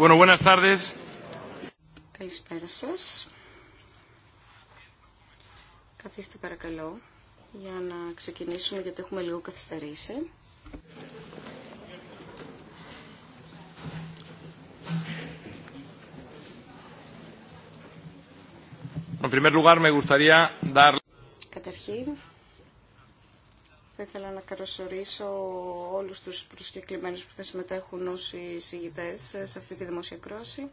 Bueno, buenas tardes. Καλησπέρα σας. Καθίστε παρακαλώ για να ξεκινήσουμε γιατί έχουμε λίγο καθυστερήσει. Καταρχήν, θα ήθελα να καλωσορίσω όλους τους προσκεκλημένους που θα συμμετέχουν ως εισηγητές σε αυτή τη δημόσια κρόση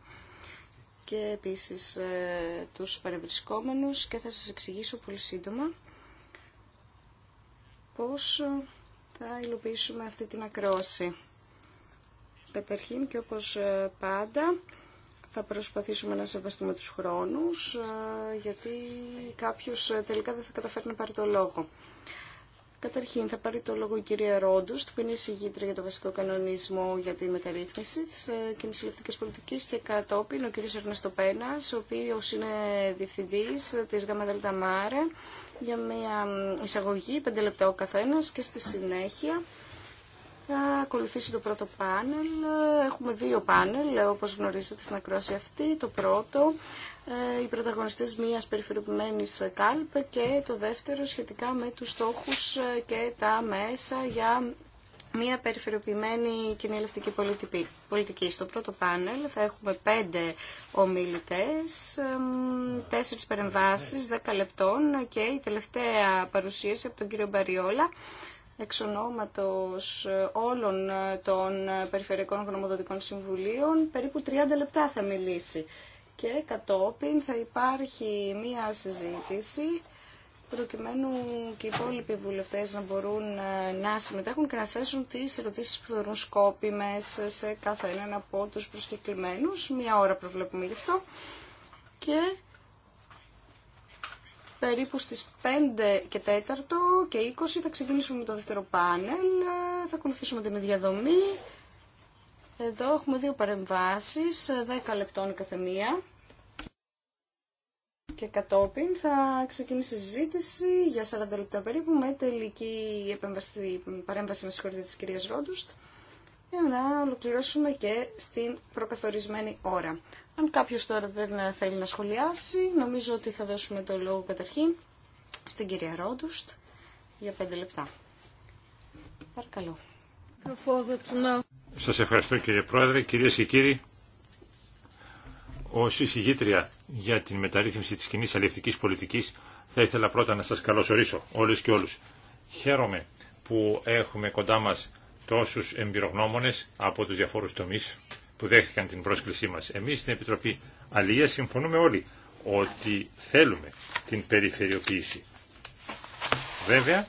και επίσης ε, τους παρευρισκόμενους και θα σας εξηγήσω πολύ σύντομα πώς ε, θα υλοποιήσουμε αυτή την ακρόση. Καταρχήν και όπως ε, πάντα θα προσπαθήσουμε να σεβαστούμε τους χρόνους γιατί κάποιος τελικά δεν θα καταφέρει να πάρει το λόγο. Καταρχήν θα πάρει το λόγο η κυρία ρόντου, που είναι η εισηγήτρια για το βασικό κανονισμό για τη μεταρρύθμιση της ε, κοινωνικής Πολιτική και κατόπιν ο κύριο Ερνέστο Πένας, ο οποίο είναι διευθυντή τη ΓΑΜΑΔΕΛΤΑ ΜΑΡΕ για μια εισαγωγή, πέντε λεπτά ο καθένα. και στη συνέχεια θα ακολουθήσει το πρώτο πάνελ. Έχουμε δύο πάνελ, ε, όπως γνωρίζετε στην ακρόαση αυτή. Το πρώτο ε, οι πρωταγωνιστές μιας περιφερειοποιημένης κάλπ και το δεύτερο σχετικά με τους στόχους ε, και τα μέσα για μια περιφερειοποιημένη κοινή πολιτική. Στο πρώτο πάνελ θα έχουμε πέντε ομιλητές, τέσσερις παρεμβάσεις, δέκα λεπτών και η τελευταία παρουσίαση από τον κύριο Μπαριόλα εξ όλων των Περιφερειακών Γνωμοδοτικών Συμβουλίων, περίπου 30 λεπτά θα μιλήσει και κατόπιν θα υπάρχει μία συζήτηση προκειμένου και οι υπόλοιποι βουλευτέ να μπορούν ε, να συμμετέχουν και να θέσουν τι ερωτήσει που θεωρούν σκόπιμε σε κάθε έναν από του προσκεκλημένου. Μία ώρα προβλέπουμε γι' αυτό. Και περίπου στις 5 και 4 και 20 θα ξεκινήσουμε με το δεύτερο πάνελ. Ε, θα ακολουθήσουμε την ίδια δομή. Εδώ έχουμε δύο παρεμβάσεις, 10 λεπτών καθεμία. Και κατόπιν θα ξεκινήσει η συζήτηση για 40 λεπτά περίπου με τελική παρέμβαση με συγχωρείτε της κυρίας Ρόντουστ για να ολοκληρώσουμε και στην προκαθορισμένη ώρα. Αν κάποιος τώρα δεν θέλει να σχολιάσει, νομίζω ότι θα δώσουμε το λόγο καταρχήν στην κυρία Ρόντουστ για 5 λεπτά. Παρακαλώ. Σας ευχαριστώ κύριε Πρόεδρε, κυρίες και κύριοι. Ως εισηγήτρια για την μεταρρύθμιση της κοινή αλληλευτικής πολιτικής θα ήθελα πρώτα να σας καλωσορίσω όλους και όλους. Χαίρομαι που έχουμε κοντά μας τόσους εμπειρογνώμονες από τους διαφόρους τομείς που δέχτηκαν την πρόσκλησή μας. Εμείς στην Επιτροπή Αλληλεία συμφωνούμε όλοι ότι θέλουμε την περιφερειοποίηση. Βέβαια,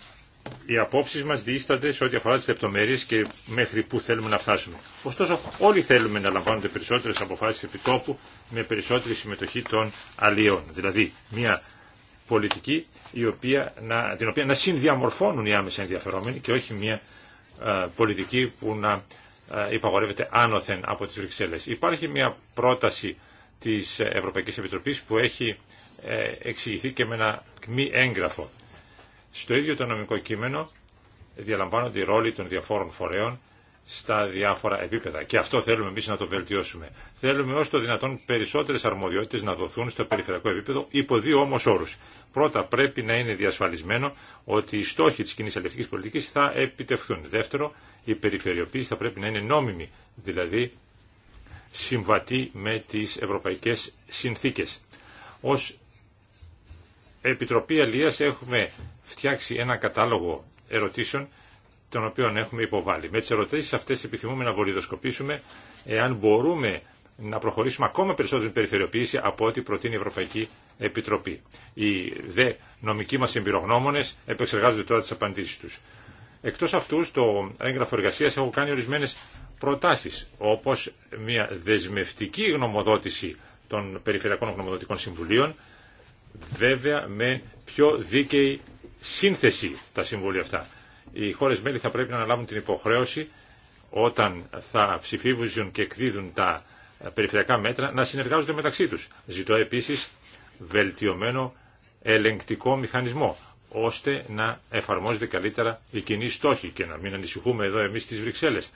οι απόψεις μας διήστανται σε ό,τι αφορά τις λεπτομέρειες και μέχρι πού θέλουμε να φτάσουμε. Ωστόσο, όλοι θέλουμε να λαμβάνονται περισσότερες αποφάσεις επιτόπου με περισσότερη συμμετοχή των αλλιών. Δηλαδή, μια πολιτική η οποία να, την οποία να συνδιαμορφώνουν οι άμεσα ενδιαφερόμενοι και όχι μια πολιτική που να υπαγορεύεται άνωθεν από τις Βρυξέλλες. Υπάρχει μια πρόταση της Ευρωπαϊκής Επιτροπής που έχει ε, εξηγηθεί και με ένα μη έγγραφο. Στο ίδιο το νομικό κείμενο διαλαμβάνονται οι ρόλοι των διαφόρων φορέων στα διάφορα επίπεδα. Και αυτό θέλουμε εμεί να το βελτιώσουμε. Θέλουμε όσο το δυνατόν περισσότερε αρμοδιότητε να δοθούν στο περιφερειακό επίπεδο, υπό δύο όμω όρου. Πρώτα, πρέπει να είναι διασφαλισμένο ότι οι στόχοι τη κοινή ελευθερική πολιτική θα επιτευχθούν. Δεύτερο, η περιφερειοποίηση θα πρέπει να είναι νόμιμη, δηλαδή συμβατή με τι ευρωπαϊκέ συνθήκε. Ω Επιτροπή Αλία έχουμε φτιάξει ένα κατάλογο ερωτήσεων των οποίων έχουμε υποβάλει. Με τι ερωτήσεις αυτές επιθυμούμε να βολιδοσκοπήσουμε εάν μπορούμε να προχωρήσουμε ακόμα περισσότερο στην περιφερειοποίηση από ό,τι προτείνει η Ευρωπαϊκή Επιτροπή. Οι δε νομικοί μα εμπειρογνώμονε επεξεργάζονται τώρα τι απαντήσει του. Εκτό αυτού, στο έγγραφο εργασία έχω κάνει ορισμένε προτάσει όπω μια δεσμευτική γνωμοδότηση των Περιφερειακών Γνωμοδοτικών Συμβουλίων, βέβαια με πιο δίκαιη σύνθεση τα συμβούλια αυτά. Οι χώρε μέλη θα πρέπει να αναλάβουν την υποχρέωση όταν θα ψηφίζουν και εκδίδουν τα περιφερειακά μέτρα να συνεργάζονται μεταξύ τους. Ζητώ επίσης βελτιωμένο ελεγκτικό μηχανισμό ώστε να εφαρμόζεται καλύτερα η κοινή στόχη και να μην ανησυχούμε εδώ εμείς στις Βρυξέλλες.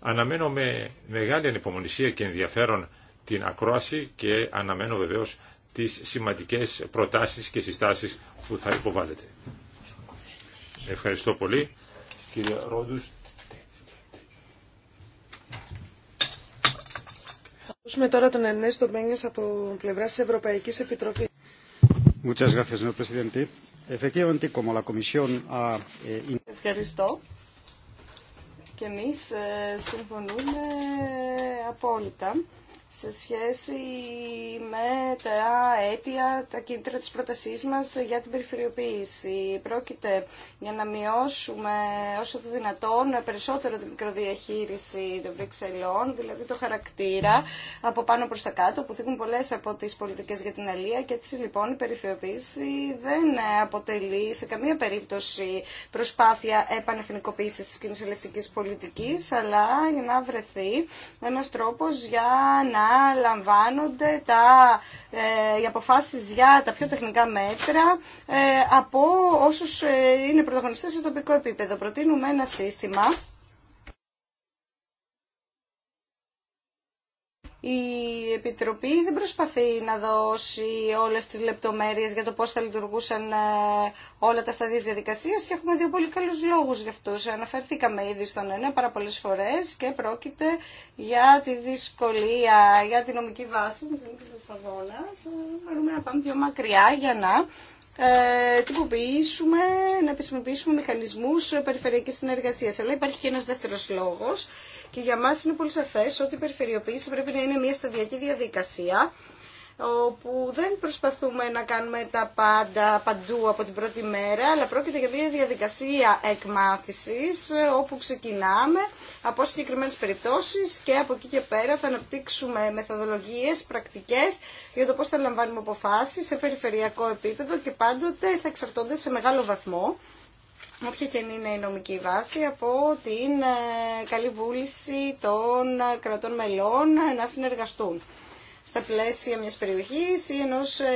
Αναμένω με μεγάλη ανυπομονησία και ενδιαφέρον την ακρόαση και αναμένω βεβαίως τις σημαντικές προτάσεις και συστάσεις που θα υποβάλλετε. Ευχαριστώ πολύ. Κύριε Ρόντους. Θα ακούσουμε τώρα τον Ενέστο Μπένιας από πλευρά της Ευρωπαϊκής Επιτροπής. Ευχαριστώ. Και εμείς ε, συμφωνούμε απόλυτα σε σχέση με τα αίτια, τα κίνητρα της πρότασής μας για την περιφερειοποίηση. Πρόκειται για να μειώσουμε όσο το δυνατόν περισσότερο τη μικροδιαχείριση των Βρυξελών, δηλαδή το χαρακτήρα από πάνω προς τα κάτω που δείχνουν πολλές από τις πολιτικές για την αλία και έτσι λοιπόν η περιφερειοποίηση δεν αποτελεί σε καμία περίπτωση προσπάθεια επανεθνικοποίησης της κοινής πολιτικής αλλά για να βρεθεί ένας τρόπος για να να λαμβάνονται τα, ε, οι αποφάσεις για τα πιο τεχνικά μέτρα ε, από όσους ε, είναι πρωταγωνιστές σε τοπικό επίπεδο. Προτείνουμε ένα σύστημα η Επιτροπή δεν προσπαθεί να δώσει όλες τις λεπτομέρειες για το πώς θα λειτουργούσαν ε, όλα τα σταδίες διαδικασίας και έχουμε δύο πολύ καλούς λόγους γι' αυτούς. Αναφερθήκαμε ήδη στον ένα πάρα πολλές φορές και πρόκειται για τη δυσκολία, για τη νομική βάση της Λίκης ε, Μπορούμε να πάμε πιο μακριά για να ε, τυποποιήσουμε, να επισημοποιήσουμε μηχανισμούς περιφερειακής συνεργασίας. Αλλά υπάρχει και ένας δεύτερος λόγος και για μας είναι πολύ σαφές ότι η περιφερειοποίηση πρέπει να είναι μια σταδιακή διαδικασία όπου δεν προσπαθούμε να κάνουμε τα πάντα παντού από την πρώτη μέρα, αλλά πρόκειται για μια διαδικασία εκμάθησης, ε, όπου ξεκινάμε από συγκεκριμένε περιπτώσεις και από εκεί και πέρα θα αναπτύξουμε μεθοδολογίες, πρακτικές για το πώς θα λαμβάνουμε αποφάσεις σε περιφερειακό επίπεδο και πάντοτε θα εξαρτώνται σε μεγάλο βαθμό όποια και είναι η νομική βάση, από την ε, καλή βούληση των κρατών μελών να συνεργαστούν στα πλαίσια μιας περιοχής ή ενός ε,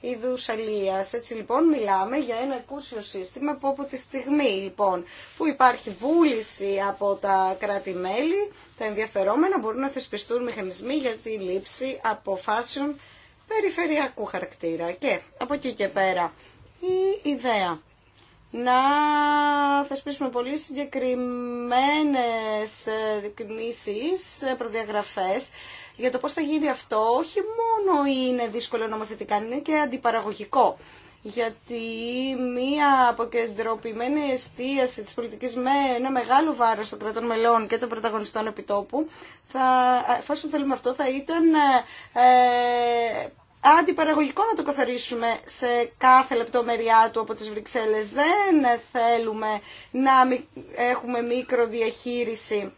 είδους αλίας. Έτσι λοιπόν μιλάμε για ένα εκούσιο σύστημα που από τη στιγμή λοιπόν που υπάρχει βούληση από τα κράτη-μέλη, τα ενδιαφερόμενα μπορούν να θεσπιστούν μηχανισμοί για τη λήψη αποφάσεων περιφερειακού χαρακτήρα. Και από εκεί και πέρα η ιδέα να θεσπίσουμε πολύ συγκεκριμένες ε, κνήσεις, ε, προδιαγραφές για το πώς θα γίνει αυτό όχι μόνο είναι δύσκολο νομοθετικά, είναι και αντιπαραγωγικό. Γιατί μία αποκεντρωπημένη εστίαση της πολιτικής με ένα μεγάλο βάρος των κρατών μελών και των πρωταγωνιστών επιτόπου, θα, εφόσον θέλουμε αυτό, θα ήταν ε, ε, αντιπαραγωγικό να το καθορίσουμε σε κάθε λεπτομεριά του από τις Βρυξέλλες. Δεν θέλουμε να έχουμε μικροδιαχείριση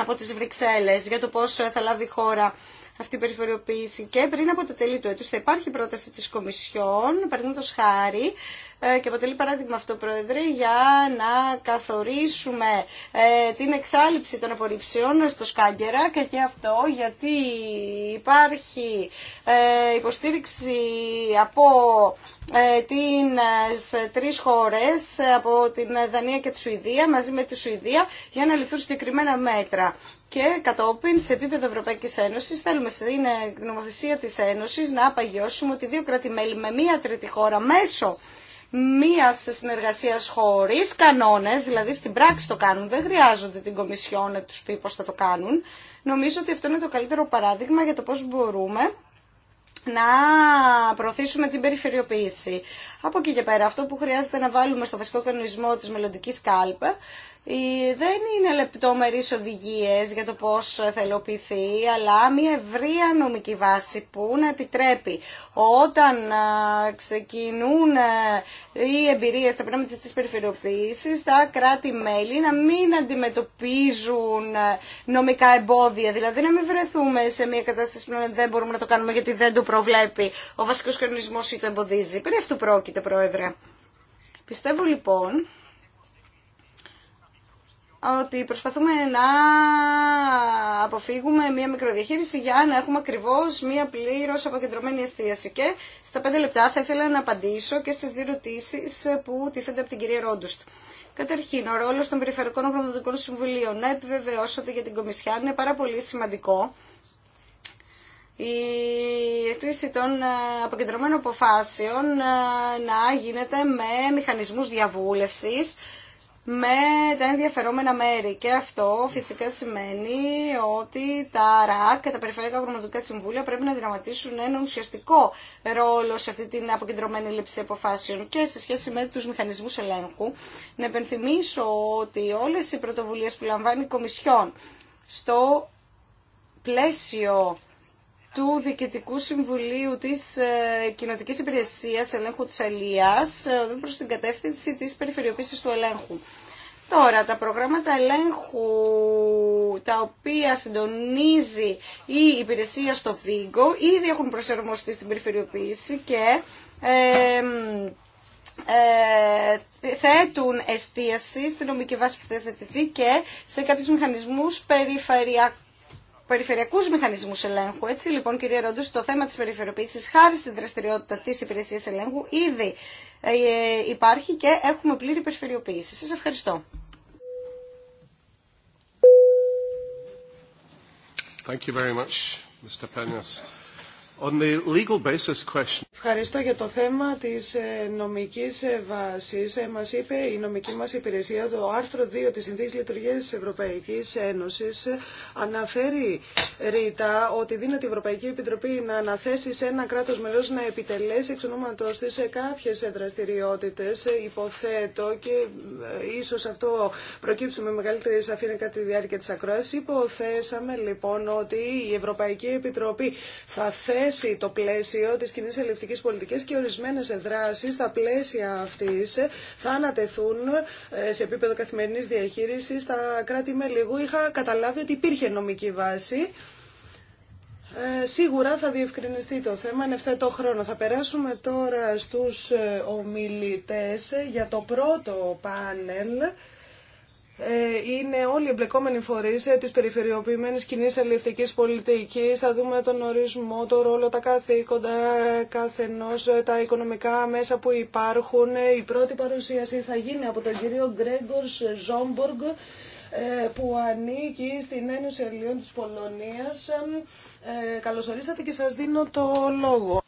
από τις Βρυξέλλες για το πώς θα λάβει η χώρα αυτή η περιφοριοποίηση και πριν από τα τέλη του έτους θα υπάρχει πρόταση της Κομισιόν, παραδείγματος χάρη, ε, και αποτελεί παράδειγμα αυτό, Πρόεδρε, για να καθορίσουμε ε, την εξάλληψη των απορριψεών στο Σκάγκερα και και αυτό γιατί υπάρχει ε, υποστήριξη από τις τρεις χώρες, από την Δανία και τη Σουηδία, μαζί με τη Σουηδία, για να λυθούν συγκεκριμένα μέτρα και κατόπιν σε επίπεδο Ευρωπαϊκή Ένωση θέλουμε στην νομοθεσία τη Ένωση να απαγιώσουμε ότι δύο κράτη-μέλη με μία τρίτη χώρα μέσω μία συνεργασία χωρί κανόνε, δηλαδή στην πράξη το κάνουν, δεν χρειάζονται την Κομισιόν να του πει πώ θα το κάνουν. Νομίζω ότι αυτό είναι το καλύτερο παράδειγμα για το πώ μπορούμε να προωθήσουμε την περιφερειοποίηση. Από εκεί και πέρα, αυτό που χρειάζεται να βάλουμε στο βασικό κανονισμό της μελλοντική κάλπα ε, δεν είναι λεπτόμερείς οδηγίες για το πώς θα υλοποιηθεί, αλλά μια ευρεία νομική βάση που να επιτρέπει όταν ξεκινούν ε, οι εμπειρίες στα πράγματα της περιφερειοποίησης, τα κράτη-μέλη να μην αντιμετωπίζουν ε, νομικά εμπόδια, δηλαδή να μην βρεθούμε σε μια κατάσταση που δεν μπορούμε να το κάνουμε γιατί δεν το προβλέπει ο βασικός κανονισμός ή το εμποδίζει. Περί αυτού πρόκειται, Πρόεδρε. Πιστεύω λοιπόν ότι προσπαθούμε να αποφύγουμε μία μικροδιαχείριση για να έχουμε ακριβώ μία πλήρω αποκεντρωμένη εστίαση. Και στα πέντε λεπτά θα ήθελα να απαντήσω και στι δύο ερωτήσει που τίθενται από την κυρία Ρόντουστ. Καταρχήν, ο ρόλο των Περιφερειακών Οργανωτικών Συμβουλίων. Να επιβεβαιώσω ότι για την Κομισιάν είναι πάρα πολύ σημαντικό η εστίαση των ε, αποκεντρωμένων αποφάσεων ε, να γίνεται με μηχανισμούς διαβούλευσης με τα ενδιαφερόμενα μέρη. Και αυτό φυσικά σημαίνει ότι τα ΡΑΚ και τα Περιφερειακά Γνωματικά Συμβούλια πρέπει να δραματίσουν ένα ουσιαστικό ρόλο σε αυτή την αποκεντρωμένη λήψη αποφάσεων και σε σχέση με τους μηχανισμούς ελέγχου. Να επενθυμίσω ότι όλες οι πρωτοβουλίες που λαμβάνει η Κομισιόν στο πλαίσιο του Διοικητικού Συμβουλίου της ε, Κοινοτικής Υπηρεσίας Ελέγχου της Αλίας ε, προ την κατεύθυνση της περιφερειοποίησης του ελέγχου. Τώρα, τα προγράμματα ελέγχου τα οποία συντονίζει η υπηρεσία στο Βίγκο ήδη έχουν προσαρμοστεί στην περιφερειοποίηση και ε, θέτουν εστίαση στην νομική βάση που θα θετηθεί και σε κάποιους μηχανισμούς περιφερειακού περιφερειακούς μηχανισμούς ελέγχου. Έτσι λοιπόν κυρία Ρόντου, το θέμα της περιφερειοποίησης χάρη στην δραστηριότητα της υπηρεσίας ελέγχου ήδη ε, υπάρχει και έχουμε πλήρη περιφερειοποίηση. Σας ευχαριστώ. Thank you very much, Mr. On the legal basis question... Ευχαριστώ για το θέμα της ε, νομικής ε, βάσης. Ε, μας είπε η νομική μας υπηρεσία, το άρθρο 2 της Συνθήκης Λειτουργίας της Ευρωπαϊκής Ένωσης αναφέρει ρήτα ότι δίνεται η Ευρωπαϊκή Επιτροπή να αναθέσει σε ένα κράτος μελός να επιτελέσει εξ ονόματός της σε κάποιες δραστηριότητες, υποθέτω και ίσως αυτό προκύψει με μεγαλύτερη σαφήνεια κατά τη διάρκεια της ακρόασης. Υποθέσαμε λοιπόν ότι η Ευρωπαϊκή Επιτροπή θα θέσει το πλαίσιο της κοινή και ορισμένε δράσει, στα πλαίσια αυτή θα ανατεθούν ε, σε επίπεδο καθημερινής διαχείρισης στα κράτη-μέλη. Εγώ είχα καταλάβει ότι υπήρχε νομική βάση. Ε, σίγουρα θα διευκρινιστεί το θέμα εν ευθέτω χρόνο. Θα περάσουμε τώρα στους ε, ομιλητές για το πρώτο πάνελ. Ε, είναι όλοι οι εμπλεκόμενοι φορεί ε, τη περιφερειοποιημένη κοινή αλληλευτική πολιτική. Θα δούμε τον ορισμό, το ρόλο, τα καθήκοντα ε, καθενό, τα οικονομικά μέσα που υπάρχουν. Η πρώτη παρουσίαση θα γίνει από τον κύριο Γκρέγκορ Ζόμποργκ που ανήκει στην Ένωση Ελλήνων της Πολωνίας. Ε, καλωσορίσατε και σας δίνω το λόγο.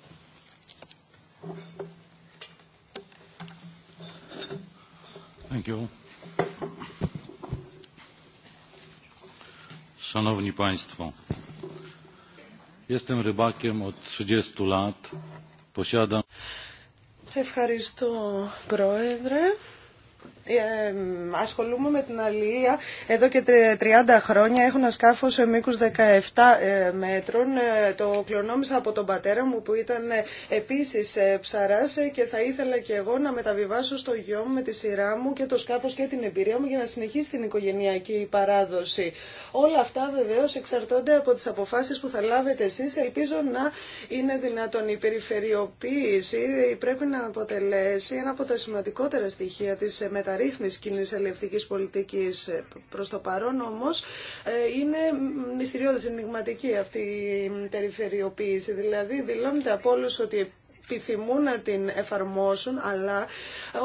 Thank Szanowni Państwo, jestem rybakiem od 30 lat. Posiadam. Ευχαριστώ, Πρόεδρε. Ε, ασχολούμαι με την αλληλεία εδώ και 30 χρόνια. Έχω ένα σκάφο σε μήκου 17 ε, μέτρων. Ε, το κλονόμισα από τον πατέρα μου που ήταν επίσης ψαράς και θα ήθελα και εγώ να μεταβιβάσω στο γιο μου με τη σειρά μου και το σκάφο και την εμπειρία μου για να συνεχίσει την οικογενειακή παράδοση. Όλα αυτά βεβαίω εξαρτώνται από τι αποφάσει που θα λάβετε εσεί. Ελπίζω να είναι δυνατόν η περιφερειοποίηση. Πρέπει να αποτελέσει ένα από τα σημαντικότερα στοιχεία τη μεταβίβαση μεταρρύθμιση κοινή αλληλευτικής πολιτική. Προ το παρόν όμω, ε, είναι μυστηριώδη, ενηγματική αυτή η περιφερειοποίηση. Δηλαδή δηλώνεται από όλου ότι επιθυμούν να την εφαρμόσουν, αλλά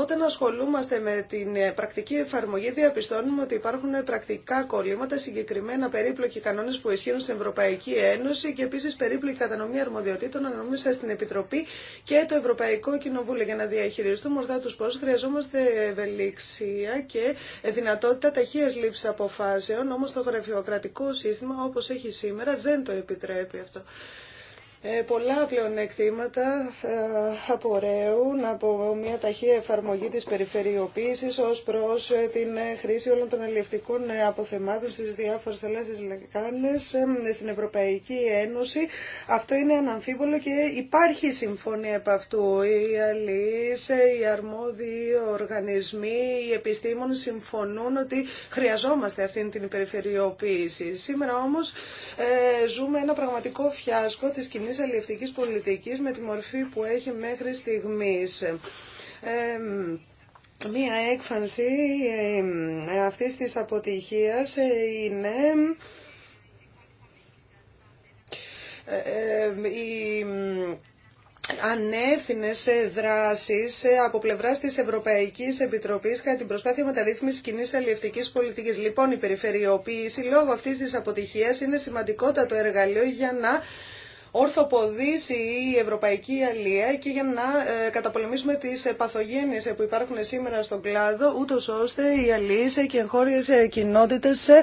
όταν ασχολούμαστε με την πρακτική εφαρμογή διαπιστώνουμε ότι υπάρχουν πρακτικά κολλήματα, συγκεκριμένα περίπλοκοι κανόνε που ισχύουν στην Ευρωπαϊκή Ένωση και επίσης περίπλοκη κατανομή αρμοδιοτήτων ανάμεσα στην Επιτροπή και το Ευρωπαϊκό Κοινοβούλιο. Για να διαχειριστούμε ορθά του πόρου, χρειαζόμαστε ευελιξία και δυνατότητα ταχεία λήψη αποφάσεων, Όμω το γραφειοκρατικό σύστημα όπω έχει σήμερα δεν το επιτρέπει αυτό. Ε, πολλά πλεονεκτήματα θα απορρέουν από μια ταχεία εφαρμογή της περιφερειοποίησης ως προς ε, την ε, χρήση όλων των αλληλευτικών αποθεμάτων στις διάφορες θελάσσιες λεκάνες στην Ευρωπαϊκή Ένωση. Αυτό είναι αναμφίβολο και υπάρχει συμφωνία από αυτού. Οι αλληλείς, οι αρμόδιοι οργανισμοί, οι επιστήμονες συμφωνούν ότι χρειαζόμαστε αυτή την περιφερειοποίηση. Σήμερα όμως ζούμε ένα πραγματικό φιάσκο της κοινή κοινή αλληλευτικής πολιτικής με τη μορφή που έχει μέχρι στιγμής. Ε, Μία έκφανση ε, αυτής της αποτυχίας είναι οι ανεύθυνες δράσεις από πλευρά της Ευρωπαϊκής Επιτροπής κατά την προσπάθεια μεταρρύθμισης κοινή αλληλευτικής πολιτικής. Λοιπόν, η περιφερειοποίηση λόγω αυτής της αποτυχίας είναι σημαντικότατο εργαλείο για να ορθοποδήσει η ευρωπαϊκή αλία και για να ε, καταπολεμήσουμε τις παθογένειες που υπάρχουν σήμερα στον κλάδο, ούτως ώστε οι αλίες και εγχώριες κοινότητες ε,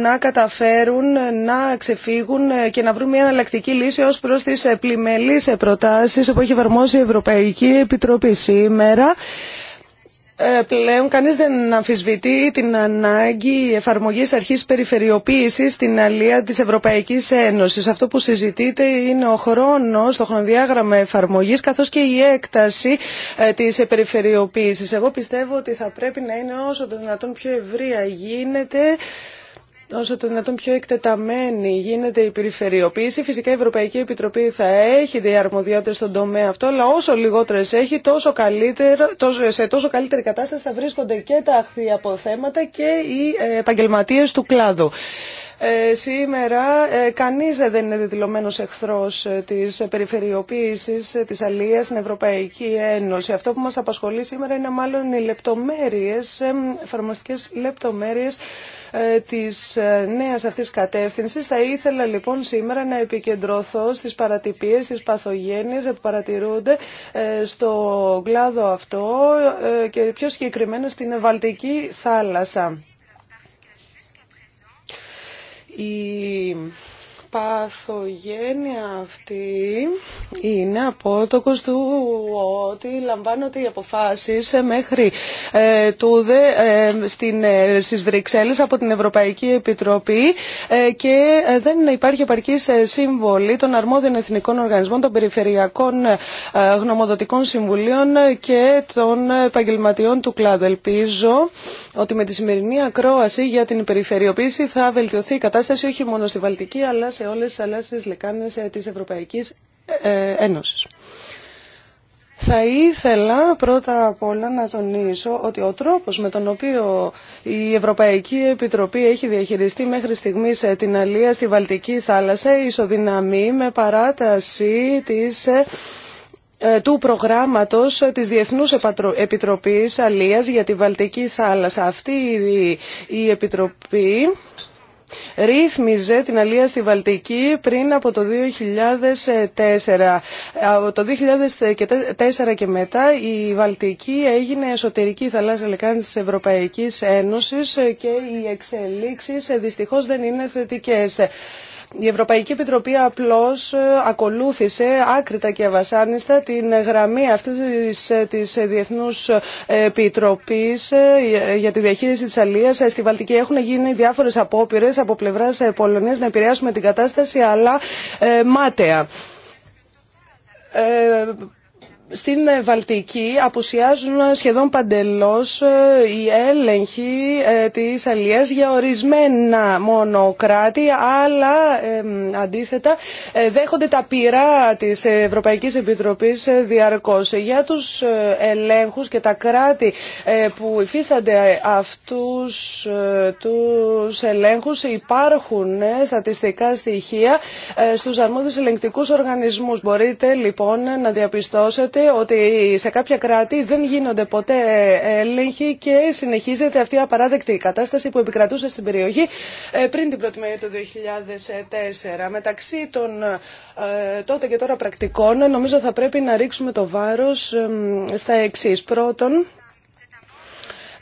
να καταφέρουν να ξεφύγουν ε, και να βρουν μια εναλλακτική λύση ως προς τις πλημελείς προτάσεις που έχει εφαρμόσει η Ευρωπαϊκή Επιτροπή σήμερα. Ε, πλέον κανείς δεν αμφισβητεί την ανάγκη εφαρμογής αρχής περιφερειοποίησης στην αλία της Ευρωπαϊκής Ένωσης. Αυτό που συζητείτε είναι ο χρόνος, το χρονοδιάγραμμα εφαρμογής καθώς και η έκταση ε, της περιφερειοποίησης. Εγώ πιστεύω ότι θα πρέπει να είναι όσο το δυνατόν πιο ευρία γίνεται όσο το δυνατόν πιο εκτεταμένη γίνεται η περιφερειοποίηση. Φυσικά η Ευρωπαϊκή Επιτροπή θα έχει διαρμοδιότητε στον τομέα αυτό, αλλά όσο λιγότερε έχει, τόσο καλύτερο, τόσο, σε τόσο καλύτερη κατάσταση θα βρίσκονται και τα αχθή αποθέματα και οι ε, επαγγελματίε του κλάδου. Ε, σήμερα ε, κανείς δεν είναι δηλωμένος εχθρός ε, της περιφερειοποίησης της αλίας στην Ευρωπαϊκή Ένωση. Αυτό που μας απασχολεί σήμερα είναι μάλλον οι λεπτομέρειες, εφαρμοστικές λεπτομέρειες της νέας αυτής κατεύθυνσης. Θα ήθελα λοιπόν σήμερα να επικεντρωθώ στις παρατυπίες, στις παθογένειες που παρατηρούνται στο κλάδο αυτό και πιο συγκεκριμένα στην Βαλτική θάλασσα η παθογένεια αυτή είναι απότοκος του ότι λαμβάνονται οι αποφάσεις ε, μέχρι ε, τούδε ε, στην, ε, στις Βρυξέλλες από την Ευρωπαϊκή Επιτροπή ε, και δεν υπάρχει επαρκής σύμβολη των αρμόδιων εθνικών οργανισμών, των περιφερειακών γνωμοδοτικών συμβουλίων και των επαγγελματιών του κλάδου. Ελπίζω ότι με τη σημερινή ακρόαση για την περιφερειοποίηση θα βελτιωθεί η κατάσταση όχι μόνο στη Βαλτική αλλά σε όλες τις λεκάνες ε, της Ευρωπαϊκής ε, ε, Ένωσης. Θα ήθελα πρώτα απ' όλα να τονίσω ότι ο τρόπος με τον οποίο η Ευρωπαϊκή Επιτροπή έχει διαχειριστεί μέχρι στιγμής την αλία στη Βαλτική θάλασσα ισοδυναμεί με παράταση της του προγράμματος της Διεθνούς Επιτροπής Αλίας για τη Βαλτική Θάλασσα. Αυτή η Επιτροπή ρύθμιζε την αλία στη Βαλτική πριν από το 2004. Από το 2004 και μετά η Βαλτική έγινε εσωτερική θαλάσσια λεκάνη της Ευρωπαϊκής Ένωσης και οι εξελίξεις δυστυχώς δεν είναι θετικές. Η Ευρωπαϊκή Επιτροπή απλώς ε, ακολούθησε άκρητα και αβασάνιστα την γραμμή αυτή ε, της Διεθνούς ε, Επιτροπής για τη διαχείριση της αλίας. Στη Βαλτική έχουν γίνει διάφορες απόπειρες από πλευράς Πολωνίας να επηρεάσουμε την κατάσταση, αλλά μάταια στην ε, Βαλτική απουσιάζουν ε, σχεδόν παντελώς ε, οι έλεγχοι της Αλίας για ορισμένα μόνο κράτη, αλλά αντίθετα δέχονται τα πειρά της Ευρωπαϊκής Επιτροπής διαρκώς. Για τους ελέγχους και τα κράτη που υφίστανται αυτούς τους ελέγχους υπάρχουν στατιστικά στοιχεία στους αρμόδιους ελεγκτικούς οργανισμούς. Μπορείτε λοιπόν να διαπιστώσετε ότι σε κάποια κράτη δεν γίνονται ποτέ έλεγχοι και συνεχίζεται αυτή η απαράδεκτη κατάσταση που επικρατούσε στην περιοχή ε, πριν την 1η του 2004. Μεταξύ των ε, τότε και τώρα πρακτικών νομίζω θα πρέπει να ρίξουμε το βάρος στα εξή. πρωτον Πρώτον,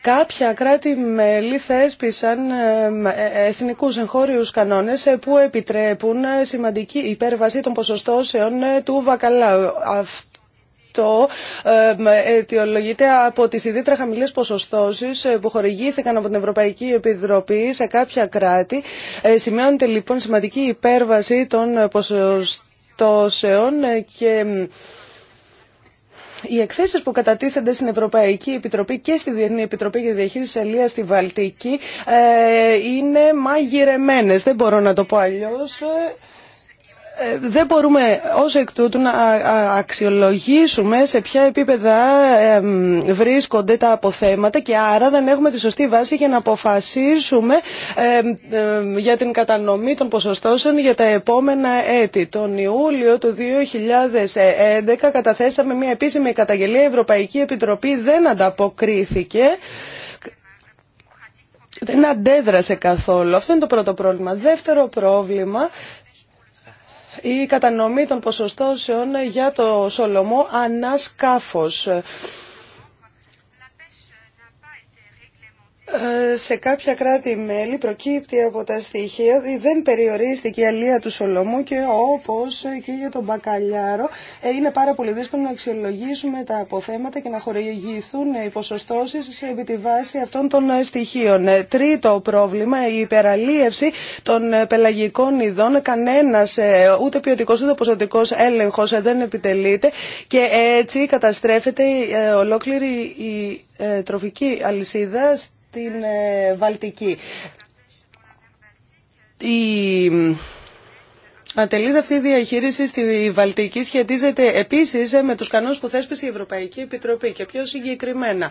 Κάποια κράτη-μέλη θέσπισαν ε, εθνικούς εγχώριους κανόνες που επιτρέπουν σημαντική υπέρβαση των ποσοστώσεων του βακαλάου. Το αιτιολογείται από τις ιδιαίτερα χαμηλές ποσοστώσεις ε, που χορηγήθηκαν από την Ευρωπαϊκή Επιτροπή σε κάποια κράτη. Ε, σημειώνεται λοιπόν σημαντική υπέρβαση των ποσοστώσεων ε, και οι εκθέσεις που κατατίθενται στην Ευρωπαϊκή Επιτροπή και στη Διεθνή Επιτροπή για Διαχείριση ελεία στη Βαλτική είναι μαγειρεμένες. Δεν μπορώ να το πω αλλιώς. Ε, δεν μπορούμε ως εκ τούτου να αξιολογήσουμε σε ποια επίπεδα βρίσκονται τα αποθέματα και άρα δεν έχουμε τη σωστή βάση για να αποφασίσουμε για την κατανομή των ποσοστώσεων για τα επόμενα έτη. Τον Ιούλιο του 2011 καταθέσαμε μια επίσημη καταγγελία. Η Ευρωπαϊκή Επιτροπή δεν ανταποκρίθηκε δεν αντέδρασε καθόλου. Αυτό είναι το πρώτο πρόβλημα. Δεύτερο πρόβλημα, η κατανομή των ποσοστώσεων για το Σολομό ανάσκαφος. Ε, σε κάποια κράτη-μέλη προκύπτει από τα στοιχεία ότι δεν περιορίστηκε η αλία του Σολομού και όπως και για τον Μπακαλιάρο ε, είναι πάρα πολύ δύσκολο να αξιολογήσουμε τα αποθέματα και να χορηγηθούν οι ποσοστώσεις επί τη βάση αυτών των στοιχείων. Ε, τρίτο πρόβλημα, η υπεραλίευση των πελαγικών ειδών. Κανένας ούτε ποιοτικός ούτε ποσοτικός έλεγχος δεν επιτελείται και έτσι καταστρέφεται ολόκληρη η τροφική αλυσίδα την ε, Βαλτική. Η... Ατελείς αυτή η διαχείριση στη Βαλτική σχετίζεται επίσης ε, με τους κανόνες που θέσπισε η Ευρωπαϊκή Επιτροπή και πιο συγκεκριμένα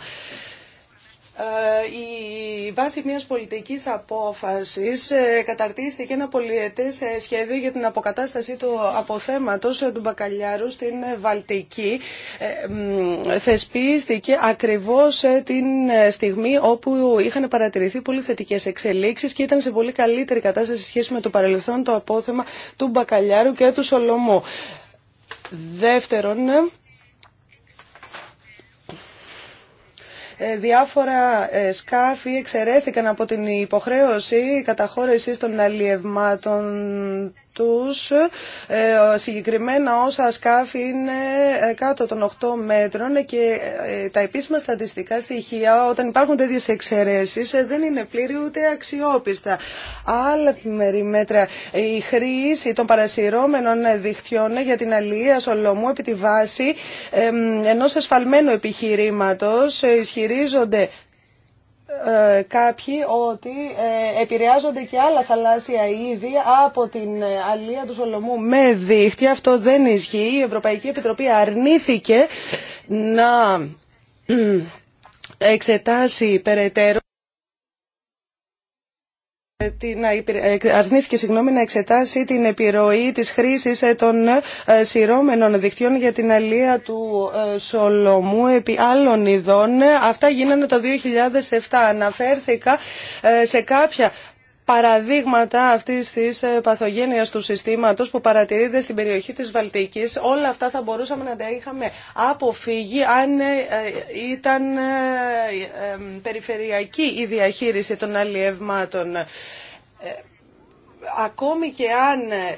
ε, η βάση μιας πολιτικής απόφασης ε, καταρτίστηκε ένα πολυετές ε, σχέδιο για την αποκατάσταση του αποθέματος του Μπακαλιάρου στην Βαλτική. Θεσπίστηκε ακριβώς την στιγμή όπου είχαν παρατηρηθεί πολύ θετικές εξελίξεις και ήταν σε πολύ καλύτερη κατάσταση σχέση με το παρελθόν το απόθεμα του Μπακαλιάρου και του Σολομού. Δεύτερον, Ε, διάφορα ε, σκάφη εξαιρέθηκαν από την υποχρέωση καταχώρησης των αλλιευμάτων ε, συγκεκριμένα όσα σκάφη είναι ε, κάτω των 8 μέτρων και ε, τα επίσημα στατιστικά στοιχεία όταν υπάρχουν τέτοιε εξαιρέσεις δεν είναι πλήρη ούτε αξιόπιστα. Άλλα μέτρα, η χρήση των παρασυρώμενων δικτυών για την αλληλεία Σολομού επί τη βάση ενός ασφαλμένου επιχειρήματος ισχυρίζονται ε, κάποιοι ότι ε, επηρεάζονται και άλλα θαλάσσια είδη από την ε, αλία του Σολομού με δίχτυα. Αυτό δεν ισχύει. Η Ευρωπαϊκή Επιτροπή αρνήθηκε να εξετάσει περαιτέρω ε, ε, ε, αρνήθηκε συγγνώμη, να εξετάσει την επιρροή της χρήσης των σειρώμενων δικτύων για την αλία του Σολομού επί άλλων ειδών. Αυτά γίνανε το 2007. Αναφέρθηκα σε κάποια παραδείγματα αυτή τη παθογένεια του συστήματο που παρατηρείται στην περιοχή τη Βαλτική. Όλα αυτά θα μπορούσαμε να τα είχαμε αποφύγει αν ήταν περιφερειακή η διαχείριση των αλλιευμάτων ακόμη και αν ε,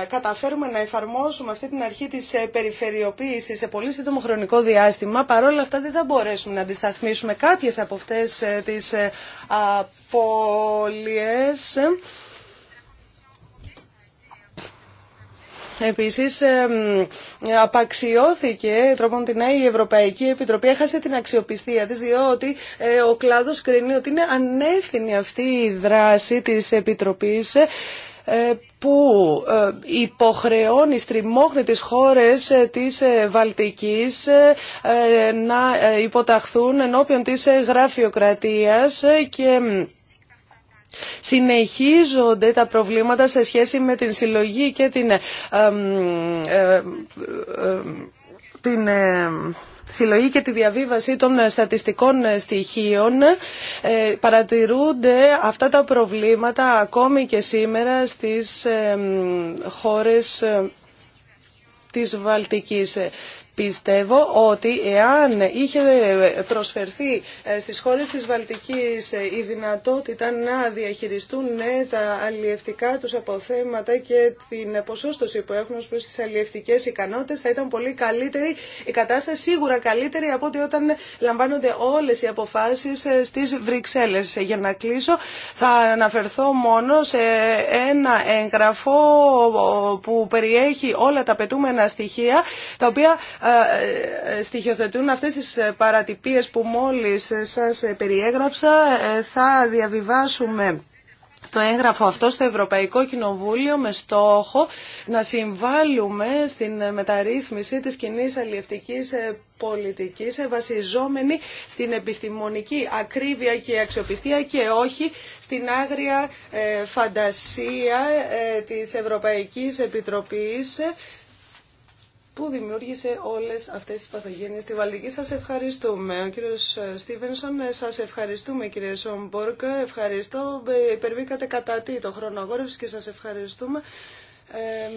ε, καταφέρουμε να εφαρμόσουμε αυτή την αρχή της ε, περιφερειοποίησης σε πολύ σύντομο χρονικό διάστημα, παρόλα αυτά δεν θα μπορέσουμε να αντισταθμίσουμε κάποιες από αυτές τις απώλειες. Επίσης, απαξιώθηκε τρόπον την η Ευρωπαϊκή Επιτροπή, έχασε την αξιοπιστία της, διότι ε, ο κλάδος κρίνει ότι είναι ανεύθυνη αυτή η δράση της Επιτροπής ε, που ε, υποχρεώνει, στριμώχνει τις χώρες της Βαλτικής να υποταχθούν ενώπιον της γραφειοκρατίας και Συνεχίζονται τα προβλήματα σε σχέση με την συλλογή και την, ε, ε, την ε, συλλογή και τη διαβίβαση των στατιστικών στοιχείων. Παρατηρούνται αυτά τα προβλήματα ακόμη και σήμερα στις χώρες της Βαλτικής. Πιστεύω ότι εάν είχε προσφερθεί ε, στις χώρες της Βαλτικής ε, η δυνατότητα να διαχειριστούν ναι, τα αλλιευτικά τους αποθέματα και την ποσόστοση που έχουν ως προς τις αλλιευτικές ικανότητες θα ήταν πολύ καλύτερη η κατάσταση σίγουρα καλύτερη από ότι όταν λαμβάνονται όλες οι αποφάσεις ε, στις Βρυξέλλες. Για να κλείσω θα αναφερθώ μόνο σε ένα εγγραφό που περιέχει όλα τα πετούμενα στοιχεία τα οποία ε, ε, στοιχειοθετούν αυτές τις ε, παρατυπίες που μόλις σας περιέγραψα. Θα διαβιβάσουμε το έγγραφο αυτό στο Ευρωπαϊκό Κοινοβούλιο με στόχο να συμβάλλουμε στην μεταρρύθμιση της κοινή αλληλευτικής πολιτικής βασιζόμενη στην επιστημονική ακρίβεια και αξιοπιστία και όχι στην άγρια φαντασία της Ευρωπαϊκής Επιτροπής που δημιούργησε όλες αυτές τις παθογένειες στη Βαλτική. Σας ευχαριστούμε. Ο κύριος ε, Στίβενσον, ε, σας ευχαριστούμε κύριε Σόμπορκ. Ευχαριστώ. Ε, υπερβήκατε κατά τι το χρόνο αγόρευσης και σας ευχαριστούμε. Ε,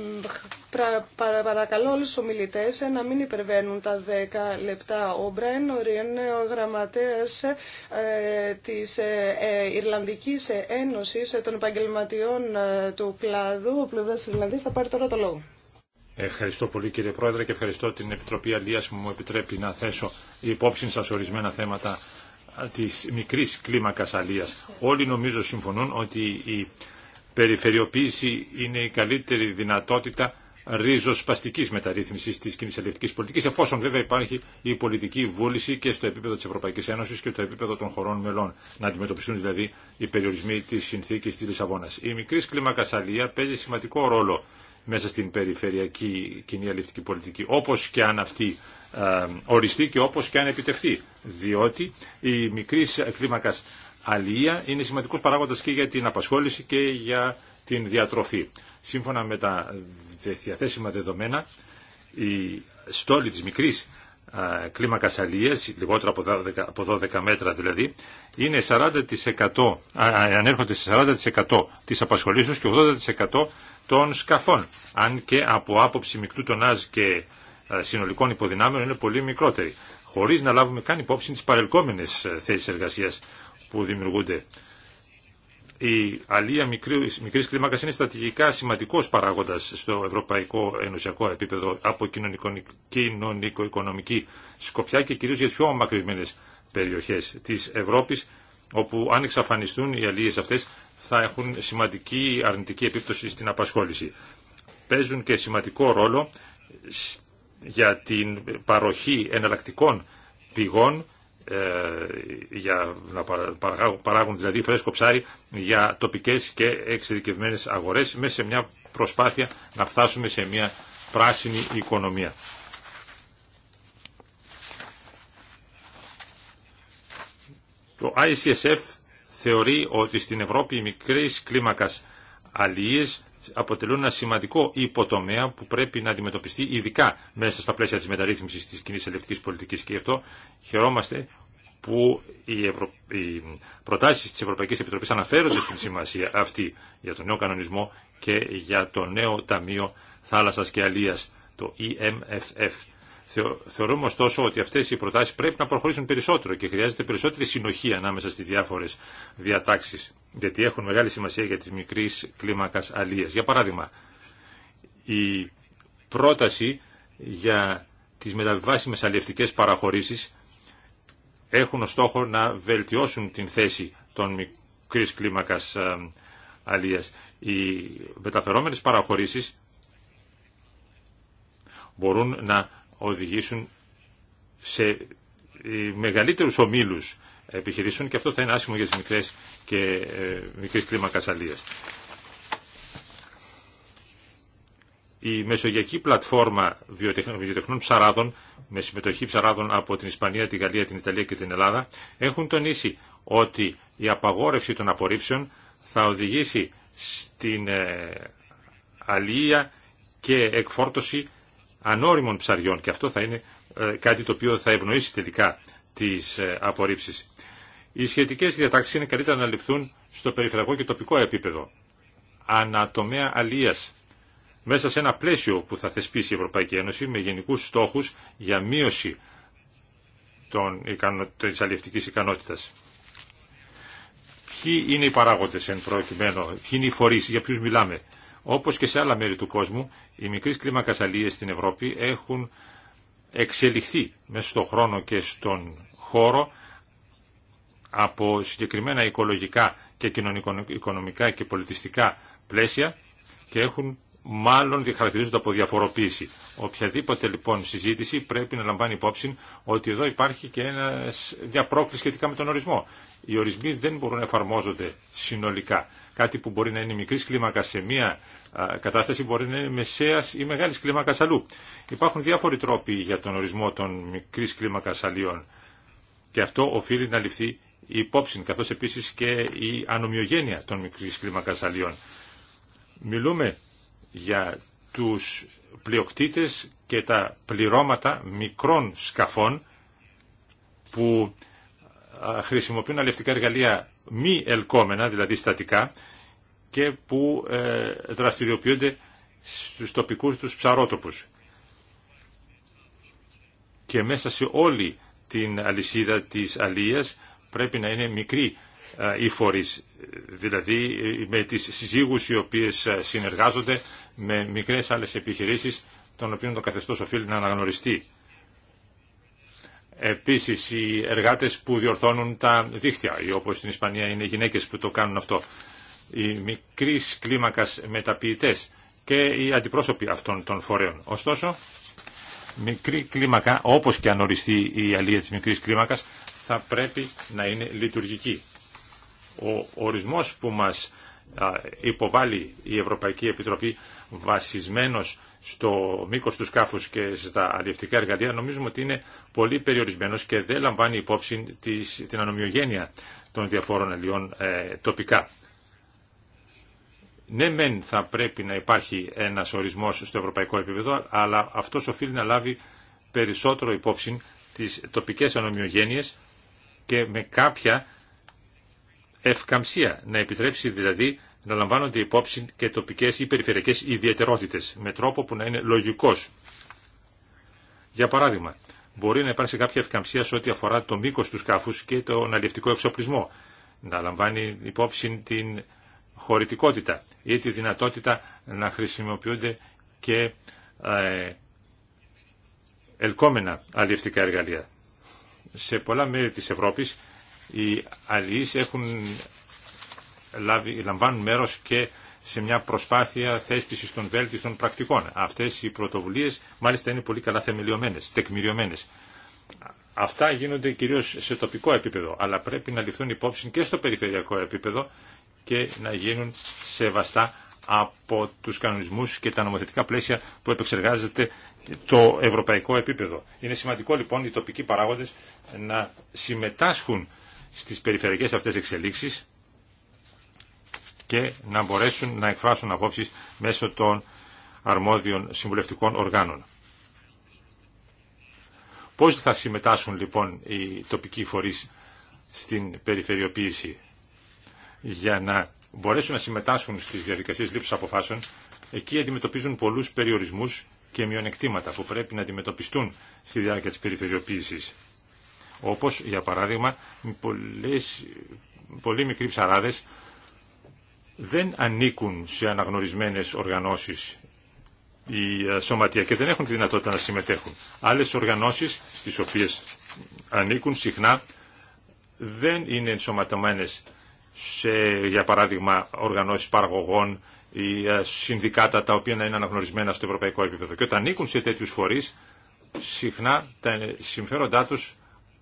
πρα, παρακαλώ όλους τους ομιλητές να μην υπερβαίνουν τα 10 λεπτά. Ο Μπρέν, Ορίεν, ο γραμματέας ε, της ε, Ιρλανδικής Ένωσης των Επαγγελματιών του Κλάδου, ο πλευράς της θα πάρει τώρα το λόγο. Ευχαριστώ πολύ κύριε Πρόεδρε και ευχαριστώ την Επιτροπή Αλίας που μου επιτρέπει να θέσω υπόψη σας ορισμένα θέματα της μικρής κλίμακας αλίας. Όλοι νομίζω συμφωνούν ότι η περιφερειοποίηση είναι η καλύτερη δυνατότητα ριζοσπαστικής μεταρρύθμισης της κοινή αλληλευτικής πολιτικής, εφόσον βέβαια υπάρχει η πολιτική βούληση και στο επίπεδο της Ευρωπαϊκής Ένωσης και στο επίπεδο των χωρών μελών, να αντιμετωπιστούν δηλαδή οι περιορισμοί της συνθήκης της Λισαβόνας. Η μικρή κλίμακα παίζει σημαντικό ρόλο μέσα στην περιφερειακή κοινή αλληλευτική πολιτική, όπως και αν αυτή ε, οριστεί και όπως και αν επιτευχθεί. Διότι η μικρή κλίμακα αλληλεία είναι σημαντικός παράγοντας και για την απασχόληση και για την διατροφή. Σύμφωνα με τα διαθέσιμα δεδομένα, η στόλη της μικρής ε, κλίμακας αλληλείας, λιγότερο από 12 μέτρα δηλαδή, είναι 40%, ανέρχονται σε 40% της απασχολήσεως και 80% των σκαφών. Αν και από άποψη μικρού τονάζ και ε, συνολικών υποδυνάμεων είναι πολύ μικρότερη. Χωρίς να λάβουμε καν υπόψη τις παρελκόμενες ε, θέσεις εργασίας που δημιουργούνται. Η αλία μικρής, κλίμακα είναι στρατηγικά σημαντικός παράγοντας στο ευρωπαϊκό ενωσιακό επίπεδο από κοινωνικο-οικονομική σκοπιά και κυρίω για τι πιο περιοχέ τη Ευρώπη, όπου αν εξαφανιστούν οι αλίες αυτέ θα έχουν σημαντική αρνητική επίπτωση στην απασχόληση. Παίζουν και σημαντικό ρόλο για την παροχή εναλλακτικών πηγών ε, για να παράγουν δηλαδή φρέσκο ψάρι για τοπικές και εξειδικευμένες αγορές μέσα σε μια προσπάθεια να φτάσουμε σε μια πράσινη οικονομία. Το ICSF θεωρεί ότι στην Ευρώπη οι μικρές κλίμακας αλλίες αποτελούν ένα σημαντικό υποτομέα που πρέπει να αντιμετωπιστεί ειδικά μέσα στα πλαίσια της μεταρρύθμισης της κοινή ελευτικής πολιτικής και γι' αυτό χαιρόμαστε που οι, Ευρω... οι προτάσεις της Ευρωπαϊκής Επιτροπής αναφέρονται στην σημασία αυτή για τον νέο κανονισμό και για το νέο Ταμείο Θάλασσας και Αλίας, το EMFF. Θεωρούμε ωστόσο ότι αυτές οι προτάσεις πρέπει να προχωρήσουν περισσότερο και χρειάζεται περισσότερη συνοχή ανάμεσα στις διάφορες διατάξεις, γιατί έχουν μεγάλη σημασία για τις μικρής κλίμακας αλίας. Για παράδειγμα, η πρόταση για τις μεταβιβάσιμες αλλιευτικές παραχωρήσεις έχουν ως στόχο να βελτιώσουν την θέση των μικρής κλίμακας ε, αλίας. Οι μεταφερόμενες παραχωρήσεις μπορούν να οδηγήσουν σε ε, μεγαλύτερους ομίλους επιχειρήσεων και αυτό θα είναι άσχημο για τις μικρές και ε, μικρές κλίμακας αλίας. Η μεσογειακή πλατφόρμα βιοτεχνών ψαράδων με συμμετοχή ψαράδων από την Ισπανία, τη Γαλλία, την Ιταλία και την Ελλάδα έχουν τονίσει ότι η απαγόρευση των απορρίψεων θα οδηγήσει στην ε, αλία και εκφόρτωση ανώριμων ψαριών και αυτό θα είναι ε, κάτι το οποίο θα ευνοήσει τελικά τις ε, απορρίψεις. Οι σχετικές διατάξεις είναι καλύτερα να ληφθούν στο περιφερειακό και τοπικό επίπεδο. Ανατομέα αλίας μέσα σε ένα πλαίσιο που θα θεσπίσει η Ευρωπαϊκή Ένωση με γενικούς στόχους για μείωση των, της ικανότητα. ικανότητας. Ποιοι είναι οι παράγοντες εν προκειμένου, ποιοι είναι οι φορείς, για ποιους μιλάμε. Όπως και σε άλλα μέρη του κόσμου, οι μικρές κλίμακας αλίες στην Ευρώπη έχουν εξελιχθεί μέσα στον χρόνο και στον χώρο από συγκεκριμένα οικολογικά και κοινωνικο-οικονομικά και πολιτιστικά πλαίσια και έχουν μάλλον διαχαρακτηρίζονται από διαφοροποίηση. Οποιαδήποτε λοιπόν συζήτηση πρέπει να λαμβάνει υπόψη ότι εδώ υπάρχει και ένας, μια πρόκληση σχετικά με τον ορισμό. Οι ορισμοί δεν μπορούν να εφαρμόζονται συνολικά. Κάτι που μπορεί να είναι μικρή κλίμακα σε μία κατάσταση μπορεί να είναι μεσαία ή μεγάλη κλίμακα αλλού. Υπάρχουν διάφοροι τρόποι για τον ορισμό των μικρή κλίμακα αλλιών. Και αυτό οφείλει να ληφθεί υπόψη, καθώ επίση και η ανομοιογένεια των μικρή κλίμακα αλλιών. Μιλούμε για τους πλειοκτήτες και τα πληρώματα μικρών σκαφών που χρησιμοποιούν αλληλευτικά εργαλεία μη ελκόμενα, δηλαδή στατικά, και που ε, δραστηριοποιούνται στους τοπικούς τους ψαρότοπους. Και μέσα σε όλη την αλυσίδα της αλίας πρέπει να είναι μικροί οι φορείς, δηλαδή ε, με τις συζύγους οι οποίες συνεργάζονται με μικρές άλλες επιχειρήσεις, των οποίων το καθεστώς οφείλει να αναγνωριστεί. Επίσης, οι εργάτες που διορθώνουν τα δίχτυα, ή όπως στην Ισπανία είναι οι γυναίκες που το κάνουν αυτό, οι μικρής κλίμακας μεταποιητές και οι αντιπρόσωποι αυτών των φορέων. Ωστόσο, μικρή κλίμακα, όπως και αν οριστεί η αλία της μικρής κλίμακας, θα πρέπει να είναι λειτουργική. Ο ορισμός που μας υποβάλει η Ευρωπαϊκή Επιτροπή βασισμένος στο μήκος του σκάφους και στα αλλιευτικά εργαλεία νομίζουμε ότι είναι πολύ περιορισμένος και δεν λαμβάνει υπόψη της, την ανομοιογένεια των διαφόρων αλλιών ε, τοπικά. Ναι μεν θα πρέπει να υπάρχει ένας ορισμός στο ευρωπαϊκό επίπεδο αλλά αυτός οφείλει να λάβει περισσότερο υπόψη τις τοπικές ανομοιογένειες και με κάποια ευκαμψία, να επιτρέψει δηλαδή να λαμβάνονται υπόψη και τοπικές ή περιφερειακές ιδιαιτερότητες με τρόπο που να είναι λογικός. Για παράδειγμα, μπορεί να υπάρξει κάποια ευκαμψία σε ό,τι αφορά το μήκο του σκάφου και τον αλληλευτικό εξοπλισμό, να λαμβάνει υπόψη την χωρητικότητα ή τη δυνατότητα να χρησιμοποιούνται και ε, ελκόμενα αλληλευτικά εργαλεία. Σε πολλά μέρη της Ευρώπης οι αλληλείς έχουν λάβει, λαμβάνουν μέρος και σε μια προσπάθεια θέσπισης των βέλτιστων πρακτικών. Αυτές οι πρωτοβουλίες μάλιστα είναι πολύ καλά θεμελιωμένες, τεκμηριωμένες. Αυτά γίνονται κυρίως σε τοπικό επίπεδο, αλλά πρέπει να ληφθούν υπόψη και στο περιφερειακό επίπεδο και να γίνουν σεβαστά από τους κανονισμούς και τα νομοθετικά πλαίσια που επεξεργάζεται το ευρωπαϊκό επίπεδο. Είναι σημαντικό λοιπόν οι τοπικοί παράγοντες να συμμετάσχουν στις περιφερειακές αυτές εξελίξεις και να μπορέσουν να εκφράσουν απόψεις μέσω των αρμόδιων συμβουλευτικών οργάνων. Πώς θα συμμετάσχουν λοιπόν οι τοπικοί φορείς στην περιφερειοποίηση για να μπορέσουν να συμμετάσχουν στις διαδικασίες λήψης αποφάσεων εκεί αντιμετωπίζουν πολλούς περιορισμούς και μειονεκτήματα που πρέπει να αντιμετωπιστούν στη διάρκεια της περιφερειοποίησης όπως για παράδειγμα πολλές, πολύ μικροί ψαράδες δεν ανήκουν σε αναγνωρισμένες οργανώσεις η ε, σωματεία και δεν έχουν τη δυνατότητα να συμμετέχουν. Άλλες οργανώσεις στις οποίες ανήκουν συχνά δεν είναι ενσωματωμένες σε, για παράδειγμα, οργανώσεις παραγωγών ή ε, συνδικάτα τα οποία να είναι αναγνωρισμένα στο ευρωπαϊκό επίπεδο. Και όταν ανήκουν σε τέτοιους φορείς, συχνά τα συμφέροντά τους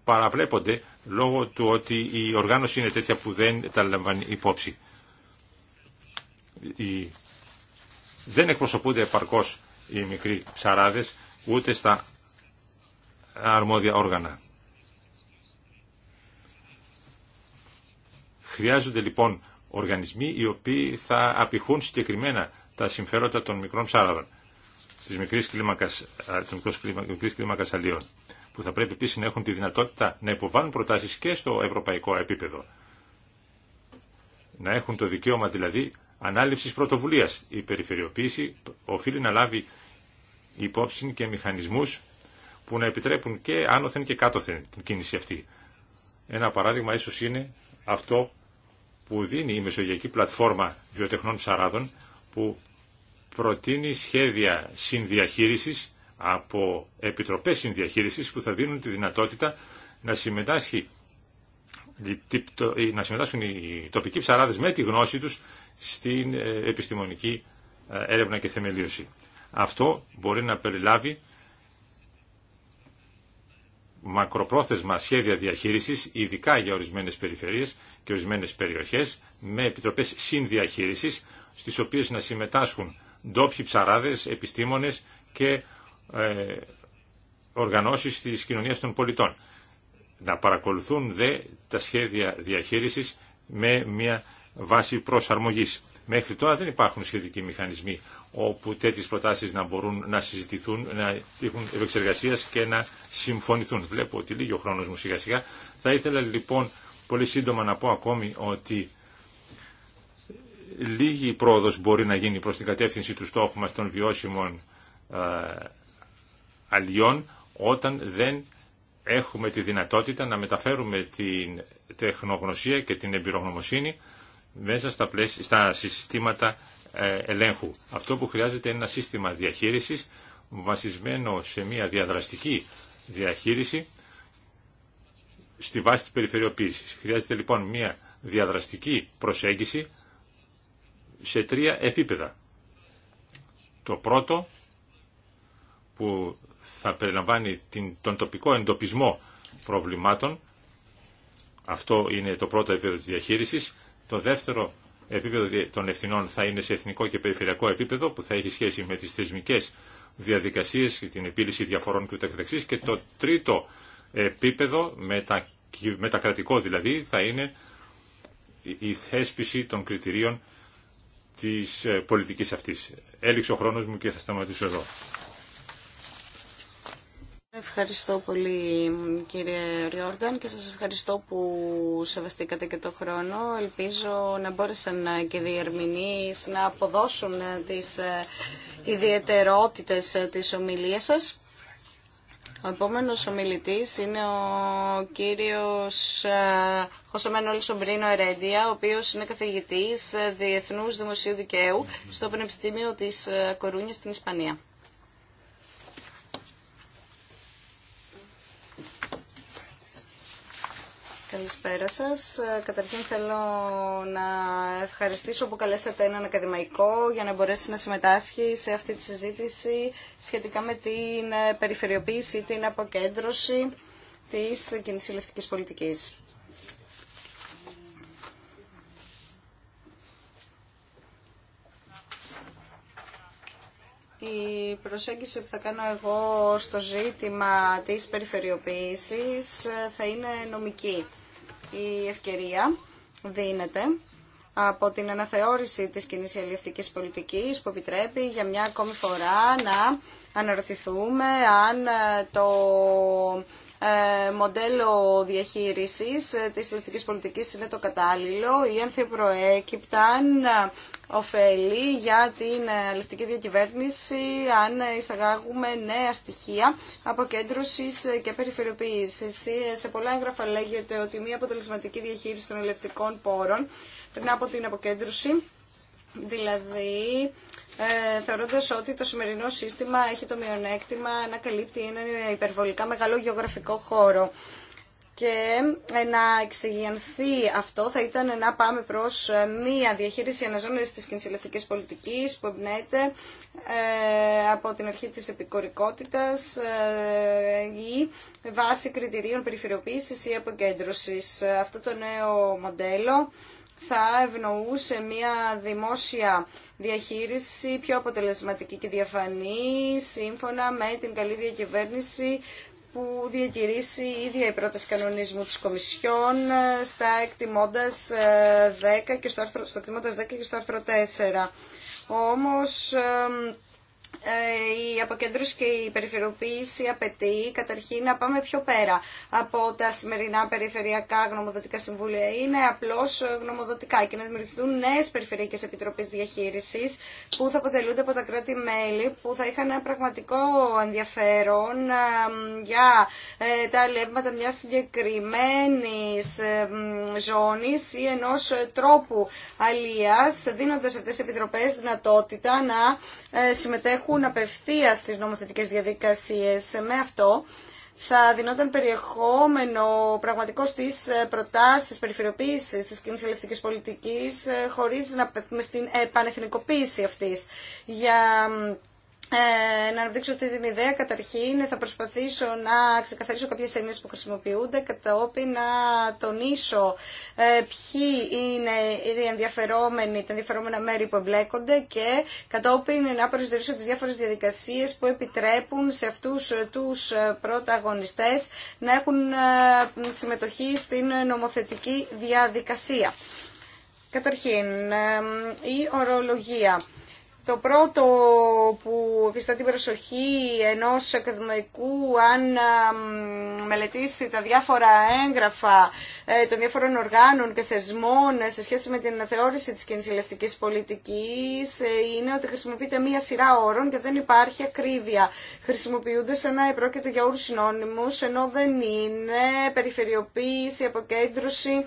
παραβλέπονται λόγω του ότι η οργάνωση είναι τέτοια που δεν τα λαμβάνει υπόψη. Οι... Δεν εκπροσωπούνται επαρκώς οι μικροί ψαράδες ούτε στα αρμόδια όργανα. Χρειάζονται λοιπόν οργανισμοί οι οποίοι θα απηχούν συγκεκριμένα τα συμφέροντα των μικρών ψάραδων, της μικρής κλίμακας, των μικρών κλίμακας αλλιών που θα πρέπει επίση να έχουν τη δυνατότητα να υποβάλουν προτάσεις και στο ευρωπαϊκό επίπεδο. Να έχουν το δικαίωμα δηλαδή ανάληψης πρωτοβουλίας. Η περιφερειοποίηση οφείλει να λάβει υπόψη και μηχανισμούς που να επιτρέπουν και άνωθεν και κάτωθεν την κίνηση αυτή. Ένα παράδειγμα ίσως είναι αυτό που δίνει η Μεσογειακή Πλατφόρμα Βιοτεχνών Ψαράδων που προτείνει σχέδια συνδιαχείρισης από επιτροπές συνδιαχείρισης που θα δίνουν τη δυνατότητα να συμμετάσχει να συμμετάσχουν οι τοπικοί ψαράδες με τη γνώση τους στην ε, επιστημονική ε, έρευνα και θεμελίωση. Αυτό μπορεί να περιλάβει μακροπρόθεσμα σχέδια διαχείρισης, ειδικά για ορισμένες περιφερειές και ορισμένες περιοχές, με επιτροπές συνδιαχείρισης, στις οποίες να συμμετάσχουν ντόπιοι ψαράδες, επιστήμονες και ε, οργανώσεις της κοινωνίας των πολιτών. Να παρακολουθούν δε τα σχέδια διαχείρισης με μια βάση προσαρμογής. Μέχρι τώρα δεν υπάρχουν σχετικοί μηχανισμοί όπου τέτοιες προτάσεις να μπορούν να συζητηθούν, να έχουν επεξεργασία και να συμφωνηθούν. Βλέπω ότι λίγο ο χρόνος μου σιγά σιγά. Θα ήθελα λοιπόν πολύ σύντομα να πω ακόμη ότι λίγη πρόοδος μπορεί να γίνει προς την κατεύθυνση του στόχου μας των βιώσιμων ε, αλλιών όταν δεν έχουμε τη δυνατότητα να μεταφέρουμε την τεχνογνωσία και την εμπειρογνωμοσύνη μέσα στα, πλαίσια, στα συστήματα ε, ελέγχου. Αυτό που χρειάζεται είναι ένα σύστημα διαχείρισης βασισμένο σε μια διαδραστική διαχείριση στη βάση της περιφερειοποίησης. Χρειάζεται λοιπόν μια διαδραστική προσέγγιση σε τρία επίπεδα. Το πρώτο που θα περιλαμβάνει τον τοπικό εντοπισμό προβλημάτων. Αυτό είναι το πρώτο επίπεδο της διαχείρισης. Το δεύτερο επίπεδο των ευθυνών θα είναι σε εθνικό και περιφερειακό επίπεδο που θα έχει σχέση με τις θεσμικές διαδικασίες και την επίλυση διαφορών και ούτε Και το τρίτο επίπεδο, μετακρατικό δηλαδή, θα είναι η θέσπιση των κριτηρίων της ε, πολιτικής αυτής. Έληξε ο χρόνος μου και θα σταματήσω εδώ. Ευχαριστώ πολύ κύριε Ριόρνταν και σας ευχαριστώ που σεβαστήκατε και το χρόνο. Ελπίζω να μπόρεσαν και οι διερμηνείς να αποδώσουν τις ε, ιδιαιτερότητες ε, της ομιλίας σας. Ο επόμενος ομιλητής είναι ο κύριος ε, Χωσέ Μανώλη Σομπρίνο Ερέντια, ο οποίος είναι καθηγητής Διεθνούς Δημοσίου Δικαίου στο Πανεπιστήμιο της Κορούνια στην Ισπανία. Καλησπέρα σας. Ε, καταρχήν θέλω να ευχαριστήσω που καλέσατε έναν ακαδημαϊκό για να μπορέσει να συμμετάσχει σε αυτή τη συζήτηση σχετικά με την ε, περιφερειοποίηση ή την αποκέντρωση της κοινής πολιτικής. Η την αποκεντρωση της κινησιλευτικης πολιτικης η προσεγγιση που θα κάνω εγώ στο ζήτημα της περιφερειοποίησης ε, θα είναι νομική η ευκαιρία δίνεται από την αναθεώρηση της κοινής αλληλευτικής πολιτικής που επιτρέπει για μια ακόμη φορά να αναρωτηθούμε αν ε, το ε, μοντέλο διαχείρισης ε, της ελευθερικής πολιτικής είναι το κατάλληλο ή αν θα προέκυπταν ε, ωφέλη για την ελευθερική διακυβέρνηση αν εισαγάγουμε νέα στοιχεία αποκέντρωσης και περιφερειοποίησης. Σε πολλά έγγραφα λέγεται ότι μια αποτελεσματική διαχείριση των ελευθερικών πόρων πριν από την αποκέντρωση Δηλαδή, ε, θεωρώντας ότι το σημερινό σύστημα έχει το μειονέκτημα να καλύπτει ένα υπερβολικά μεγάλο γεωγραφικό χώρο. Και ε, να εξηγιανθεί αυτό θα ήταν να πάμε προς ε, μία διαχείριση αναζώνησης της κινησιλευτικής πολιτικής που εμπνέεται ε, από την αρχή της επικορικότητας ή βάση κριτηρίων περιφερειοποίησης ή αποκέντρωσης. Αυτό το νέο μοντέλο θα ευνοούσε μια δημόσια διαχείριση πιο αποτελεσματική και διαφανή σύμφωνα με την καλή διακυβέρνηση που διακηρύσει η ίδια η πρόταση κανονισμού της Κομισιόν ε, στα εκτιμώντας 10 ε, και στο, άρθρο, στο 10 και στο άρθρο 4. Όμως ε, η αποκέντρωση και η περιφεροποίηση απαιτεί καταρχήν να πάμε πιο πέρα από τα σημερινά περιφερειακά γνωμοδοτικά συμβούλια. Είναι απλώς γνωμοδοτικά και να δημιουργηθούν νέε περιφερειακές επιτροπές διαχείρισης που θα αποτελούνται από τα κράτη-μέλη που θα είχαν ένα πραγματικό ενδιαφέρον ε, για ε, τα ελεύματα μια συγκεκριμένη ζώνη ή ενός τρόπου αλίας δίνοντας αυτές επιτροπές δυνατότητα να συμμετέχουν έχουν απευθεία στις νομοθετικές διαδικασίες. Με αυτό θα δινόταν περιεχόμενο πραγματικό στι προτάσει περιφερειοποίηση τη κοινή ελευθερική πολιτική, ε, χωρί να πέφτουμε στην επανεθνικοποίηση αυτή. Για ε, να αναπτύξω αυτή την ιδέα. Καταρχήν θα προσπαθήσω να ξεκαθαρίσω κάποιες έννοιες που χρησιμοποιούνται, κατά κατόπιν να τονίσω ε, ποιοι είναι οι ενδιαφερόμενοι, τα ενδιαφερόμενα μέρη που εμπλέκονται και κατά κατόπιν να προσδιορίσω τις διάφορες διαδικασίες που επιτρέπουν σε αυτούς τους πρωταγωνιστές να έχουν ε, συμμετοχή στην νομοθετική διαδικασία. Καταρχήν, ε, η ορολογία. Το πρώτο που επιστά την προσοχή ενός ακαδημαϊκού αν μελετήσει τα διάφορα έγγραφα ε, των διάφορων οργάνων και θεσμών ε, σε σχέση με την αναθεώρηση της κινησιλευτικής πολιτικής ε, είναι ότι χρησιμοποιείται μία σειρά όρων και δεν υπάρχει ακρίβεια. Χρησιμοποιούνται σαν να επρόκειτο για όρους συνώνυμους ενώ δεν είναι περιφερειοποίηση, αποκέντρωση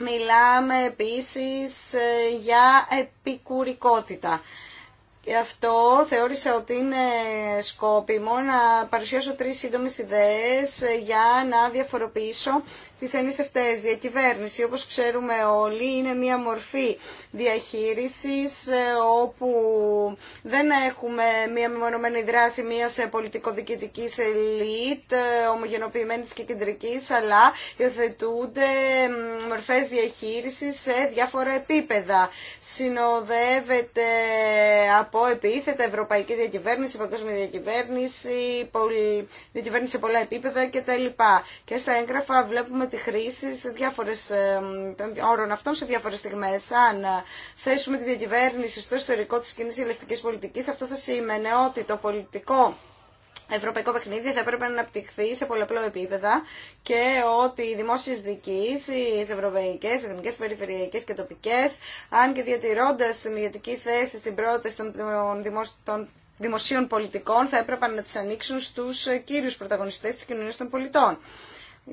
Μιλάμε επίσης για επικουρικότητα. Γι' αυτό θεώρησα ότι είναι σκόπιμο να παρουσιάσω τρεις σύντομες ιδέες για να διαφοροποιήσω της ενίσευτες Διακυβέρνηση, όπως ξέρουμε όλοι, είναι μια μορφή διαχείρισης ε, όπου δεν έχουμε μια μεμονωμένη δράση μιας πολιτικοδικητικής ελίτ, ε, ομογενοποιημένης και κεντρικής, αλλά υιοθετούνται μορφές διαχείρισης σε διάφορα επίπεδα. Συνοδεύεται από επίθετα ευρωπαϊκή διακυβέρνηση, παγκόσμια διακυβέρνηση, διακυβέρνηση σε πολλά επίπεδα κτλ. Και στα έγγραφα βλέπουμε τη χρήση σε διάφορες, ε, των όρων αυτών σε διάφορε στιγμέ, Αν ε, θέσουμε τη διακυβέρνηση στο ιστορικό τη κοινή ελευθερικής πολιτική, αυτό θα σημαίνει ότι το πολιτικό ευρωπαϊκό παιχνίδι θα έπρεπε να αναπτυχθεί σε πολλαπλό επίπεδα και ότι οι δημόσιε διοικήσει, οι ευρωπαϊκέ, οι εθνικέ, περιφερειακέ και τοπικέ, αν και διατηρώντα την ηγετική θέση στην πρόταση των, των δημοσίων πολιτικών, θα έπρεπε να τι ανοίξουν στου ε, κύριου πρωταγωνιστέ τη κοινωνία των πολιτών.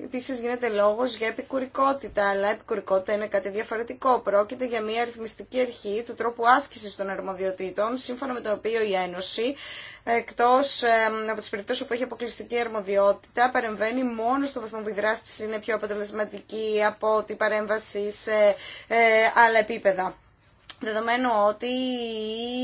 Επίσης γίνεται λόγος για επικουρικότητα, αλλά επικουρικότητα είναι κάτι διαφορετικό. Πρόκειται για μια αριθμιστική αρχή του τρόπου άσκησης των αρμοδιοτήτων, σύμφωνα με το οποίο η Ένωση, εκτός από τις περιπτώσει που έχει αποκλειστική αρμοδιότητα, παρεμβαίνει μόνο στο βαθμό που η δράση είναι πιο αποτελεσματική από την παρέμβαση σε ε, άλλα επίπεδα. Δεδομένου ότι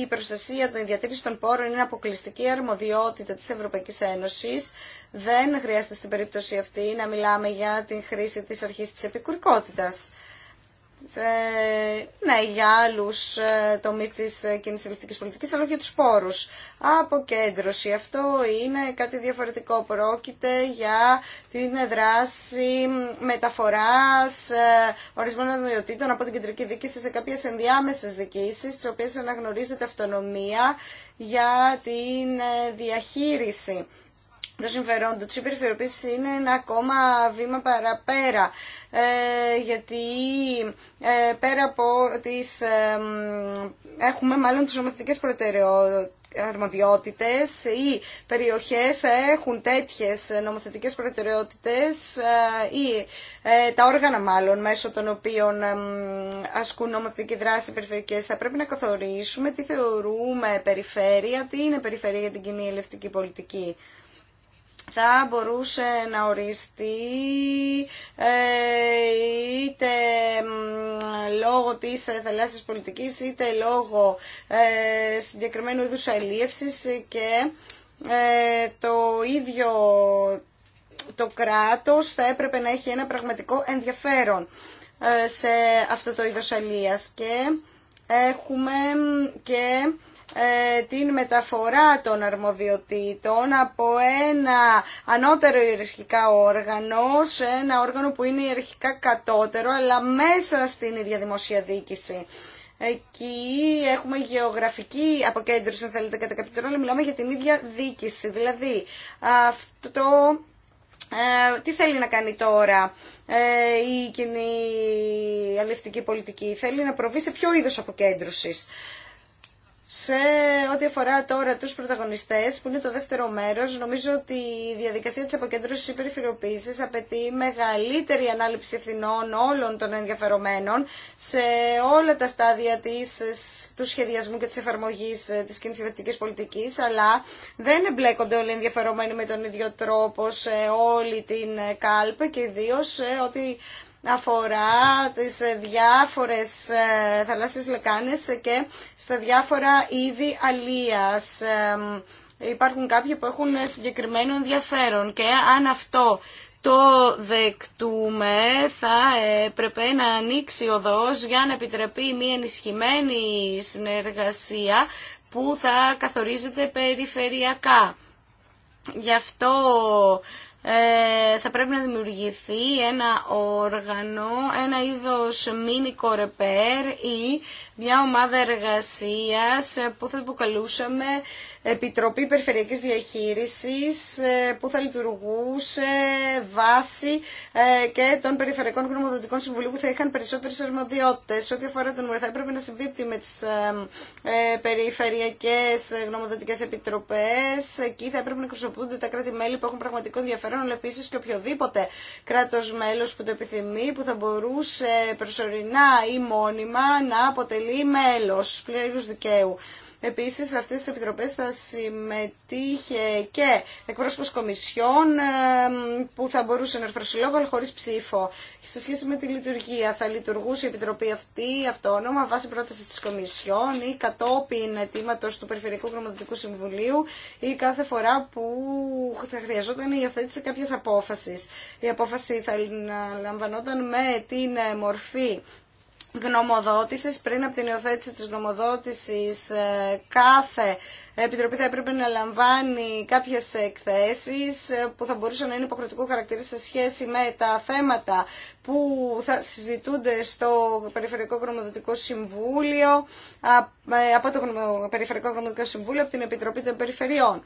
η προστασία των διατήρηση των πόρων είναι αποκλειστική αρμοδιότητα της Ευρωπαϊκής Ένωσης, δεν χρειάζεται στην περίπτωση αυτή να μιλάμε για την χρήση της αρχής της επικουρικότητας. Ε, ναι, για άλλου ε, τομεί τη ε, κοινή ελευθερική πολιτική, αλλά και του πόρου. Αποκέντρωση. Αυτό είναι κάτι διαφορετικό. Πρόκειται για την δράση μεταφορά ορισμένων ιδιωτήτων από την κεντρική διοίκηση σε κάποιε ενδιάμεσε διοικήσει, τι οποίε αναγνωρίζεται αυτονομία για την διαχείριση το συμφερόντων του. Η είναι ένα ακόμα βήμα παραπέρα, ε, γιατί ε, πέρα από τις... Ε, έχουμε μάλλον τις νομοθετικές προτεραιότητες, αρμοδιότητες ή περιοχές θα έχουν τέτοιες νομοθετικές προτεραιότητες ε, ή τα όργανα μάλλον μέσω των οποίων ασκούν νομοθετική δράση περιφερειακές θα πρέπει να καθορίσουμε τι θεωρούμε περιφέρεια, τι είναι περιφέρεια για την κοινή ελευτική πολιτική θα μπορούσε να οριστεί ε, είτε λόγω της θαλάσσιας πολιτικής είτε λόγω ε, συγκεκριμένου είδους αλίευσης και ε, το ίδιο το κράτος θα έπρεπε να έχει ένα πραγματικό ενδιαφέρον σε αυτό το είδος αλίας και έχουμε και ε, την μεταφορά των αρμοδιοτήτων από ένα ανώτερο ιεραρχικά όργανο σε ένα όργανο που είναι ιεραρχικά κατώτερο αλλά μέσα στην ίδια δημοσία διοίκηση. Εκεί έχουμε γεωγραφική αποκέντρωση, αν θέλετε, κατά κάποιο τρόπο, μιλάμε για την ίδια δίκηση. Δηλαδή, αυτό ε, τι θέλει να κάνει τώρα ε, η κοινή αλληλευτική πολιτική. Θέλει να προβεί σε ποιο είδος αποκέντρωσης. Σε ό,τι αφορά τώρα τους πρωταγωνιστές, που είναι το δεύτερο μέρος, νομίζω ότι η διαδικασία της αποκέντρωσης υπερφυροποίησης απαιτεί μεγαλύτερη ανάληψη ευθυνών όλων των ενδιαφερομένων σε όλα τα στάδια της, του σχεδιασμού και της εφαρμογής ε, της κινησιδευτικής πολιτικής, αλλά δεν εμπλέκονται όλοι οι ενδιαφερομένοι με τον ίδιο τρόπο σε όλη την ε, κάλπ και ιδίω ό,τι αφορά τις ε, διάφορες ε, θαλάσσιες λεκάνες και στα διάφορα είδη αλίας. Υπάρχουν κάποιοι που έχουν συγκεκριμένο ενδιαφέρον και αν αυτό το δεκτούμε θα έπρεπε να ανοίξει ο δός για να επιτρεπεί μια ενισχυμένη συνεργασία που θα καθορίζεται περιφερειακά. Γι' αυτό ε, θα πρέπει να δημιουργηθεί ένα όργανο, ένα είδος μίνι κορεπέρ ή μια ομάδα εργασίας που θα υποκαλούσαμε Επιτροπή Περιφερειακής Διαχείρισης ε, που θα λειτουργούσε βάση ε, και των Περιφερειακών Γνωμοδοτικών Συμβουλίων που θα είχαν περισσότερες αρμοδιότητες. Ό,τι αφορά τον θα έπρεπε να συμπίπτει με τις ε, Περιφερειακές Γνωμοδοτικές Επιτροπές. Εκεί θα έπρεπε να εκπροσωπούνται τα κράτη-μέλη που έχουν πραγματικό ενδιαφέρον, αλλά επίσης και οποιοδήποτε κράτος μέλος που το επιθυμεί, που θα μπορούσε προσωρινά ή μόνιμα να αποτελεί μέλος πλήρους δικαίου. Επίσης, σε αυτές τις επιτροπές θα συμμετείχε και εκπρόσωπος κομισιών ε, που θα μπορούσε να έρθει λόγο, αλλά χωρίς ψήφο. Σε σχέση με τη λειτουργία, θα λειτουργούσε η επιτροπή αυτή αυτόνομα βάσει πρόταση της κομισιών ή κατόπιν αιτήματο του Περιφερειακού Γνωμοδοτικού Συμβουλίου ή κάθε φορά που θα χρειαζόταν η υιοθέτηση κάποιας απόφασης. Η απόφαση θα λαμβανόταν με την μορφή γνωμοδότησης, πριν από την υιοθέτηση της γνωμοδότησης, ε, κάθε επιτροπή θα έπρεπε να λαμβάνει κάποιες εκθέσεις ε, που θα μπορούσαν να είναι υποχρεωτικού χαρακτήρα σε σχέση με τα θέματα που θα συζητούνται στο Περιφερειακό Γνωμοδοτικό Συμβούλιο, ε, από το Περιφερειακό Γνωμοδοτικό Συμβούλιο, από την Επιτροπή των Περιφερειών.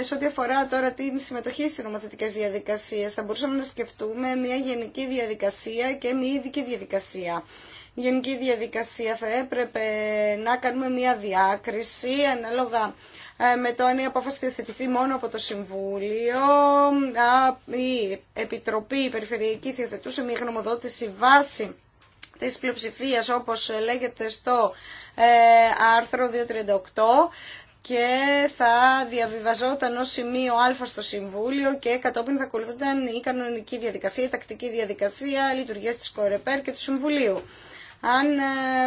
Σε ό,τι αφορά τώρα την συμμετοχή στι νομοθετικέ διαδικασίε, θα μπορούσαμε να σκεφτούμε μια γενική διαδικασία και μια ειδική διαδικασία γενική διαδικασία θα έπρεπε να κάνουμε μια διάκριση ανάλογα ε, με το αν η απόφαση μόνο από το Συμβούλιο, η Επιτροπή η Περιφερειακή θετούσε μια γνωμοδότηση βάση της πλειοψηφίας όπως λέγεται στο ε, άρθρο 238 και θα διαβιβαζόταν ως σημείο α στο Συμβούλιο και κατόπιν θα ακολουθούνταν η κανονική διαδικασία, η τακτική διαδικασία λειτουργία της ΚΟΡΕΠΕΡ και του Συμβουλίου αν ε,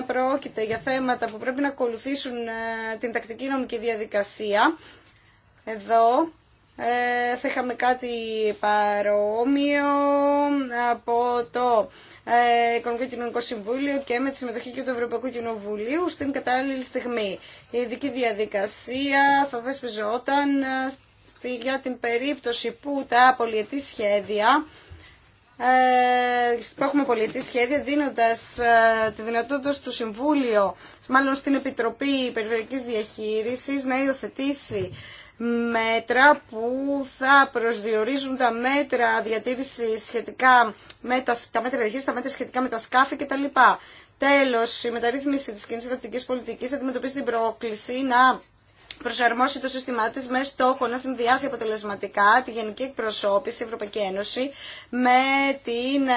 πρόκειται για θέματα που πρέπει να ακολουθήσουν ε, την τακτική νομική διαδικασία, εδώ ε, θα είχαμε κάτι παρόμοιο από το Οικονομικό Κοινωνικό Συμβούλιο και με τη συμμετοχή και του Ευρωπαϊκού Κοινοβουλίου στην κατάλληλη στιγμή. Η ειδική διαδικασία θα θεσπιζόταν για την περίπτωση που τα πολιετή σχέδια ε, που έχουμε πολιτεί σχέδια δίνοντας ε, τη δυνατότητα στο Συμβούλιο, μάλλον στην Επιτροπή Περιφερειακή Διαχείρισης να υιοθετήσει μέτρα που θα προσδιορίζουν τα μέτρα διατήρηση σχετικά με τα, τα μέτρα διαχείριση, τα μέτρα σχετικά με τα σκάφη κτλ. Τέλος, η μεταρρύθμιση της κοινή πολιτικής Πολιτική αντιμετωπίζει την πρόκληση να προσαρμόσει το σύστημά τη με στόχο να συνδυάσει αποτελεσματικά τη γενική εκπροσώπηση Ευρωπαϊκή Ένωση με την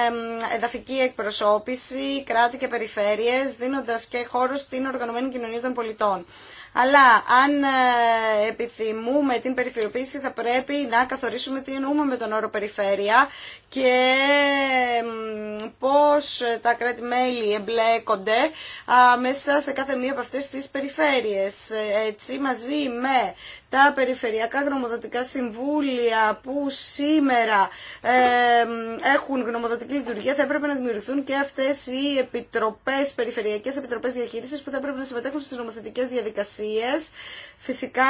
εδαφική εκπροσώπηση κράτη και περιφέρειες, δίνοντας και χώρο στην οργανωμένη κοινωνία των πολιτών. Αλλά αν ε, επιθυμούμε την περιφερειοποίηση θα πρέπει να καθορίσουμε τι εννοούμε με τον όρο περιφέρεια και πώς τα κράτη-μέλη εμπλέκονται μέσα σε κάθε μία από αυτές τις περιφέρειες. Έτσι, μαζί με τα περιφερειακά γνωμοδοτικά συμβούλια που σήμερα ε, έχουν γνωμοδοτική λειτουργία θα έπρεπε να δημιουργηθούν και αυτές οι επιτροπές, περιφερειακές επιτροπές διαχείρισης που θα έπρεπε να συμμετέχουν στις νομοθετικές διαδικασίες φυσικά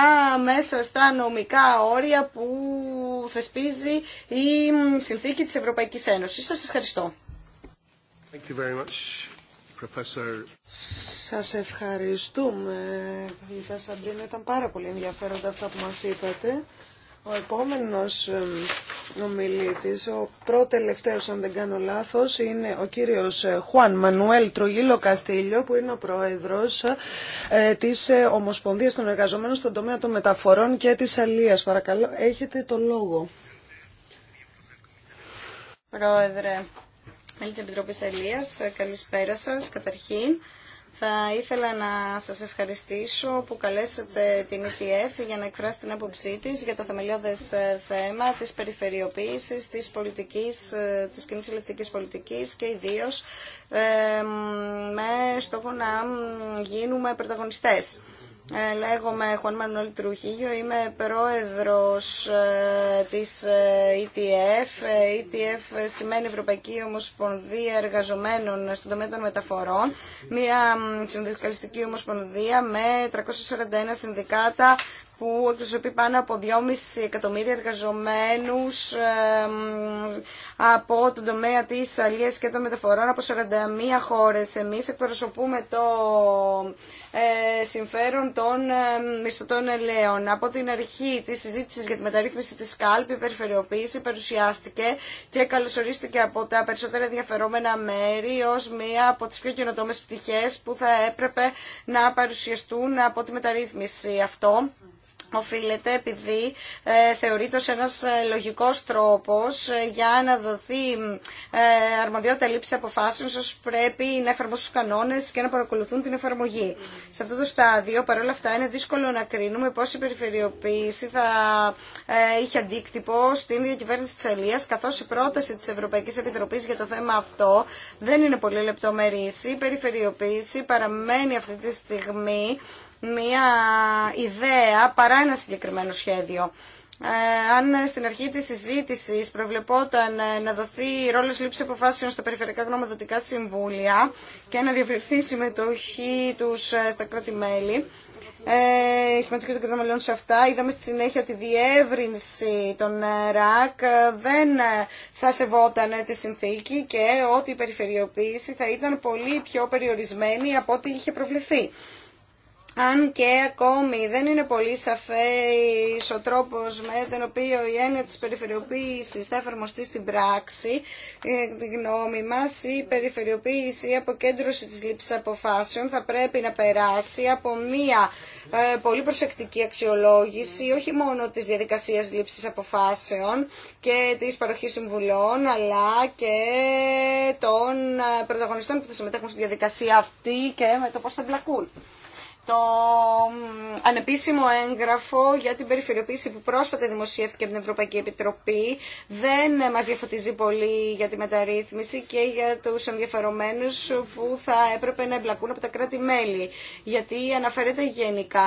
μέσα στα νομικά όρια που θεσπίζει η συνθήκη της Ευρωπαϊκής Ένωσης. Σας ευχαριστώ. Thank you very much, professor. Σας ευχαριστούμε, Ήταν πάρα πολύ ενδιαφέροντα αυτά που μας είπατε. Ο επόμενος ομιλήτης, ο προτελευταίος αν δεν κάνω λάθος, είναι ο κύριος ε, Χουάν Μανουέλ Τρογίλο Καστήλιο, που είναι ο πρόεδρος ε, της ε, Ομοσπονδίας των Εργαζομένων στον τομέα των μεταφορών και της Αλίας. Παρακαλώ, έχετε το λόγο. Πρόεδρε, μέλη της Επιτροπής καλησπέρα σα καταρχήν. Θα ήθελα να σα ευχαριστήσω που καλέσατε την ETF για να εκφράσει την άποψή τη για το θεμελιώδες ε, θέμα της περιφερειοποίησης, της πολιτικής, ε, της κοινή πολιτικής και ιδίως ε, με στόχο να γίνουμε πρωταγωνιστές ε, λέγομαι χωάν Μανώλη Τρουχίγιο, είμαι πρόεδρος ε, της ε, ETF. ETF σημαίνει Ευρωπαϊκή Ομοσπονδία Εργαζομένων στον τομέα των μεταφορών. Μια συνδικαλιστική ομοσπονδία με 341 συνδικάτα που εκπροσωπεί πάνω από 2,5 εκατομμύρια εργαζομένους από τον τομέα της αλλιές και των μεταφορών από 41 χώρες. Εμείς εκπροσωπούμε το ε, συμφέρον των ε, μισθωτών ελαίων. Από την αρχή τη συζήτηση για τη μεταρρύθμιση τη ΚΑΛΠ, η περιφερειοποίηση παρουσιάστηκε και καλωσορίστηκε από τα περισσότερα ενδιαφερόμενα μέρη ω μία από τι πιο καινοτόμε πτυχέ που θα έπρεπε να παρουσιαστούν από τη μεταρρύθμιση αυτό οφείλεται επειδή ε, θεωρείται ως ένας ε, λογικός τρόπος ε, για να δοθεί αρμοδιότητα λήψη αποφάσεων όσο πρέπει να εφαρμόσουν τους κανόνες και να παρακολουθούν την εφαρμογή. Σε αυτό το στάδιο παρόλα αυτά είναι δύσκολο να κρίνουμε πώς η περιφερειοποίηση θα είχε αντίκτυπο στην διακυβέρνηση της Αλίας καθώς η πρόταση της Ευρωπαϊκής Επιτροπής για το θέμα αυτό δεν είναι πολύ λεπτομερής. Η περιφερειοποίηση παραμένει αυτή τη στιγμή μια ιδέα παρά ένα συγκεκριμένο σχέδιο. Ε, αν στην αρχή της συζήτησης προβλεπόταν ε, να δοθεί ρόλος λήψη αποφάσεων στα περιφερειακά γνωμοδοτικά συμβούλια και να διευρυνθεί η συμμετοχή τους ε, στα κράτη-μέλη, ε, η συμμετοχή των κρατών σε αυτά. Είδαμε στη συνέχεια ότι η διεύρυνση των ε, ΡΑΚ δεν θα σεβόταν τη συνθήκη και ότι η περιφερειοποίηση θα ήταν πολύ πιο περιορισμένη από ό,τι είχε προβληθεί αν και ακόμη δεν είναι πολύ σαφές ο τρόπος με τον οποίο η έννοια της περιφερειοποίησης θα εφαρμοστεί στην πράξη, ε, τη γνώμη μας, η περιφερειοποίηση, η αποκέντρωση της λήψης αποφάσεων θα πρέπει να περάσει από μία ε, πολύ προσεκτική αξιολόγηση, όχι μόνο της διαδικασίας λήψης αποφάσεων και της παροχής συμβουλών, αλλά και των ε, πρωταγωνιστών που θα συμμετέχουν στη διαδικασία αυτή και με το πώς θα το ανεπίσημο έγγραφο για την περιφερειοποίηση που πρόσφατα δημοσιεύτηκε από την Ευρωπαϊκή Επιτροπή δεν ε, μας διαφωτίζει πολύ για τη μεταρρύθμιση και για τους ενδιαφερομένους που θα έπρεπε να εμπλακούν από τα κράτη-μέλη. Γιατί αναφέρεται γενικά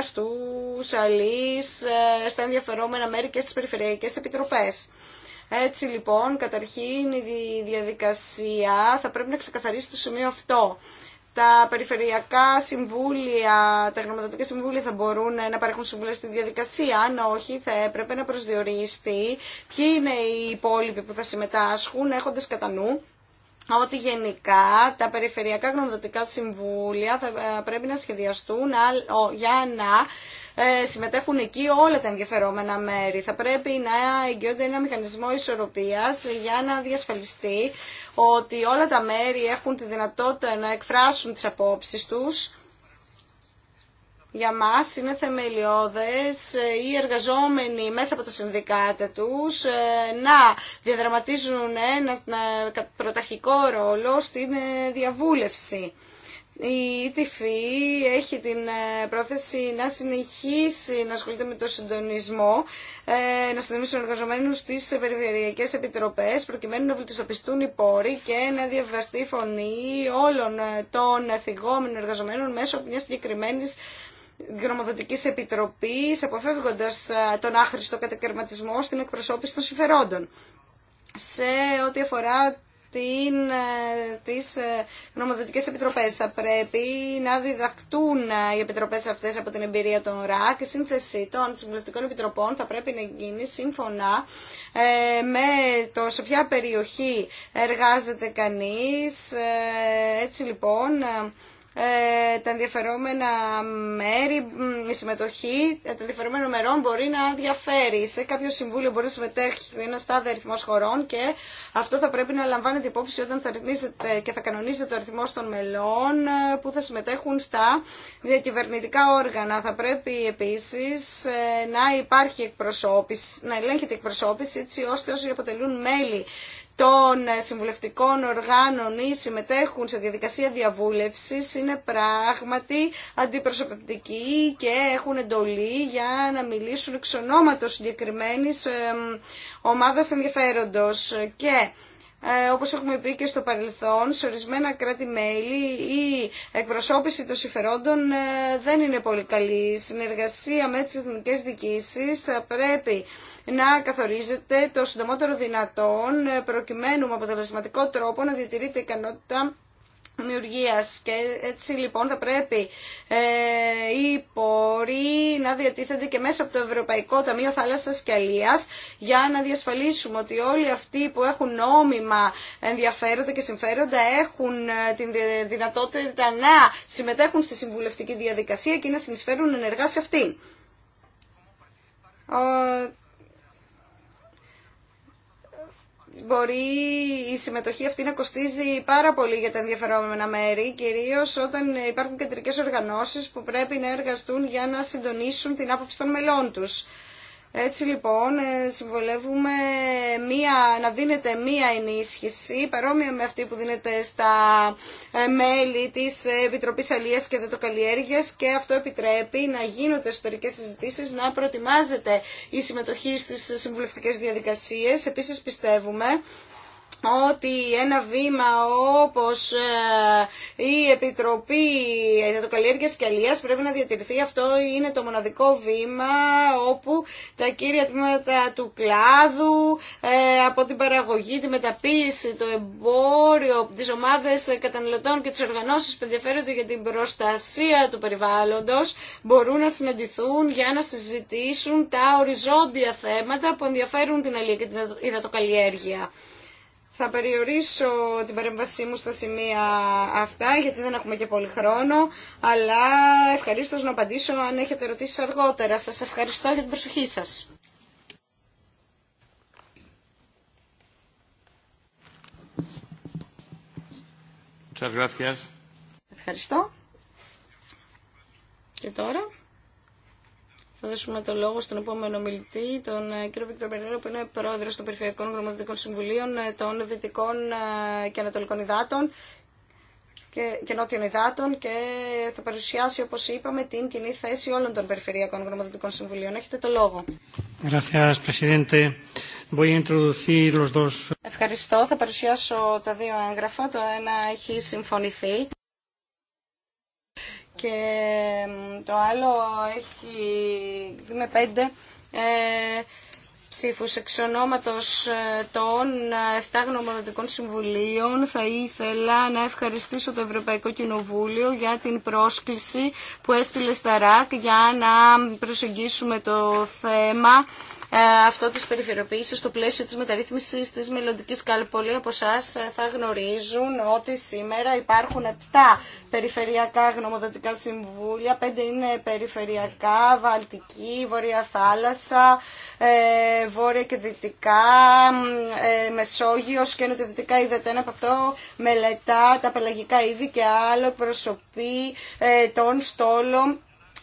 στους αλείς, ε, στα ενδιαφερόμενα μέρη και στις περιφερειακές επιτροπές. Έτσι λοιπόν, καταρχήν η διαδικασία θα πρέπει να ξεκαθαρίσει το σημείο αυτό τα περιφερειακά συμβούλια, τα γνωμοδοτικά συμβούλια θα μπορούν να παρέχουν συμβουλές στη διαδικασία. Αν όχι, θα έπρεπε να προσδιοριστεί ποιοι είναι οι υπόλοιποι που θα συμμετάσχουν, έχοντας κατά νου ότι γενικά τα περιφερειακά γνωμοδοτικά συμβούλια θα ε, πρέπει να σχεδιαστούν για να συμμετέχουν εκεί όλα τα ενδιαφερόμενα μέρη. Θα πρέπει να εγγυώνται ένα μηχανισμό ισορροπίας για να διασφαλιστεί ότι όλα τα μέρη έχουν τη δυνατότητα να εκφράσουν τις απόψεις τους για μας είναι θεμελιώδες οι εργαζόμενοι μέσα από τα συνδικάτα τους να διαδραματίζουν ένα πρωταρχικό ρόλο στην διαβούλευση. Η ΤΥΦΗ e έχει την ε, πρόθεση να συνεχίσει να ασχολείται με το συντονισμό, ε, να συντονίσει του εργαζομένου στι περιφερειακέ επιτροπέ, προκειμένου να βελτιστοποιηθούν οι πόροι και να διαβαστεί η φωνή όλων ε, των θυγόμενων εργαζομένων μέσω μια συγκεκριμένη γνωμοδοτική επιτροπή, αποφεύγοντα τον άχρηστο κατακαιρματισμό στην εκπροσώπηση των συμφερόντων. Σε ό,τι αφορά την, ε, τις επιτροπέ. επιτροπές. Θα πρέπει να διδαχτούν ε, οι επιτροπές αυτές από την εμπειρία των ΡΑΚ. η σύνθεση των συμβουλευτικών επιτροπών θα πρέπει να γίνει σύμφωνα ε, με το σε ποια περιοχή εργάζεται κανείς. έτσι λοιπόν ε, τα ενδιαφερόμενα μέρη, η συμμετοχή ε, των ενδιαφερόμενων μερών μπορεί να διαφέρει. Σε κάποιο συμβούλιο μπορεί να συμμετέχει ένα στάδιο αριθμό χωρών και αυτό θα πρέπει να λαμβάνεται υπόψη όταν θα και θα κανονίζετε το αριθμό των μελών ε, που θα συμμετέχουν στα διακυβερνητικά όργανα. Θα πρέπει επίση να υπάρχει εκπροσώπηση, να ελέγχεται εκπροσώπηση έτσι ώστε όσοι αποτελούν μέλη των ε, συμβουλευτικών οργάνων ή συμμετέχουν σε διαδικασία διαβούλευσης είναι πράγματι αντιπροσωπευτικοί και έχουν εντολή για να μιλήσουν εξ ονόματος συγκεκριμένης ε, ομάδας ενδιαφέροντος και ε, όπως έχουμε πει και στο παρελθόν, σε ορισμένα κράτη-μέλη η εκπροσώπηση των συμφερόντων ε, δεν είναι πολύ καλή. Η συνεργασία με τις εθνικές διοικήσεις θα πρέπει να καθορίζεται το συντομότερο δυνατόν ε, προκειμένου με αποτελεσματικό τρόπο να διατηρείται η ικανότητα δημιουργίας και έτσι λοιπόν θα πρέπει ε, οι πόροι να διατίθενται και μέσα από το Ευρωπαϊκό Ταμείο Θάλασσας και για να διασφαλίσουμε ότι όλοι αυτοί που έχουν νόμιμα ενδιαφέροντα και συμφέροντα έχουν ε, την δυνατότητα να συμμετέχουν στη συμβουλευτική διαδικασία και να συνεισφέρουν ενεργά σε αυτήν μπορεί η συμμετοχή αυτή να κοστίζει πάρα πολύ για τα ενδιαφερόμενα μέρη, κυρίως όταν υπάρχουν κεντρικές οργανώσεις που πρέπει να εργαστούν για να συντονίσουν την άποψη των μελών τους. Έτσι λοιπόν ε, συμβολεύουμε μία, να δίνεται μία ενίσχυση παρόμοια με αυτή που δίνεται στα ε, μέλη της Επιτροπής Αλίας και Δετοκαλλιέργειας και αυτό επιτρέπει να γίνονται στορικές συζητήσεις, να προετοιμάζεται η συμμετοχή στις συμβουλευτικές διαδικασίες. Επίσης πιστεύουμε ότι ένα βήμα όπως ε, η Επιτροπή Ιδιωτοκαλλιέργειας και Αλίας πρέπει να διατηρηθεί. Αυτό είναι το μοναδικό βήμα όπου τα κύρια τμήματα του κλάδου ε, από την παραγωγή, τη μεταποίηση, το εμπόριο, τις ομάδες καταναλωτών και τις οργανώσεις που ενδιαφέρονται για την προστασία του περιβάλλοντος μπορούν να συναντηθούν για να συζητήσουν τα οριζόντια θέματα που ενδιαφέρουν την αλία και την ιδατοκαλλιέργεια. Θα περιορίσω την παρέμβασή μου στα σημεία αυτά, γιατί δεν έχουμε και πολύ χρόνο, αλλά ευχαρίστω να απαντήσω αν έχετε ερωτήσει αργότερα. Σας ευχαριστώ για την προσοχή σας. Ευχαριστώ. Και τώρα. Θα δώσουμε το λόγο στον επόμενο μιλητή, τον ε, κύριο Βίκτορ Περνέρο, που είναι πρόεδρος των Περιφερειακών Γνωμοδοτικών Συμβουλίων ε, των Δυτικών ε, και Ανατολικών Ιδάτων και, και Νότιων Ιδάτων και θα παρουσιάσει, όπως είπαμε, την κοινή θέση όλων των Περιφερειακών Γνωμοδοτικών Συμβουλίων. Έχετε το λόγο. Ευχαριστώ. Θα παρουσιάσω τα δύο έγγραφα. Το ένα έχει συμφωνηθεί και το άλλο έχει με πέντε ε, ψήφους εξ ονόματος ε, των 7 ε, γνωμοδοτικών συμβουλίων θα ήθελα να ευχαριστήσω το Ευρωπαϊκό Κοινοβούλιο για την πρόσκληση που έστειλε στα ΡΑΚ για να προσεγγίσουμε το θέμα ε, αυτό της περιφερειοποίησης στο πλαίσιο της μεταρρύθμισης της μελλοντική κάλπη. Πολλοί από εσά ε, θα γνωρίζουν ότι σήμερα υπάρχουν 7 περιφερειακά γνωμοδοτικά συμβούλια, 5 είναι περιφερειακά, Βαλτική, Βόρεια Θάλασσα, ε, Βόρεια και Δυτικά, Μεσόγειος και Νοτιοδυτικά είδατε ένα από αυτό μελετά τα πελαγικά είδη και άλλο εκπροσωπεί τον στόλο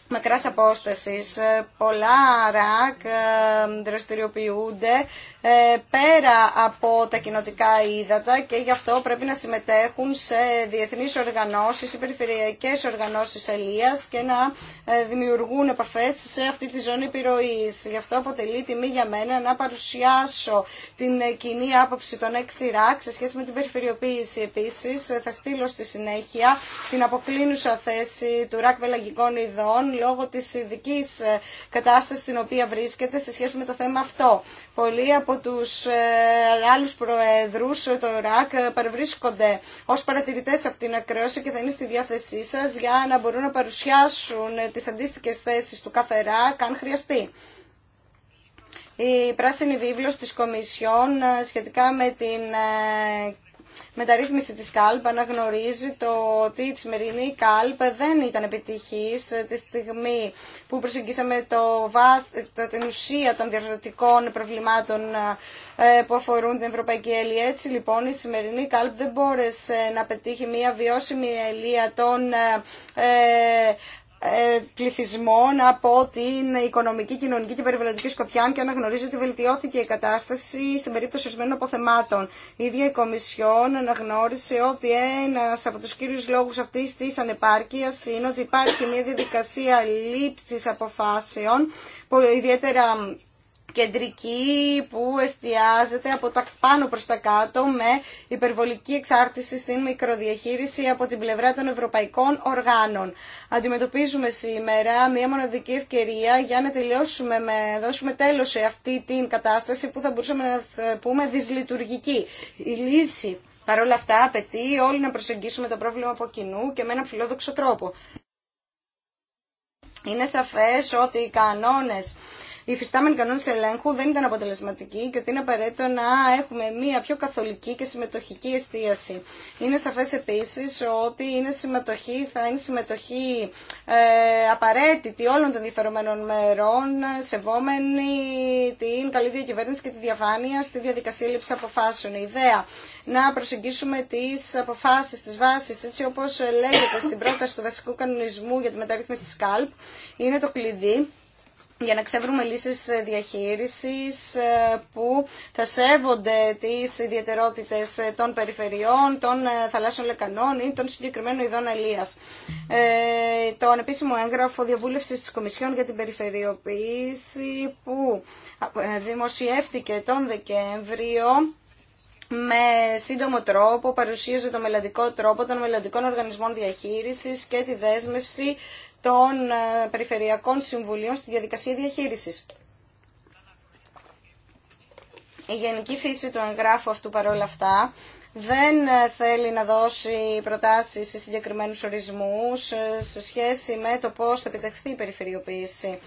μακράς απόστασης. Ε, πολλά ρακ ε, δραστηριοποιούνται ε, πέρα από τα κοινοτικά ύδατα και γι' αυτό πρέπει να συμμετέχουν σε διεθνείς οργανώσεις, σε περιφερειακές οργανώσεις ελίας και να ε, δημιουργούν επαφές σε αυτή τη ζώνη επιρροής. Γι' αυτό αποτελεί τιμή για μένα να παρουσιάσω την ε, κοινή άποψη των 6 ρακ σε σχέση με την περιφερειοποίηση. Επίσης θα στείλω στη συνέχεια την αποκλίνουσα θέση του ρακ βελαγικών ειδών λόγω της ειδική κατάστασης στην οποία βρίσκεται σε σχέση με το θέμα αυτό πολλοί από τους ε, άλλους προέδρους του ΡΑΚ παρευρίσκονται ως παρατηρητές αυτήν αυτήν ακρόαση και θα είναι στη διάθεσή σας για να μπορούν να παρουσιάσουν τις αντίστοιχες θέσεις του κάθε ΡΑΚ αν χρειαστεί. Η πράσινη βίβλος της Κομισιόν ε, σχετικά με την ε, μεταρρύθμιση της ΚΑΛΠ αναγνωρίζει το ότι η σημερινή ΚΑΛΠ δεν ήταν επιτυχής τη στιγμή που προσεγγίσαμε το βάθ, το, την ουσία των διαρθρωτικών προβλημάτων ε, που αφορούν την Ευρωπαϊκή Έλλη. Έτσι λοιπόν η σημερινή ΚΑΛΠ δεν μπόρεσε να πετύχει μια βιώσιμη ελεία των ε, ε, ε, πληθυσμών από την οικονομική, κοινωνική και περιβαλλοντική σκοπιά, και αναγνωρίζει ότι βελτιώθηκε η κατάσταση στην περίπτωση ορισμένων αποθεμάτων. Η ίδια η Κομισιόν αναγνώρισε ότι ένα από του κύριου λόγου αυτή τη ανεπάρκεια είναι ότι υπάρχει μια διαδικασία λήψη αποφάσεων, που ιδιαίτερα κεντρική που εστιάζεται από τα πάνω προς τα κάτω με υπερβολική εξάρτηση στην μικροδιαχείριση από την πλευρά των ευρωπαϊκών οργάνων. Αντιμετωπίζουμε σήμερα μία μοναδική ευκαιρία για να τελειώσουμε με, δώσουμε τέλος σε αυτή την κατάσταση που θα μπορούσαμε να πούμε δυσλειτουργική. Η λύση Παρ' αυτά απαιτεί όλοι να προσεγγίσουμε το πρόβλημα από κοινού και με έναν φιλόδοξο τρόπο. Είναι σαφές ότι οι κανόνες η φυστάμενη κανόνε ελέγχου δεν ήταν αποτελεσματική και ότι είναι απαραίτητο να έχουμε μία πιο καθολική και συμμετοχική εστίαση. Είναι σαφέ επίση ότι είναι συμμετοχή, θα είναι συμμετοχή ε, απαραίτητη όλων των ενδιαφερομένων μέρων, ε, σεβόμενη την καλή διακυβέρνηση και τη διαφάνεια στη διαδικασία λήψη αποφάσεων. Η ιδέα να προσεγγίσουμε τι αποφάσει, τι βάσει, έτσι όπω λέγεται στην πρόταση του βασικού κανονισμού για τη μεταρρύθμιση τη ΚΑΛΠ, είναι το κλειδί για να ξεβρούμε λύσεις ε, διαχείρισης ε, που θα σέβονται τις ιδιαιτερότητες ε, των περιφερειών, των θαλάσσιων λεκανών ή των συγκεκριμένων ειδών αλίας. Ε, το ανεπίσημο έγγραφο διαβούλευσης της Κομισιόν για την Περιφερειοποίηση που δημοσιεύτηκε τον Δεκέμβριο με σύντομο τρόπο παρουσίαζε το μελλοντικό τρόπο των μελλοντικών οργανισμών διαχείρισης και τη δέσμευση των ε, Περιφερειακών Συμβουλίων στη διαδικασία διαχείρισης. Η γενική φύση του εγγράφου αυτού παρόλα αυτά δεν ε, θέλει να δώσει προτάσεις σε συγκεκριμένους ορισμούς ε, σε σχέση με το πώς θα επιτευχθεί η περιφερειοποίηση.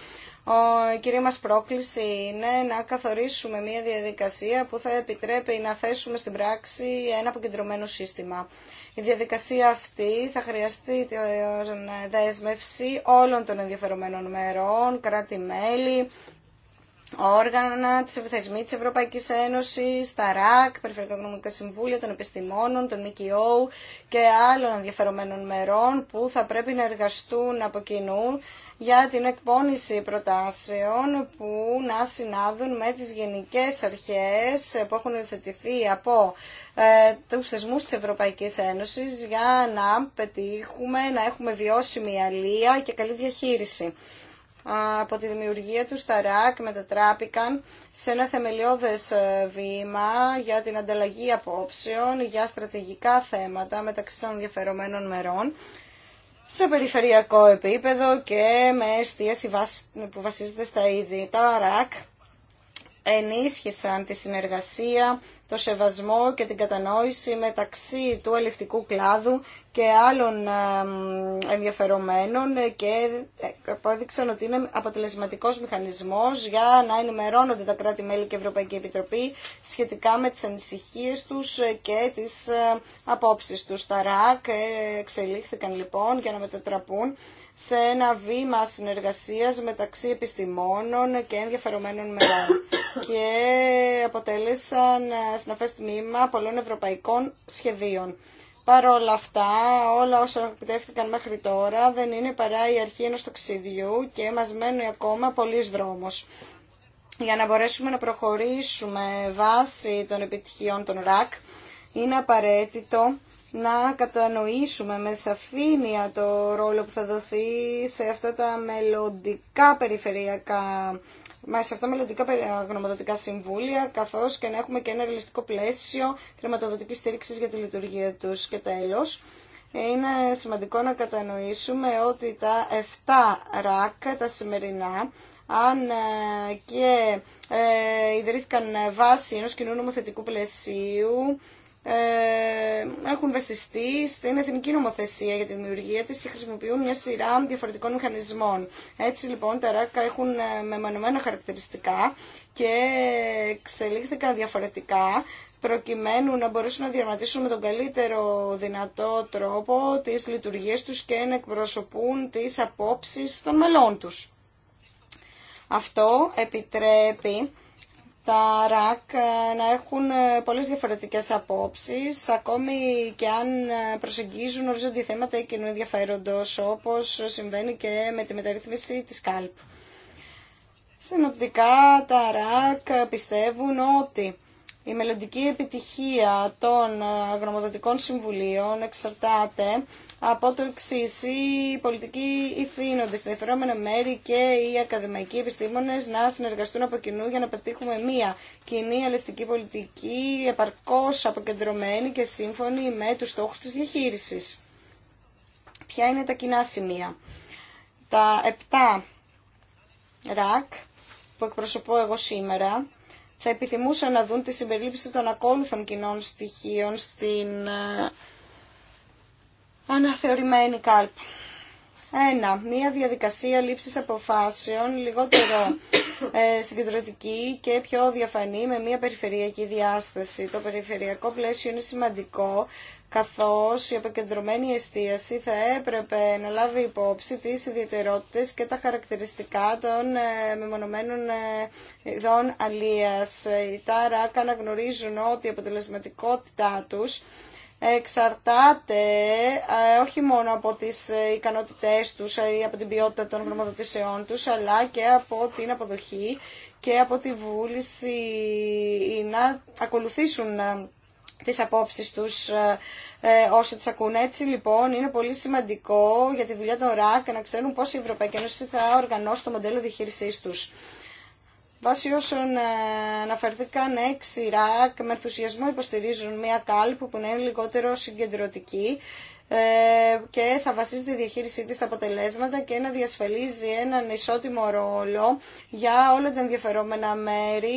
Η κυρία μας πρόκληση είναι να καθορίσουμε μια διαδικασία που θα επιτρέπει να θέσουμε στην πράξη ένα αποκεντρωμένο σύστημα. Η διαδικασία αυτή θα χρειαστεί τη δέσμευση όλων των ενδιαφερομένων μερών, κράτη-μέλη, όργανα, τις επιθεσμοί της Ευρωπαϊκής Ένωσης, τα ΡΑΚ, Περιφερειακά Οικονομικά Συμβούλια, των Επιστημόνων, των ΜΚΟ και άλλων ενδιαφερομένων μερών που θα πρέπει να εργαστούν από κοινού για την εκπόνηση προτάσεων που να συνάδουν με τις γενικές αρχές που έχουν υιοθετηθεί από ε, τους θεσμούς της Ευρωπαϊκής Ένωσης για να πετύχουμε, να έχουμε βιώσιμη αλία και καλή διαχείριση από τη δημιουργία του στα ΡΑΚ μετατράπηκαν σε ένα θεμελιώδες ε, βήμα για την ανταλλαγή απόψεων για στρατηγικά θέματα μεταξύ των ενδιαφερομένων μερών σε περιφερειακό επίπεδο και με εστίαση που βασίζεται στα ίδια Τα ΡΑΚ ενίσχυσαν τη συνεργασία, το σεβασμό και την κατανόηση μεταξύ του ελευτικού κλάδου και άλλων ενδιαφερομένων και ε, απόδειξαν ότι είναι αποτελεσματικός μηχανισμός για να ενημερώνονται τα κράτη-μέλη και η Ευρωπαϊκή Επιτροπή σχετικά με τις ανησυχίες τους και τις ε, απόψεις τους. Τα ΡΑΚ ε, εξελίχθηκαν λοιπόν για να μετατραπούν σε ένα βήμα συνεργασίας μεταξύ επιστημόνων και ενδιαφερομένων μερών και αποτέλεσαν συναφές τμήμα πολλών ευρωπαϊκών σχεδίων. Παρ' όλα αυτά, όλα όσα επιτεύχθηκαν μέχρι τώρα δεν είναι παρά η αρχή ενός ταξιδιού και μας μένει ακόμα πολλής δρόμος. Για να μπορέσουμε να προχωρήσουμε βάσει των επιτυχιών των ΡΑΚ, είναι απαραίτητο να κατανοήσουμε με σαφήνεια το ρόλο που θα δοθεί σε αυτά τα μελλοντικά περιφερειακά μα σε αυτά μελλοντικά γνωμοδοτικά συμβούλια, καθώς και να έχουμε και ένα ρελιστικό πλαίσιο χρηματοδοτικής στήριξης για τη λειτουργία τους. Και τέλος, είναι σημαντικό να κατανοήσουμε ότι τα 7 ΡΑΚ, τα σημερινά, αν ε, και ε, ιδρύθηκαν βάσει ενός κοινού νομοθετικού πλαισίου, ε, έχουν βασιστεί στην εθνική νομοθεσία για τη δημιουργία της και χρησιμοποιούν μια σειρά διαφορετικών μηχανισμών. Έτσι λοιπόν τα ράκα έχουν ε, μεμονωμένα χαρακτηριστικά και εξελίχθηκαν διαφορετικά προκειμένου να μπορέσουν να διαρματίσουν με τον καλύτερο δυνατό τρόπο τις λειτουργίες τους και να εκπροσωπούν τις απόψεις των μελών τους. Αυτό επιτρέπει τα ΡΑΚ ε, να έχουν ε, πολλές διαφορετικές απόψεις, ακόμη και αν ε, προσεγγίζουν οριζόντια θέματα κοινού ενδιαφέροντος, όπως συμβαίνει και με τη μεταρρύθμιση της ΚΑΛΠ. Συνοπτικά, τα ΡΑΚ πιστεύουν ότι η μελλοντική επιτυχία των γνωμοδοτικών συμβουλίων εξαρτάται από το εξή. Οι πολιτικοί ηθήνοντε, τα εφερόμενα μέρη και οι ακαδημαϊκοί επιστήμονε να συνεργαστούν από κοινού για να πετύχουμε μία κοινή αλευτική πολιτική επαρκώ αποκεντρωμένη και σύμφωνη με του στόχου τη διαχείριση. Ποια είναι τα κοινά σημεία. Τα 7 ρακ που εκπροσωπώ εγώ σήμερα θα επιθυμούσαν να δουν τη συμπερίληψη των ακόλουθων κοινών στοιχείων στην ε, αναθεωρημένη ΚΑΛΠ. Ένα, μία διαδικασία λήψης αποφάσεων λιγότερο ε, συγκεντρωτική και πιο διαφανή με μία περιφερειακή διάσταση. Το περιφερειακό πλαίσιο είναι σημαντικό καθώς η αποκεντρωμένη εστίαση θα έπρεπε να λάβει υπόψη τις ιδιαιτερότητες και τα χαρακτηριστικά των ε, μεμονωμένων ε, ειδών αλίας. Οι ΤΑΡΑΚ αναγνωρίζουν ότι η αποτελεσματικότητά τους εξαρτάται ε, όχι μόνο από τις ε, ικανότητές τους ε, ή από την ποιότητα των γνωμοδοτήσεών τους, αλλά και από την αποδοχή και από τη βούληση να ακολουθήσουν τις απόψεις τους όσοι τις ακούν. Έτσι λοιπόν είναι πολύ σημαντικό για τη δουλειά των ΡΑΚ να ξέρουν πώς η Ευρωπαϊκή Ένωση θα οργανώσει το μοντέλο διχείρισής τους. Βάσει όσων ε, αναφερθήκαν έξι ΡΑΚ, με ενθουσιασμό υποστηρίζουν μια κάλπη που είναι λιγότερο συγκεντρωτική ε, και θα βασίζεται η διαχείρισή της στα αποτελέσματα και να διασφαλίζει έναν ισότιμο ρόλο για όλα τα ενδιαφερόμενα μέρη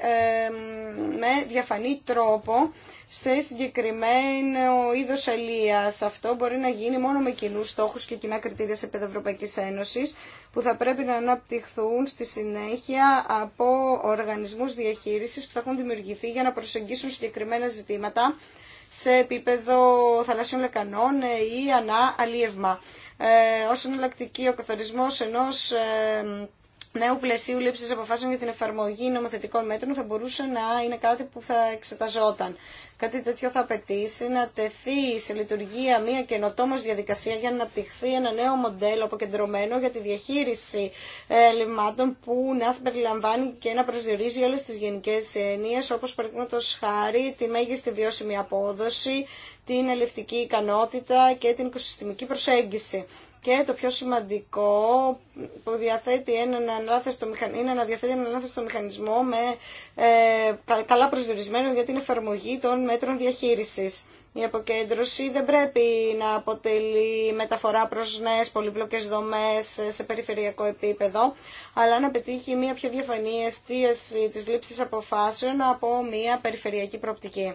ε, με διαφανή τρόπο σε συγκεκριμένο είδο αλεία. Αυτό μπορεί να γίνει μόνο με κοινού στόχου και κοινά κριτήρια σε επίπεδο Ευρωπαϊκή Ένωση, που θα πρέπει να αναπτυχθούν στη συνέχεια από οργανισμού διαχείριση που θα έχουν δημιουργηθεί για να προσεγγίσουν συγκεκριμένα ζητήματα σε επίπεδο θαλασσιών λεκανών ε, ή ανά αλίευμα. Ε, ως εναλλακτική ο καθορισμός ενός ε, νέου πλαισίου λήψη αποφάσεων για την εφαρμογή νομοθετικών μέτρων θα μπορούσε να είναι κάτι που θα εξεταζόταν. Κάτι τέτοιο θα απαιτήσει να τεθεί σε λειτουργία μια καινοτόμως διαδικασία για να αναπτυχθεί ένα νέο μοντέλο αποκεντρωμένο για τη διαχείριση ε, λιμάτων που να περιλαμβάνει και να προσδιορίζει όλες τις γενικές έννοιες όπως παραδείγματο χάρη τη μέγιστη βιώσιμη απόδοση, την ελευτική ικανότητα και την οικοσυστημική προσέγγιση. Και το πιο σημαντικό που διαθέτει έναν ανάθεστο, είναι να διαθέτει έναν ανάθεστο μηχανισμό με ε, καλά προσδιορισμένο για την εφαρμογή των μέτρων διαχείρισης. Η αποκέντρωση δεν πρέπει να αποτελεί μεταφορά προς νέες πολύπλοκες δομές σε περιφερειακό επίπεδο, αλλά να πετύχει μια πιο διαφανή εστίαση της λήψης αποφάσεων από μια περιφερειακή προοπτική.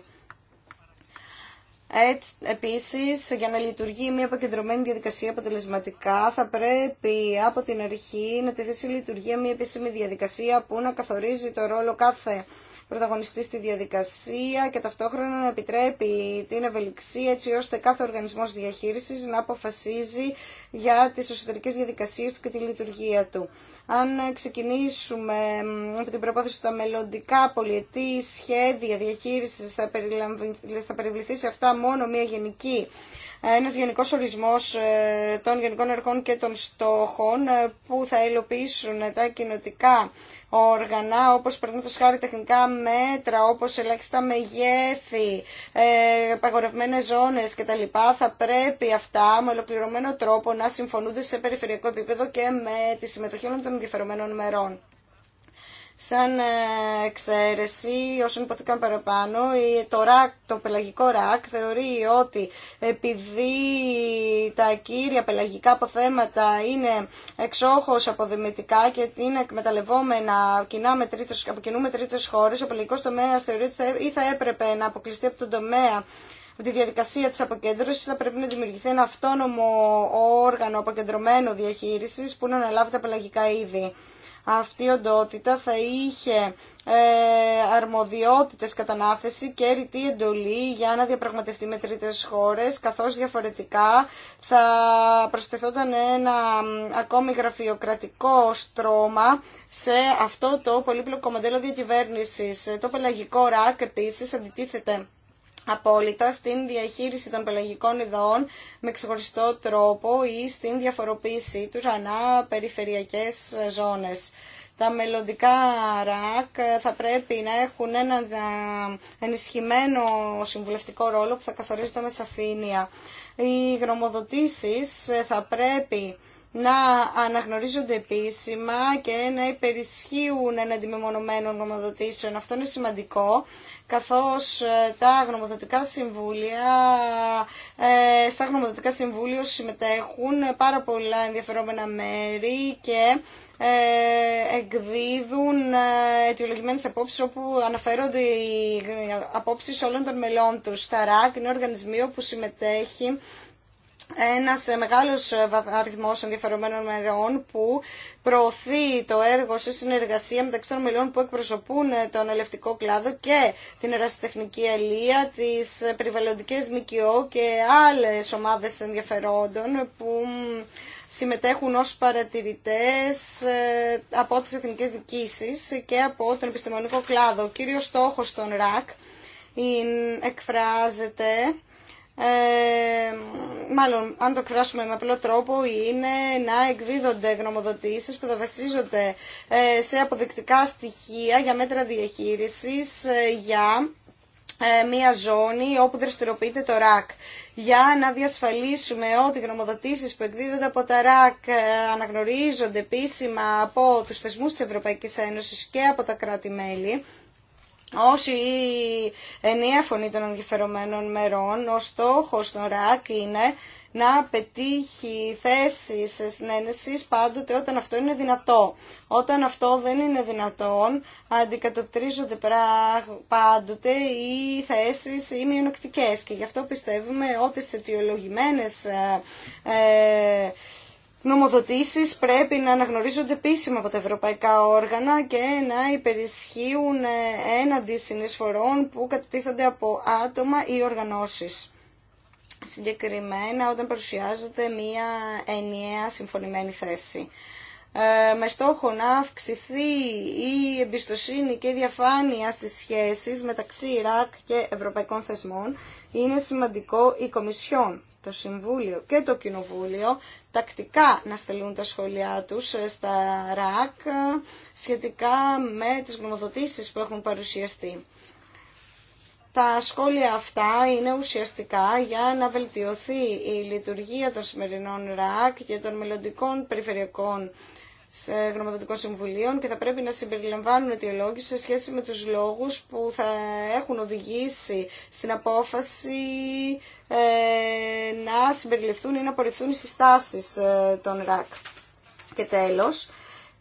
Έτσι, επίσης, για να λειτουργεί μια αποκεντρωμένη διαδικασία αποτελεσματικά, θα πρέπει από την αρχή να τεθεί σε λειτουργία μια επίσημη διαδικασία που να καθορίζει το ρόλο κάθε πρωταγωνιστή στη διαδικασία και ταυτόχρονα να επιτρέπει την ευελιξία έτσι ώστε κάθε οργανισμός διαχείρισης να αποφασίζει για τις εσωτερικές διαδικασίες του και τη λειτουργία του αν ξεκινήσουμε από την προπόθεση ότι τα μελλοντικά πολιετή σχέδια διαχείρισης θα, θα περιβληθεί σε αυτά μόνο μια γενική ένας γενικός ορισμός ε, των γενικών εργών και των στόχων ε, που θα υλοποιήσουν τα κοινοτικά όργανα, όπως παραδείγματος χάρη τεχνικά μέτρα, όπως ελάχιστα μεγέθη, ε, παγορευμένες ζώνες κτλ. Θα πρέπει αυτά με ολοκληρωμένο τρόπο να συμφωνούνται σε περιφερειακό επίπεδο και με τη συμμετοχή όλων των ενδιαφερομένων μερών. Σαν ε, εξαίρεση, όσων υποθήκαν παραπάνω, το, ρακ, το πελαγικό ΡΑΚ θεωρεί ότι επειδή τα κύρια πελαγικά αποθέματα είναι εξόχως αποδημητικά και είναι εκμεταλλευόμενα κοινά με τρίτες, από κοινού με τρίτες χώρες, ο πελαγικός τομέας θεωρεί ότι θα, ή θα έπρεπε να αποκλειστεί από τον τομέα με τη διαδικασία της αποκέντρωσης θα πρέπει να δημιουργηθεί ένα αυτόνομο όργανο αποκεντρωμένο διαχείρισης που να αναλάβει τα πελαγικά είδη. Αυτή η οντότητα θα είχε ε, αρμοδιότητες κατανάθεση και ρητή εντολή για να διαπραγματευτεί με τρίτες χώρες, καθώς διαφορετικά θα προσθεθόταν ένα ακόμη γραφειοκρατικό στρώμα σε αυτό το πολύπλοκο μοντέλο διακυβέρνησης. Το πελαγικό ΡΑΚ επίσης αντιτίθεται απόλυτα στην διαχείριση των πελαγικών ειδών με ξεχωριστό τρόπο ή στην διαφοροποίησή τους ανά περιφερειακές ζώνες. Τα μελλοντικά ΡΑΚ θα πρέπει να έχουν ένα ενισχυμένο συμβουλευτικό ρόλο που θα καθορίζεται με σαφήνεια. Οι γνωμοδοτήσεις θα πρέπει να αναγνωρίζονται επίσημα και να υπερισχύουν έναντι μεμονωμένων γνωμοδοτήσεων. Αυτό είναι σημαντικό, καθώς ε, τα γνωμοδοτικά συμβούλια, ε, στα γνωμοδοτικά συμβούλια συμμετέχουν πάρα πολλά ενδιαφερόμενα μέρη και ε, εκδίδουν αιτιολογημένες απόψεις όπου αναφέρονται οι απόψεις όλων των μελών τους. Τα ΡΑΚ είναι οργανισμοί όπου συμμετέχει ένας μεγάλος αριθμός ενδιαφερομένων μερών που προωθεί το έργο σε συνεργασία μεταξύ των μελών που εκπροσωπούν τον ελευτικό κλάδο και την ερασιτεχνική αλία, τις περιβαλλοντικές ΜΚΟ και άλλες ομάδες ενδιαφερόντων που συμμετέχουν ως παρατηρητές ε, από τις εθνικές δικήσεις και από τον επιστημονικό κλάδο. Ο κύριος στόχος των ΡΑΚ εκφράζεται ε, μάλλον αν το κράσουμε με απλό τρόπο είναι να εκδίδονται γνωμοδοτήσεις που θα βασίζονται ε, σε αποδεικτικά στοιχεία για μέτρα διαχείρισης ε, για ε, μια ζώνη όπου δραστηριοποιείται το ΡΑΚ για να διασφαλίσουμε ότι οι γνωμοδοτήσεις που εκδίδονται από τα ΡΑΚ αναγνωρίζονται επίσημα από τους θεσμούς της Ευρωπαϊκής Ένωσης και από τα κράτη-μέλη Όσοι η ενιαία φωνή των ενδιαφερομένων μερών, ο στόχος των ΡΑΚ είναι να πετύχει θέσεις στην ένεση πάντοτε όταν αυτό είναι δυνατό. Όταν αυτό δεν είναι δυνατόν, αντικατοπτρίζονται πάντοτε οι θέσεις οι μειονεκτικές και γι' αυτό πιστεύουμε ότι σε αιτιολογημένες ε, ε Νομοδοτήσει πρέπει να αναγνωρίζονται επίσημα από τα ευρωπαϊκά όργανα και να υπερισχύουν έναντι συνεισφορών που κατατίθονται από άτομα ή οργανώσεις. Συγκεκριμένα όταν παρουσιάζεται μία ενιαία συμφωνημένη θέση. Ε, με στόχο να αυξηθεί η εμπιστοσύνη και η διαφάνεια στις σχέσεις μεταξύ Ιράκ και ευρωπαϊκών θεσμών είναι σημαντικό η Κομισιόν το Συμβούλιο και το Κοινοβούλιο τακτικά να στελούν τα σχόλιά τους ε, στα ΡΑΚ ε, σχετικά με τις γνωμοδοτήσεις που έχουν παρουσιαστεί. Τα σχόλια αυτά είναι ουσιαστικά για να βελτιωθεί η λειτουργία των σημερινών ΡΑΚ και των μελλοντικών περιφερειακών σε γνωμοδοτικών συμβουλίων και θα πρέπει να συμπεριλαμβάνουν αιτιολόγηση σε σχέση με τους λόγους που θα έχουν οδηγήσει στην απόφαση ε, να συμπεριληφθούν ή να απορριφθούν οι συστάσεις ε, των ΡΑΚ. Και τέλος,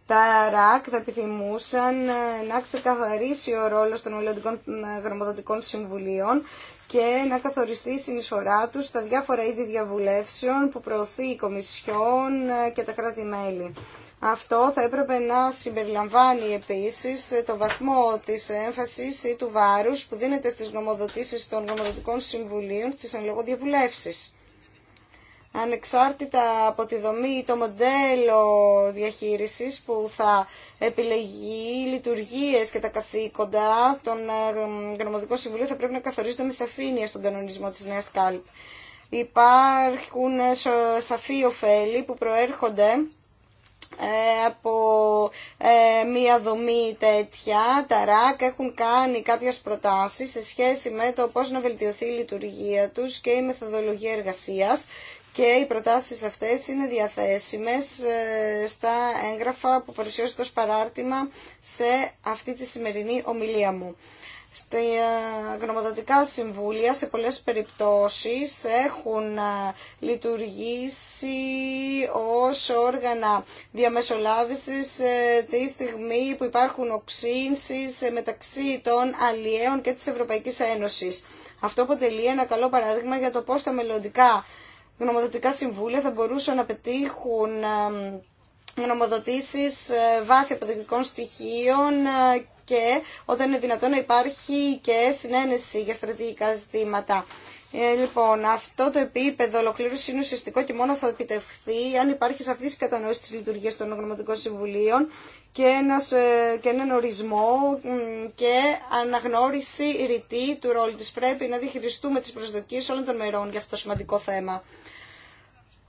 τα ΡΑΚ θα επιθυμούσαν ε, να ξεκαθαρίσει ο ρόλος των μελλοντικών γνωμοδοτικών συμβουλίων και να καθοριστεί η συνεισφορά τους στα διάφορα είδη διαβουλεύσεων που προωθεί η Κομισιόν και τα κράτη-μέλη. Αυτό θα έπρεπε να συμπεριλαμβάνει επίσης το βαθμό της έμφασης ή του βάρους που δίνεται στις γνωμοδοτήσεις των γνωμοδοτικών συμβουλίων στις εν λόγω Ανεξάρτητα από τη δομή ή το μοντέλο διαχείρισης που θα επιλεγεί, οι λειτουργίες και τα καθήκοντα των ε, γνωμοδικών συμβουλίων θα πρέπει να καθορίζονται με σαφήνεια στον κανονισμό της νέας κάλπ. Υπάρχουν ε, σαφή ωφέλη που προέρχονται ε, από ε, μία δομή τέτοια. Τα ΡΑΚ έχουν κάνει κάποιες προτάσεις σε σχέση με το πώς να βελτιωθεί η λειτουργία τους και η μεθοδολογία εργασίας και οι προτάσεις αυτές είναι διαθέσιμες ε, στα έγγραφα που παρουσιάζονται ως παράρτημα σε αυτή τη σημερινή ομιλία μου στα ε, γνωμοδοτικά συμβούλια σε πολλές περιπτώσεις έχουν ε, λειτουργήσει ως όργανα διαμεσολάβησης ε, τη στιγμή που υπάρχουν οξύνσεις μεταξύ των αλλιέων και της Ευρωπαϊκής Ένωσης. Αυτό αποτελεί ένα καλό παράδειγμα για το πώς τα μελλοντικά γνωμοδοτικά συμβούλια θα μπορούσαν να πετύχουν γνωμοδοτήσεις βάσει αποδεικτικών στοιχείων και όταν είναι δυνατόν να υπάρχει και συνένεση για στρατηγικά ζητήματα. Ε, λοιπόν, αυτό το επίπεδο ολοκλήρωση είναι ουσιαστικό και μόνο θα επιτευχθεί αν υπάρχει σαφή κατανόηση τη λειτουργία των Γνωματικών Συμβουλίων και, ένας, ε, και έναν ορισμό και αναγνώριση ρητή του ρόλου τη. Πρέπει να διαχειριστούμε τι προσδοκίε όλων των μερών για αυτό το σημαντικό θέμα.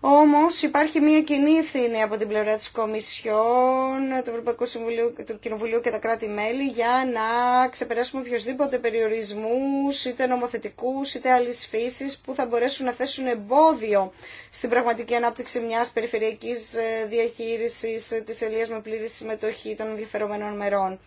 Όμω, υπάρχει μια κοινή ευθύνη από την πλευρά τη Κομισιόν, του Ευρωπαϊκού Συμβουλίου, του Κοινοβουλίου και τα κράτη-μέλη για να ξεπεράσουμε οποιοδήποτε περιορισμού είτε νομοθετικού είτε άλλη φύση, που θα μπορέσουν να θέσουν εμπόδιο στην πραγματική ανάπτυξη μιας περιφερειακή ε, διαχείριση ε, της Ελίας με πλήρη συμμετοχή των ενδιαφερομένων μερών.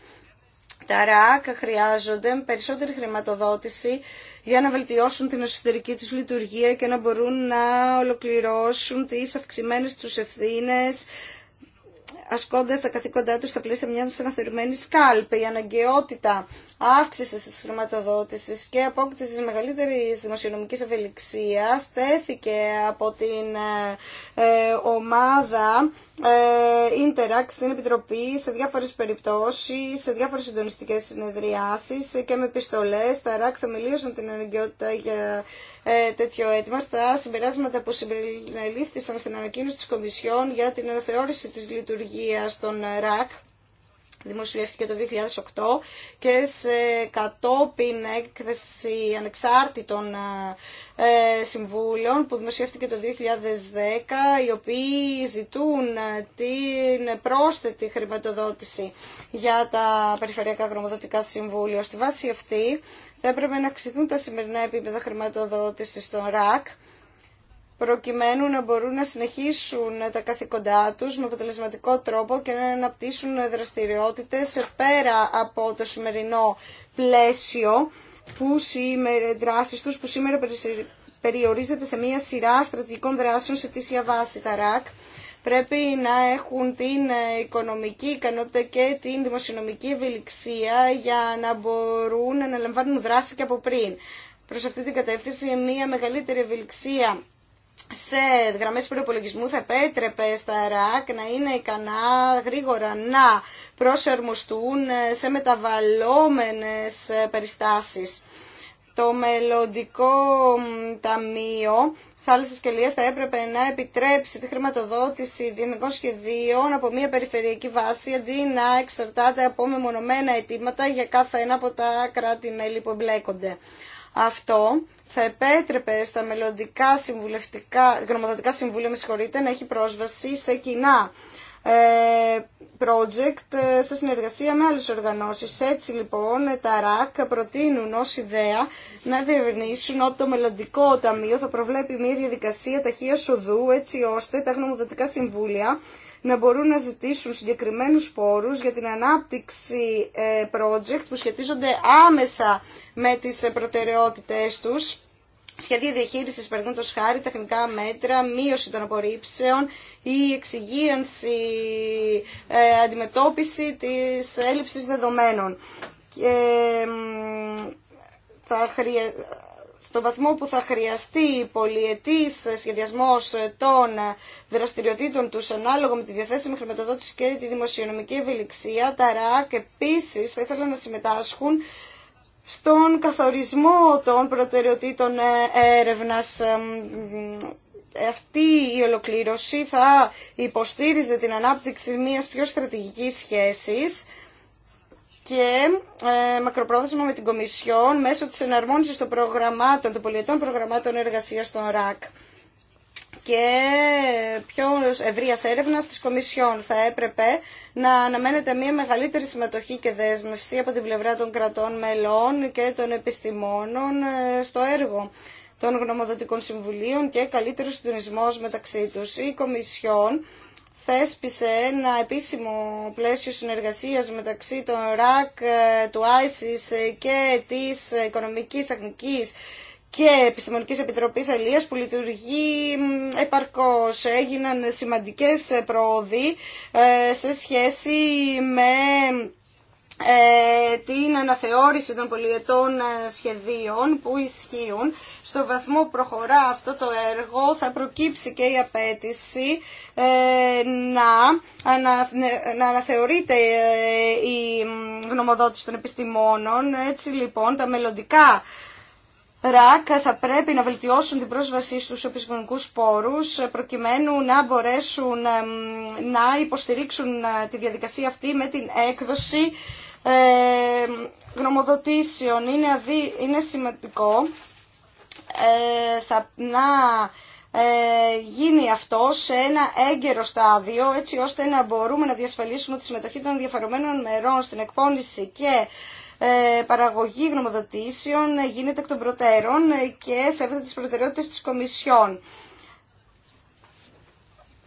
Τα ΡΑΚ χρειάζονται περισσότερη χρηματοδότηση για να βελτιώσουν την εσωτερική τους λειτουργία και να μπορούν να ολοκληρώσουν τις αυξημένες τους ευθύνες ασκώντας τα καθήκοντά του στα πλαίσια μια αναθερμένη κάλπη. Η αναγκαιότητα αύξηση τη χρηματοδότηση και απόκτηση μεγαλύτερη δημοσιονομική ευελιξία θέθηκε από την ε, ομάδα ε, Interact στην Επιτροπή σε διάφορες περιπτώσεις, σε διάφορες συντονιστικές συνεδριάσει και με επιστολές. Τα ΡΑΚ θεμελίωσαν την αναγκαιότητα για ε, τέτοιο αίτημα στα συμπεράσματα που συμπεριλήφθησαν στην ανακοίνωση της Κομισιόν για την αναθεώρηση της λειτουργία. Υγεία των ΡΑΚ δημοσιεύτηκε το 2008 και σε κατόπιν έκθεση ανεξάρτητων ε, ε, συμβούλων που δημοσιεύτηκε το 2010 οι οποίοι ζητούν ε, την πρόσθετη χρηματοδότηση για τα περιφερειακά γνωμοδοτικά συμβούλια. Στη βάση αυτή θα έπρεπε να αυξηθούν τα σημερινά επίπεδα χρηματοδότησης στο ΡΑΚ προκειμένου να μπορούν να συνεχίσουν τα καθήκοντά τους με αποτελεσματικό τρόπο και να αναπτύσσουν δραστηριότητες πέρα από το σημερινό πλαίσιο που σήμερα, δράσεις τους που σήμερα περιορίζεται σε μία σειρά στρατηγικών δράσεων σε τήσια βάση τα ΡΑΚ. Πρέπει να έχουν την οικονομική ικανότητα και την δημοσιονομική ευελιξία για να μπορούν να αναλαμβάνουν δράση και από πριν. Προς αυτή την κατεύθυνση μια μεγαλύτερη ευελιξία σε γραμμές προπολογισμού θα επέτρεπε στα ΕΡΑΚ να είναι ικανά γρήγορα να προσαρμοστούν ε, σε μεταβαλλόμενες ε, περιστάσεις. Το μελλοντικό ταμείο θάλασσας και θα έπρεπε να επιτρέψει τη χρηματοδότηση διεθνικών σχεδίων από μια περιφερειακή βάση αντί να εξαρτάται από μεμονωμένα αιτήματα για κάθε ένα από τα κράτη-μέλη που εμπλέκονται. Αυτό θα επέτρεπε στα μελλοντικά συμβουλευτικά, γνωμοδοτικά συμβούλια, με συγχωρείτε, να έχει πρόσβαση σε κοινά ε, project ε, σε συνεργασία με άλλες οργανώσεις. Έτσι λοιπόν τα ΡΑΚ προτείνουν ως ιδέα να διευνήσουν ότι το μελλοντικό ταμείο θα προβλέπει μια διαδικασία ταχείας οδού έτσι ώστε τα γνωμοδοτικά συμβούλια να μπορούν να ζητήσουν συγκεκριμένους πόρους για την ανάπτυξη ε, project που σχετίζονται άμεσα με τις ε, προτεραιότητες τους σχέδια διαχείριση, παραδείγματο χάρη, τεχνικά μέτρα, μείωση των απορρίψεων, η εξυγίανση, ε, αντιμετώπιση τη έλλειψη δεδομένων. Και, θα χρειαστεί στο βαθμό που θα χρειαστεί πολυετής σχεδιασμός των δραστηριοτήτων τους ανάλογα με τη διαθέσιμη χρηματοδότηση και τη δημοσιονομική ευελιξία, τα ΡΑΚ επίσης θα ήθελαν να συμμετάσχουν στον καθορισμό των προτεραιοτήτων έρευνας αυτή η ολοκλήρωση θα υποστήριζε την ανάπτυξη μιας πιο στρατηγικής σχέσης και ε, μακροπρόθεσμα με την Κομισιόν μέσω της εναρμόνισης των προγραμμάτων, των πολιετών προγραμμάτων εργασίας των ΡΑΚ και πιο ευρεία έρευνα τη Κομισιόν. Θα έπρεπε να αναμένεται μια μεγαλύτερη συμμετοχή και δέσμευση από την πλευρά των κρατών μελών και των επιστημόνων ε, στο έργο των γνωμοδοτικών συμβουλίων και καλύτερο συντονισμό μεταξύ τους. Η Κομισιόν θέσπισε ένα επίσημο πλαίσιο συνεργασίας μεταξύ των ΡΑΚ, του ΆΙΣΙΣ και της Οικονομικής Τεχνικής και Επιστημονικής Επιτροπής Αλίας που λειτουργεί επαρκώς. Έγιναν σημαντικές πρόοδοι ε, σε σχέση με ε, την αναθεώρηση των πολιετών ε, σχεδίων που ισχύουν. Στο βαθμό που προχωρά αυτό το έργο θα προκύψει και η απέτηση ε, να, να αναθεωρείται η γνωμοδότηση των επιστημόνων. Έτσι λοιπόν τα μελλοντικά ΡΑΚ θα πρέπει να βελτιώσουν την πρόσβαση στους επιστημονικούς πόρους προκειμένου να μπορέσουν να υποστηρίξουν τη διαδικασία αυτή με την έκδοση ε, γνωμοδοτήσεων είναι, είναι σημαντικό ε, θα, να ε, γίνει αυτό σε ένα έγκαιρο στάδιο έτσι ώστε να μπορούμε να διασφαλίσουμε τη συμμετοχή των ενδιαφερομένων μερών στην εκπόνηση και ε, παραγωγή γνωμοδοτήσεων ε, γίνεται εκ των προτέρων ε, και σέβεται τις προτεραιότητες της Κομισιόν.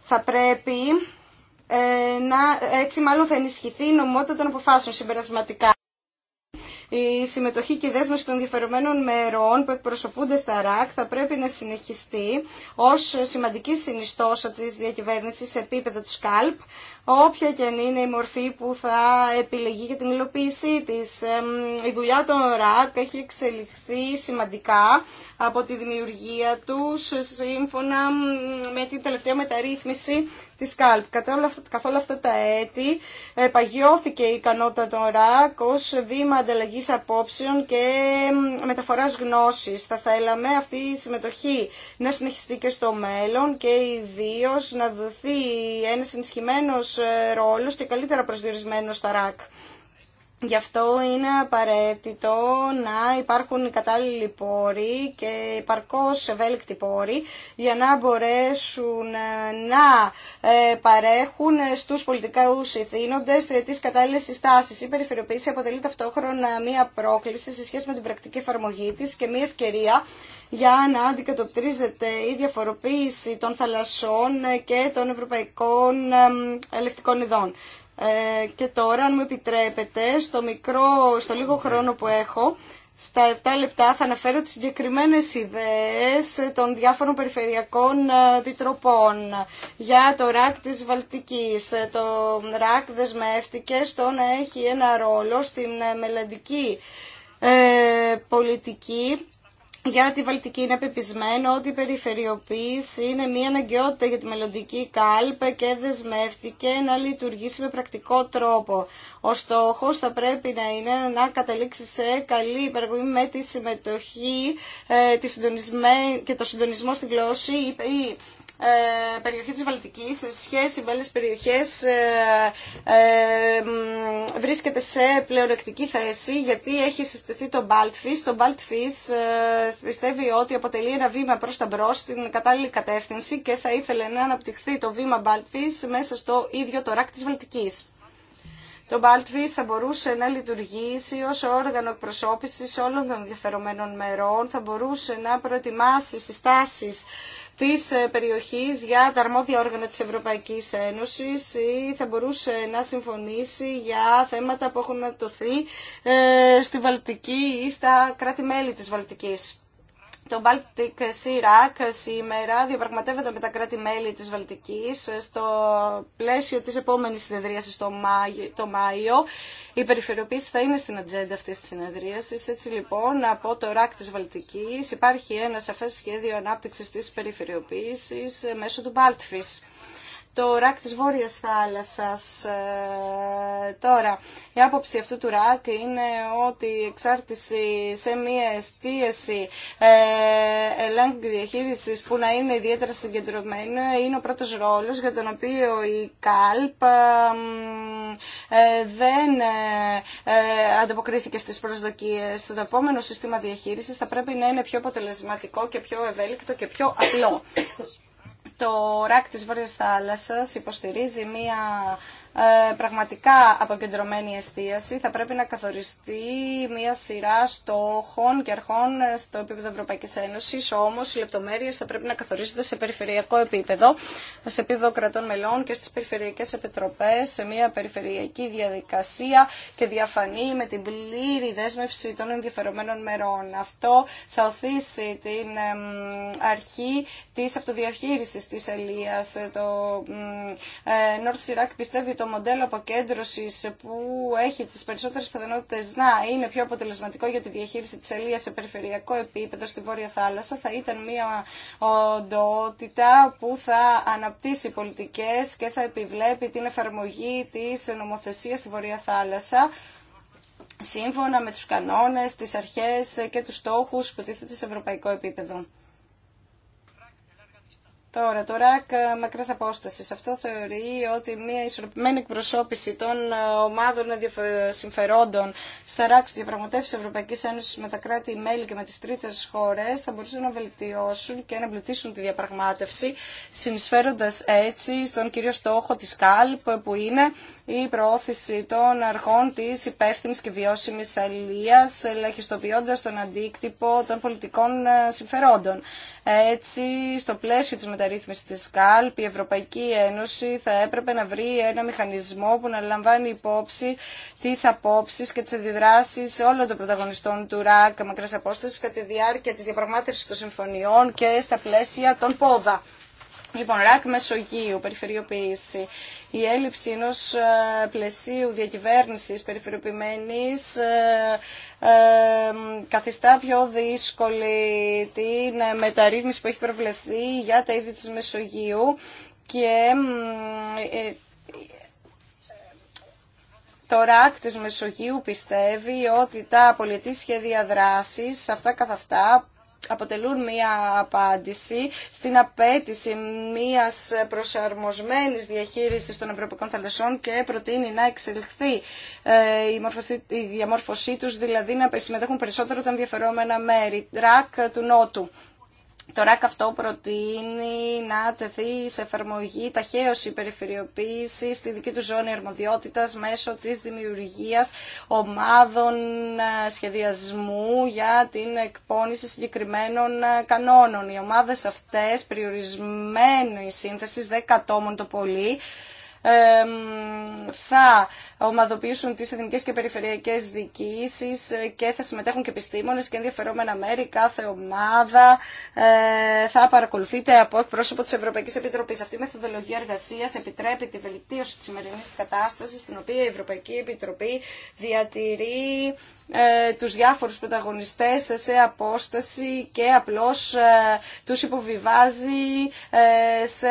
Θα πρέπει ε, να, έτσι μάλλον θα ενισχυθεί η νομότητα των αποφάσεων συμπερασματικά. Η συμμετοχή και η δέσμευση των ενδιαφερομένων μερών που εκπροσωπούνται στα ΡΑΚ θα πρέπει να συνεχιστεί ως σημαντική συνιστόσα της διακυβέρνησης σε επίπεδο του ΣΚΑΛΠ, όποια και αν είναι η μορφή που θα επιλεγεί για την υλοποίησή της. Η δουλειά των ΡΑΚ έχει εξελιχθεί σημαντικά από τη δημιουργία τους σύμφωνα με την τελευταία μεταρρύθμιση της ΚΑΛΠ. Καθ' όλα αυτά τα έτη παγιώθηκε η ικανότητα των ΡΑΚ ως βήμα ανταλλαγή απόψεων και μεταφοράς γνώσης. Θα θέλαμε αυτή η συμμετοχή να συνεχιστεί και στο μέλλον και ιδίω να δοθεί ένας ενισχυμένος ε, ρόλο και καλύτερα προσδιορισμένο στα ΡΑΚ. Γι' αυτό είναι απαραίτητο να υπάρχουν οι κατάλληλοι πόροι και υπαρκώς ευέλικτοι πόροι για να μπορέσουν ε, να ε, παρέχουν στους πολιτικά ηθήνοντες τις κατάλληλες συστάσεις. Η περιφερειοποίηση αποτελεί ταυτόχρονα μία πρόκληση σε σχέση με την πρακτική εφαρμογή της και μία ευκαιρία για να αντικατοπτρίζεται η διαφοροποίηση των θαλασσών και των ευρωπαϊκών ελευτικών ειδών. Ε, και τώρα, αν μου επιτρέπετε, στο, μικρό, στο λίγο χρόνο που έχω, στα 7 λεπτά θα αναφέρω τις συγκεκριμένες ιδέες των διάφορων περιφερειακών ε, επιτροπών για το ΡΑΚ της Βαλτικής. Ε, το ΡΑΚ δεσμεύτηκε στο να έχει ένα ρόλο στην μελλοντική πολιτική για τη Βαλτική είναι πεπισμένο ότι η περιφερειοποίηση είναι μια αναγκαιότητα για τη μελλοντική κάλπε και δεσμεύτηκε να λειτουργήσει με πρακτικό τρόπο. Ο στόχο θα πρέπει να είναι να καταλήξει σε καλή υπεργοή με τη συμμετοχή ε, τη και το συντονισμό στην γλώσσα ε, περιοχή της Βαλτικής σε σχέση με άλλες περιοχές ε, ε, βρίσκεται σε πλεονεκτική θέση γιατί έχει συστηθεί το Baltfish. Το Baltfish πιστεύει ότι αποτελεί ένα βήμα προς τα μπρο στην κατάλληλη κατεύθυνση και θα ήθελε να αναπτυχθεί το βήμα Baltfish μέσα στο ίδιο το ράκ της Βαλτικής. Το Baltfish θα μπορούσε να λειτουργήσει ως όργανο εκπροσώπησης όλων των ενδιαφερομένων μερών, θα μπορούσε να προετοιμάσει συστάσεις της ε, περιοχής για τα αρμόδια όργανα της Ευρωπαϊκής Ένωσης ή θα μπορούσε να συμφωνήσει για θέματα που έχουν να τοθεί ε, στη Βαλτική ή στα κράτη-μέλη της Βαλτικής. Το Baltic Sea Rack σήμερα διαπραγματεύεται με τα κράτη-μέλη της Βαλτικής στο πλαίσιο της επόμενης συνεδρίασης το Μάιο. Το Μάιο. Η περιφερειοποίηση θα είναι στην ατζέντα αυτής της συνεδρίασης. Έτσι λοιπόν από το ΡΑΚ της Βαλτικής υπάρχει ένα σαφές σχέδιο ανάπτυξης της περιφερειοποίησης μέσω του Baltfish το ρακ της Βόρειας Θάλασσας. Ε, τώρα, η άποψη αυτού του ρακ είναι ότι η εξάρτηση σε μία εστίαση ε, ελέγχου διαχείριση που να είναι ιδιαίτερα συγκεντρωμένη είναι ο πρώτος ρόλος για τον οποίο η ΚΑΛΠ ε, δεν ανταποκρίθηκε στις προσδοκίες. Το επόμενο σύστημα διαχείρισης θα πρέπει να είναι πιο αποτελεσματικό και πιο ευέλικτο και πιο απλό. Το ΡΑΚ της Βόρειας Θάλασσας υποστηρίζει μία ε, πραγματικά αποκεντρωμένη εστίαση θα πρέπει να καθοριστεί μια σειρά στόχων και αρχών ε, στο επίπεδο Ευρωπαϊκής Ένωσης, όμως οι λεπτομέρειες θα πρέπει να καθορίζονται σε περιφερειακό επίπεδο, σε επίπεδο κρατών μελών και στις περιφερειακές επιτροπές, σε μια περιφερειακή διαδικασία και διαφανή με την πλήρη δέσμευση των ενδιαφερομένων μερών. Αυτό θα οθήσει την αρχή της αυτοδιαχείρισης της Ελίας. Ε, το πιστεύει το μοντέλο αποκέντρωσης που έχει τις περισσότερες πιθανότητες να είναι πιο αποτελεσματικό για τη διαχείριση της ελίας σε περιφερειακό επίπεδο στη Βόρεια Θάλασσα θα ήταν μια οντότητα που θα αναπτύσσει πολιτικές και θα επιβλέπει την εφαρμογή της νομοθεσίας στη Βόρεια Θάλασσα σύμφωνα με τους κανόνες, τις αρχές και τους στόχους που τίθεται σε ευρωπαϊκό επίπεδο. Τώρα, το ΡΑΚ ε, μακρά απόσταση. Αυτό θεωρεί ότι μια ισορροπημένη εκπροσώπηση των ε, ομάδων συμφερόντων στα ΡΑΚ στι διαπραγματεύσει Ευρωπαϊκή Ένωση με τα κράτη-μέλη και με τι τρίτε χώρε θα μπορούσαν να βελτιώσουν και να εμπλουτίσουν τη διαπραγμάτευση, συνεισφέροντα έτσι στον κύριο στόχο τη ΚΑΛΠ που είναι η προώθηση των αρχών τη υπεύθυνη και βιώσιμη αλληλεία, ελαχιστοποιώντα τον αντίκτυπο των πολιτικών ε, συμφερόντων. Έτσι, στο πλαίσιο της μεταρρύθμισης της ΚΑΛΠ, η Ευρωπαϊκή Ένωση θα έπρεπε να βρει ένα μηχανισμό που να λαμβάνει υπόψη τις απόψεις και τις αντιδράσει όλων των πρωταγωνιστών του ΡΑΚ Μακρά Απόσταση κατά τη διάρκεια τη διαπραγματεύση των συμφωνιών και στα πλαίσια των ΠΟΔΑ. Λοιπόν, ΡΑΚ Μεσογείου, περιφερειοποίηση. Η έλλειψη ενό ε, πλαισίου διακυβέρνηση περιφερειοποιημένη ε, ε, καθιστά πιο δύσκολη την μεταρρύθμιση που έχει προβλεφθεί για τα είδη της Μεσογείου και το ΡΑΚ της Μεσογείου πιστεύει ότι τα πολιτή σχέδια δράσης, αυτά καθ' αυτά, αποτελούν μια απάντηση στην απέτηση μιας προσαρμοσμένης διαχείρισης των ευρωπαϊκών θαλασσών και προτείνει να εξελιχθεί ε, η διαμόρφωσή τους, δηλαδή να συμμετέχουν περισσότερο τα ενδιαφερόμενα μέρη, τρακ του Νότου το ΡΑΚ αυτό προτείνει να τεθεί σε εφαρμογή ταχαίωση περιφερειοποίηση στη δική του ζώνη αρμοδιότητα μέσω της δημιουργίας ομάδων ε, σχεδιασμού για την εκπόνηση συγκεκριμένων ε, κανόνων. Οι ομάδες αυτές περιορισμένη σύνθεση, 10 ατόμων το πολύ θα ομαδοποιήσουν τις εθνικές και περιφερειακές διοικήσεις και θα συμμετέχουν και επιστήμονες και ενδιαφερόμενα μέρη. Κάθε ομάδα ε, θα παρακολουθείται από εκπρόσωπο της Ευρωπαϊκής Επιτροπής. Αυτή η μεθοδολογία εργασίας επιτρέπει τη βελτίωση της σημερινής κατάστασης στην οποία η Ευρωπαϊκή Επιτροπή διατηρεί ε, τους διάφορους πρωταγωνιστές σε απόσταση και απλώς ε, τους υποβιβάζει σε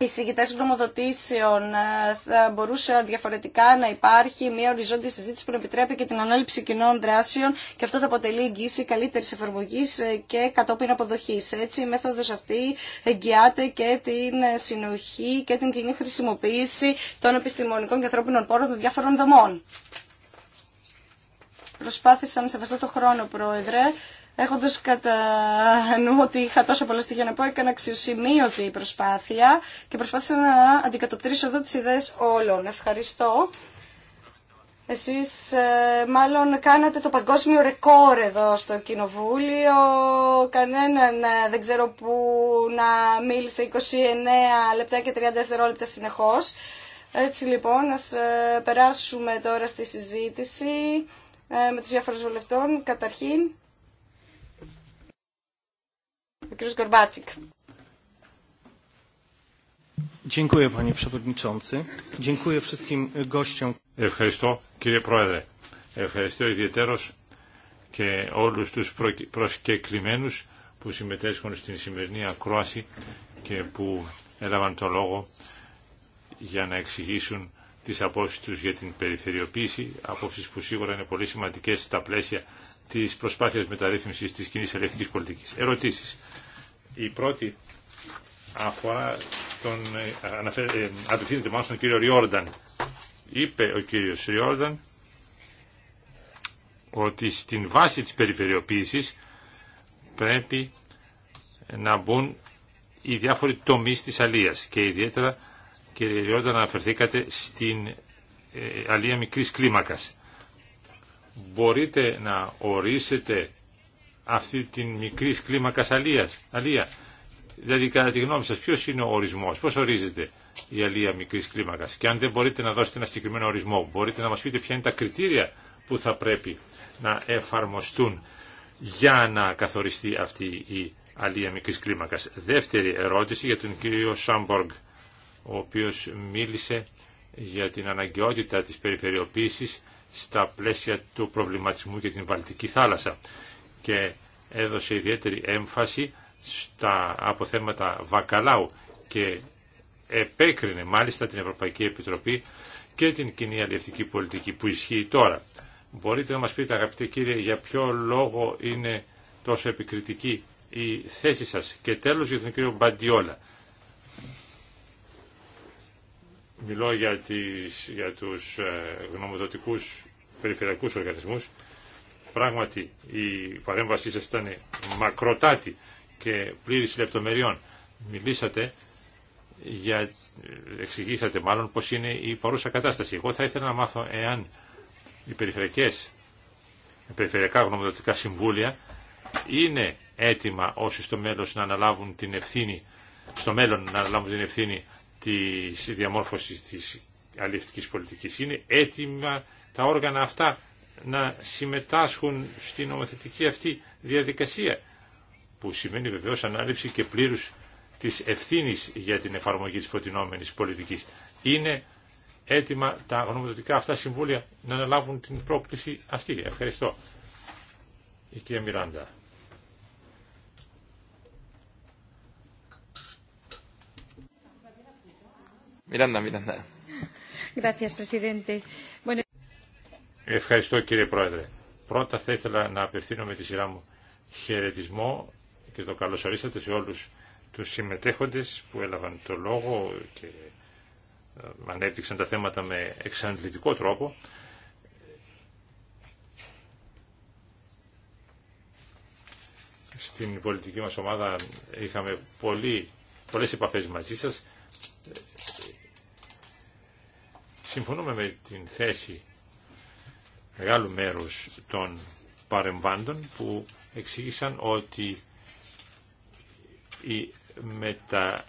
οι συγκητές γνωμοδοτήσεων ε, θα μπορούσε διαφορετικά να υπάρχει μια οριζόντια συζήτηση που επιτρέπει και την ανάληψη κοινών δράσεων και αυτό θα αποτελεί εγγύηση καλύτερη εφαρμογή ε, και κατόπιν αποδοχή. Έτσι, η μέθοδο αυτή εγγυάται και την συνοχή και την κοινή χρησιμοποίηση των επιστημονικών και ανθρώπινων πόρων των διάφορων δομών. Προσπάθησα να σεβαστώ το χρόνο, Πρόεδρε έχοντας κατά νου ότι είχα τόσα πολλά στοιχεία να πω, έκανα αξιοσημείωτη προσπάθεια και προσπάθησα να αντικατοπτρίσω εδώ τις ιδέες όλων. Ευχαριστώ. Εσείς ε, μάλλον κάνατε το παγκόσμιο ρεκόρ εδώ στο Κοινοβούλιο. Κανέναν ε, δεν ξέρω που να μίλησε 29 λεπτά και 30 δευτερόλεπτα συνεχώς. Έτσι λοιπόν, ας ε, περάσουμε τώρα στη συζήτηση με τους διάφορους βουλευτών. Καταρχήν, Ευχαριστώ κύριε Πρόεδρε. Ευχαριστώ ιδιαίτερος και όλους τους προσκεκλημένους που συμμετέσχουν στην σημερινή ακρόαση και που έλαβαν το λόγο για να εξηγήσουν τις απόψεις τους για την περιφερειοποίηση, απόψεις που σίγουρα είναι πολύ σημαντικές στα πλαίσια της προσπάθειας μεταρρύθμισης της κοινή ελευθερικής πολιτικής. Ερωτήσεις. Η πρώτη αφορά τον, ε, ε, απευθύνεται μάλλον στον κύριο Ριόρνταν. Είπε ο κύριος Ριόρνταν ότι στην βάση της περιφερειοποίησης πρέπει να μπουν οι διάφοροι τομείς της αλίας και ιδιαίτερα κύριε Ριόρνταν αναφερθήκατε στην ε, αλεία μικρής κλίμακας. Μπορείτε να ορίσετε αυτή την μικρή κλίμακα αλία. Δηλαδή, κατά τη γνώμη σα, ποιο είναι ο ορισμό, πώ ορίζεται η αλία μικρή κλίμακα. Και αν δεν μπορείτε να δώσετε ένα συγκεκριμένο ορισμό, μπορείτε να μα πείτε ποια είναι τα κριτήρια που θα πρέπει να εφαρμοστούν για να καθοριστεί αυτή η αλία μικρή κλίμακα. Δεύτερη ερώτηση για τον κύριο Σάμποργκ, ο οποίο μίλησε για την αναγκαιότητα της περιφερειοποίησης στα πλαίσια του προβληματισμού για την Βαλτική θάλασσα και έδωσε ιδιαίτερη έμφαση στα αποθέματα βακαλάου και επέκρινε μάλιστα την Ευρωπαϊκή Επιτροπή και την κοινή αλληλευτική πολιτική που ισχύει τώρα. Μπορείτε να μας πείτε αγαπητέ κύριε για ποιο λόγο είναι τόσο επικριτική η θέση σας. Και τέλος για τον κύριο Μπαντιόλα. Μιλώ για, τις, για τους ε, γνωμοδοτικούς περιφερειακούς οργανισμούς Πράγματι η παρέμβασή σας ήταν μακροτάτη και πλήρης λεπτομεριών. Μιλήσατε για, εξηγήσατε μάλλον πώς είναι η παρούσα κατάσταση. Εγώ θα ήθελα να μάθω εάν οι περιφερειακές, οι περιφερειακά γνωμοδοτικά συμβούλια είναι έτοιμα όσοι στο μέλλον να αναλάβουν την ευθύνη, στο μέλλον να αναλάβουν την ευθύνη της διαμόρφωσης της αλληλευτικής πολιτικής. Είναι έτοιμα τα όργανα αυτά να συμμετάσχουν στην νομοθετική αυτή διαδικασία που σημαίνει βεβαίως ανάληψη και πλήρους της ευθύνης για την εφαρμογή της προτινόμενης πολιτικής. Είναι έτοιμα τα γνωμοδοτικά αυτά συμβούλια να αναλάβουν την πρόκληση αυτή. Ευχαριστώ. Η κυρία Μιράντα. Μιράντα, Μιράντα. Gracias, presidente. Ευχαριστώ κύριε Πρόεδρε. Πρώτα θα ήθελα να απευθύνω με τη σειρά μου χαιρετισμό και το καλωσορίσατε σε όλους τους συμμετέχοντες που έλαβαν το λόγο και ε, ανέπτυξαν τα θέματα με εξαντλητικό τρόπο. Στην πολιτική μας ομάδα είχαμε πολύ, πολλές επαφές μαζί σας. Συμφωνούμε με την θέση μεγάλου μέρους των παρεμβάντων που εξήγησαν ότι η, μετα...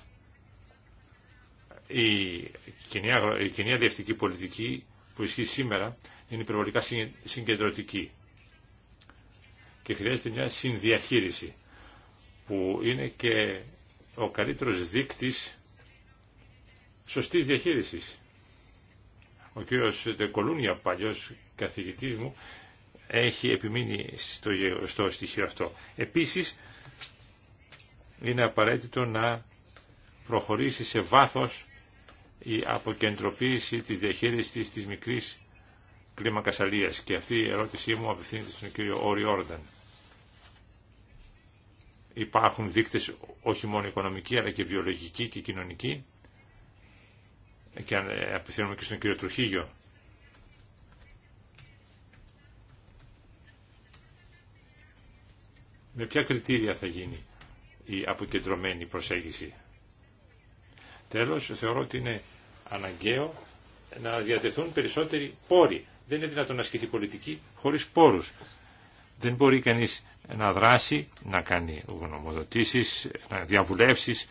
η, κοινή, η πολιτική που ισχύει σήμερα είναι υπερβολικά συγκεντρωτική και χρειάζεται μια συνδιαχείριση που είναι και ο καλύτερος δείκτης σωστής διαχείρισης. Ο κύριος Τεκολούνια, παλιός καθηγητής μου έχει επιμείνει στο, στο στοιχείο αυτό. Επίσης, είναι απαραίτητο να προχωρήσει σε βάθος η αποκεντροποίηση της διαχείρισης της μικρής κλίμακας αλίας. Και αυτή η ερώτησή μου απευθύνεται στον κύριο Όρι Όρνταν. Υπάρχουν δείκτες όχι μόνο οικονομικοί αλλά και βιολογικοί και κοινωνικοί και ε, απευθύνομαι και στον κύριο Τρουχίγιο με ποια κριτήρια θα γίνει η αποκεντρωμένη προσέγγιση. Τέλος, θεωρώ ότι είναι αναγκαίο να διατεθούν περισσότεροι πόροι. Δεν είναι δυνατόν να ασκηθεί πολιτική χωρίς πόρους. Δεν μπορεί κανείς να δράσει, να κάνει γνωμοδοτήσεις, να διαβουλεύσεις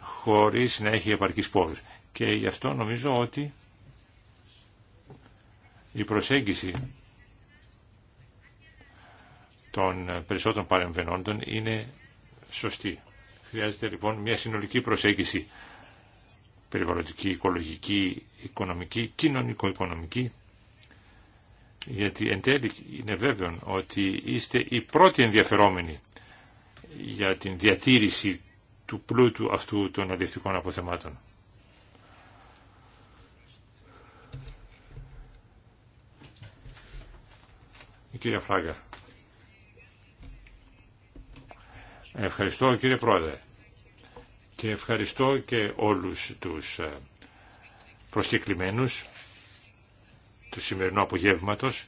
χωρίς να έχει επαρκείς πόρους. Και γι' αυτό νομίζω ότι η προσέγγιση των ε, περισσότερων παρεμβαινόντων είναι σωστή. Χρειάζεται λοιπόν μια συνολική προσέγγιση περιβαλλοντική, οικολογική, οικονομική, κοινωνικο-οικονομική, γιατί εν τέλει είναι βέβαιο ότι είστε οι πρώτοι ενδιαφερόμενοι για την διατήρηση του πλούτου αυτού των αλληλευτικών αποθεμάτων. Η κυρία Φράγκα. Ευχαριστώ κύριε Πρόεδρε και ευχαριστώ και όλους τους ε, προσκεκλημένους του σημερινού απογεύματος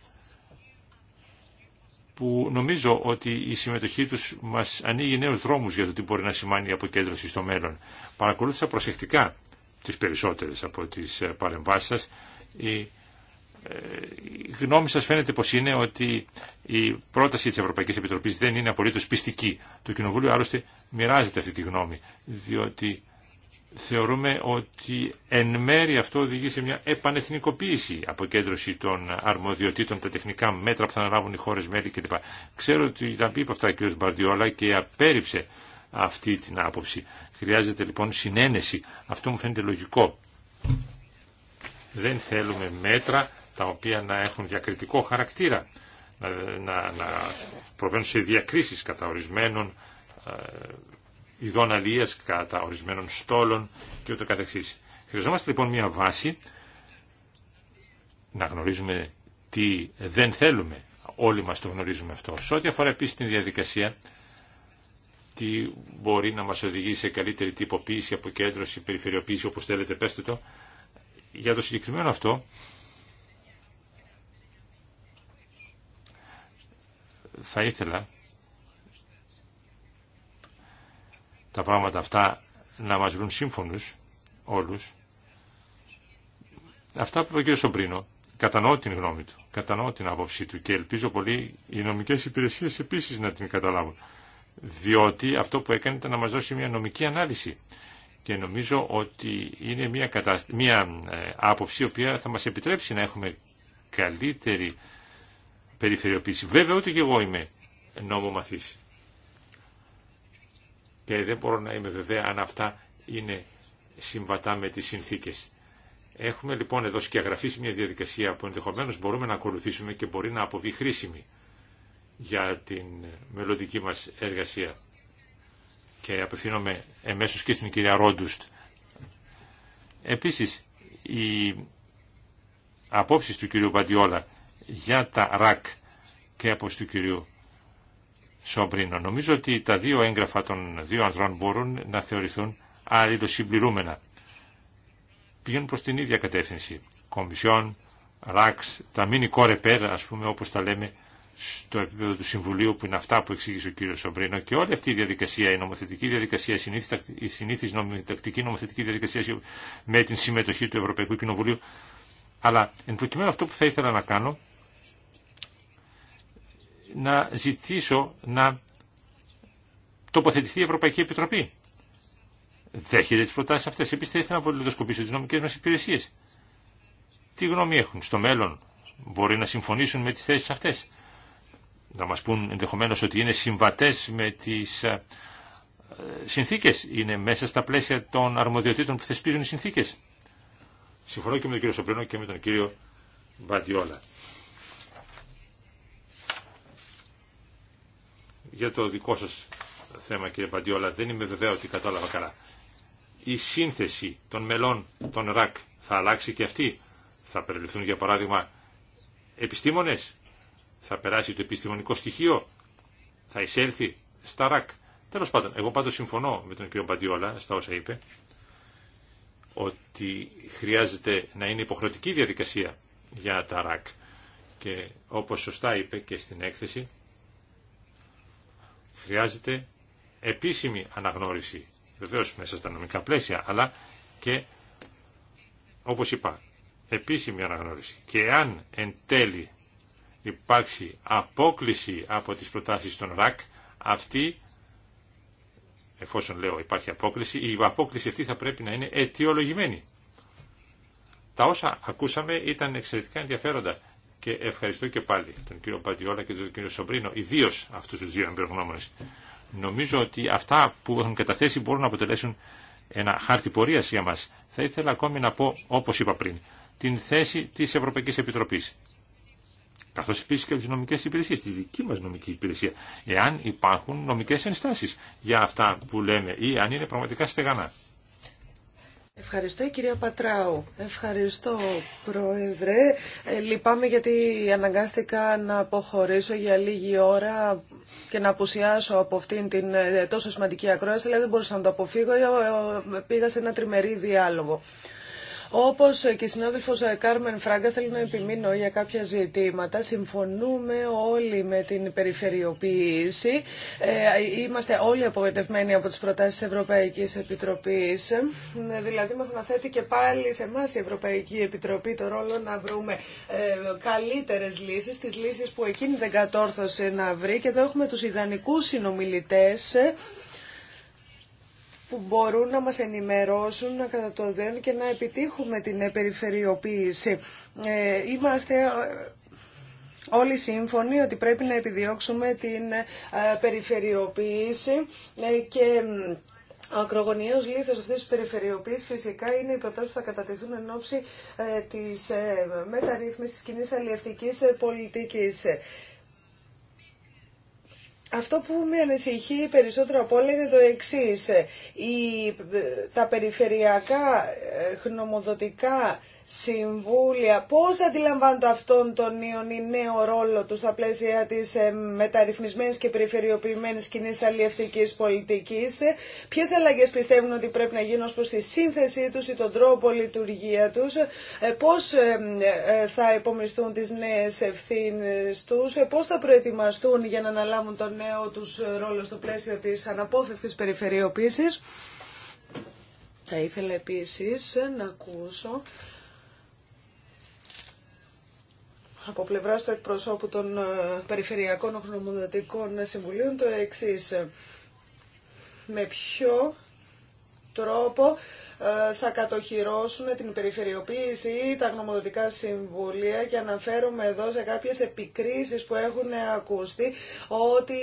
που νομίζω ότι η συμμετοχή τους μας ανοίγει νέους δρόμους για το τι μπορεί να σημάνει η αποκέντρωση στο μέλλον. Παρακολούθησα προσεκτικά τις περισσότερες από τις ε, παρεμβάσεις σας. Ε, η γνώμη σας φαίνεται πως είναι ότι η πρόταση της Ευρωπαϊκής Επιτροπής δεν είναι απολύτως πιστική. Το Κοινοβούλιο άλλωστε μοιράζεται αυτή τη γνώμη, διότι θεωρούμε ότι εν μέρη αυτό οδηγεί σε μια επανεθνικοποίηση, αποκέντρωση των αρμοδιοτήτων, τα τεχνικά μέτρα που θα αναλάβουν οι χώρες μέλη κλπ. Ξέρω ότι τα πει από αυτά ο κ. Μπαρδιόλα και απέρριψε αυτή την άποψη. Χρειάζεται λοιπόν συνένεση. Αυτό μου φαίνεται λογικό. Δεν θέλουμε μέτρα τα οποία να έχουν διακριτικό χαρακτήρα, να, να, να προβαίνουν σε διακρίσεις κατά ορισμένων ε, ειδών αλίας, κατά ορισμένων στόλων και ούτω καθεξής. Χρειαζόμαστε λοιπόν μια βάση να γνωρίζουμε τι δεν θέλουμε. Όλοι μας το γνωρίζουμε αυτό. Σε ό,τι αφορά επίσης την διαδικασία, τι μπορεί να μας οδηγήσει σε καλύτερη τυποποίηση, αποκέντρωση, περιφερειοποίηση, όπως θέλετε, πέστε το. Για το συγκεκριμένο αυτό, θα ήθελα τα πράγματα αυτά να μας βρουν σύμφωνους όλους. Αυτά που είπε ο κ. Σομπρίνο, κατανοώ την γνώμη του, κατανοώ την άποψή του και ελπίζω πολύ οι νομικές υπηρεσίες επίσης να την καταλάβουν. Διότι αυτό που έκανε ήταν να μας δώσει μια νομική ανάλυση και νομίζω ότι είναι μια, μια ε, άποψη η οποία θα μας επιτρέψει να έχουμε καλύτερη περιφερειοποίηση. Βέβαια ότι και εγώ είμαι νόμο μαθής. Και δεν μπορώ να είμαι βέβαια αν αυτά είναι συμβατά με τις συνθήκες. Έχουμε λοιπόν εδώ σκιαγραφίσει μια διαδικασία που ενδεχομένως μπορούμε να ακολουθήσουμε και μπορεί να αποβεί χρήσιμη για την μελλοντική μας εργασία. Και απευθύνομαι εμέσως και στην κυρία Ρόντουστ. Επίσης, οι απόψεις του κυρίου Μπαντιόλα για τα ΡΑΚ και από του κυρίου Σομπρίνο. Νομίζω ότι τα δύο έγγραφα των δύο ανδρών μπορούν να θεωρηθούν αλληλοσυμπληρούμενα. Πηγαίνουν προς την ίδια κατεύθυνση. Κομισιόν, ΡΑΚ, τα κόρε πέρα, ας πούμε, όπως τα λέμε, στο επίπεδο του Συμβουλίου που είναι αυτά που εξήγησε ο κύριος Σομπρίνο και όλη αυτή η διαδικασία, η νομοθετική διαδικασία, η συνήθις τακτική νομοθετική διαδικασία με την συμμετοχή του Ευρωπαϊκού Κοινοβουλίου. Αλλά εν προκειμένου αυτό που θα ήθελα να κάνω να ζητήσω να τοποθετηθεί η Ευρωπαϊκή Επιτροπή. Δέχεται τι προτάσει αυτέ. Επίση, θα ήθελα να βολιδοσκοπήσω τι νομικέ μα υπηρεσίε. Τι γνώμη έχουν στο μέλλον, μπορεί να συμφωνήσουν με τι θέσει αυτέ. Να μα πούν ενδεχομένω ότι είναι συμβατέ με τι ε, συνθήκε. Είναι μέσα στα πλαίσια των αρμοδιοτήτων που θεσπίζουν οι συνθήκε. Συμφωνώ και με τον κύριο Σοπρίνο και με τον κύριο Μπαντιόλα. για το δικό σας θέμα κύριε Παντιόλα, δεν είμαι βεβαίω ότι κατάλαβα καλά. Η σύνθεση των μελών των ΡΑΚ θα αλλάξει και αυτή. Θα περιληφθούν για παράδειγμα επιστήμονες, θα περάσει το επιστημονικό στοιχείο, θα εισέλθει στα ΡΑΚ. Τέλος πάντων, εγώ πάντως συμφωνώ με τον κύριο Παντιόλα στα όσα είπε, ότι χρειάζεται να είναι υποχρεωτική διαδικασία για τα ΡΑΚ. Και όπως σωστά είπε και στην έκθεση, Χρειάζεται επίσημη αναγνώριση, βεβαίως μέσα στα νομικά πλαίσια, αλλά και, όπως είπα, επίσημη αναγνώριση. Και αν εν τέλει υπάρξει απόκληση από τις προτάσεις των ΡΑΚ, αυτή, εφόσον λέω υπάρχει απόκληση, η απόκληση αυτή θα πρέπει να είναι αιτιολογημένη. Τα όσα ακούσαμε ήταν εξαιρετικά ενδιαφέροντα και ευχαριστώ και πάλι τον κύριο Πατιόλα και τον κύριο Σομπρίνο, ιδίω αυτού του δύο εμπεριγνώμονε. Νομίζω ότι αυτά που έχουν καταθέσει μπορούν να αποτελέσουν ένα χάρτη πορεία για μα. Θα ήθελα ακόμη να πω, όπω είπα πριν, την θέση τη Ευρωπαϊκή Επιτροπή. Καθώ επίση και τι νομικέ υπηρεσίε, τη δική μα νομική υπηρεσία. Εάν υπάρχουν νομικέ ενστάσει για αυτά που λέμε ή αν είναι πραγματικά στεγανά. Ευχαριστώ κυρία Πατράου. Ευχαριστώ πρόεδρε. Ε, λυπάμαι γιατί αναγκάστηκα να αποχωρήσω για λίγη ώρα και να απουσιάσω από αυτήν την ε, τόσο σημαντική ακρόαση, δεν μπορούσα να το αποφύγω. Ε, πήγα σε ένα τριμερή διάλογο. Όπως και η συνάδελφο ε, Κάρμεν Φράγκα θέλω να επιμείνω για κάποια ζητήματα. Συμφωνούμε όλοι με την περιφερειοποίηση. Ε, είμαστε όλοι απογοητευμένοι από τις προτάσεις Ευρωπαϊκή Ευρωπαϊκής Επιτροπής. Ε, δηλαδή μας αναθέτει και πάλι σε εμά η Ευρωπαϊκή Επιτροπή το ρόλο να βρούμε καλύτερες λύσεις, τις λύσεις που εκείνη δεν κατόρθωσε να βρει και εδώ έχουμε τους ιδανικούς συνομιλητέ που μπορούν να μας ενημερώσουν, να κατατοδέουν και να επιτύχουμε την περιφερειοποίηση. Ε, είμαστε ε, όλοι σύμφωνοι ότι πρέπει να επιδιώξουμε την ε, περιφερειοποίηση και ο ακρογωνιαίος λίθος αυτής της περιφερειοποίησης φυσικά είναι οι προτάσεις που θα κατατεθούν εν ώψη της μεταρρύθμισης κοινής αλληλευτικής πολιτικής. Αυτό που με ανησυχεί περισσότερο από όλα είναι το εξής. Η, ε, τα περιφερειακά χνομοδοτικά ε, συμβούλια πώς αντιλαμβάνονται αυτόν τον νέο ρόλο του στα πλαίσια της ε, μεταρρυθμισμένης και περιφερειοποιημένης κοινή αλλιευτικής πολιτικής. Ποιες αλλαγές πιστεύουν ότι πρέπει να γίνουν ως προς τη σύνθεσή τους ή τον τρόπο λειτουργία τους. Ε, πώς ε, θα υπομισθούν τις νέες ευθύνε τους. Πώς θα προετοιμαστούν για να αναλάβουν τον νέο τους ρόλο στο πλαίσιο της αναπόφευκτης περιφερειοποίησης. Θα ήθελα επίσης να ακούσω από πλευρά του εκπροσώπου των ε, Περιφερειακών Οχνομοδοτικών Συμβουλίων το εξή. Με ποιο τρόπο ε, θα κατοχυρώσουν την περιφερειοποίηση ή τα γνωμοδοτικά συμβούλια και αναφέρομαι εδώ σε κάποιες επικρίσεις που έχουν ακούστη ότι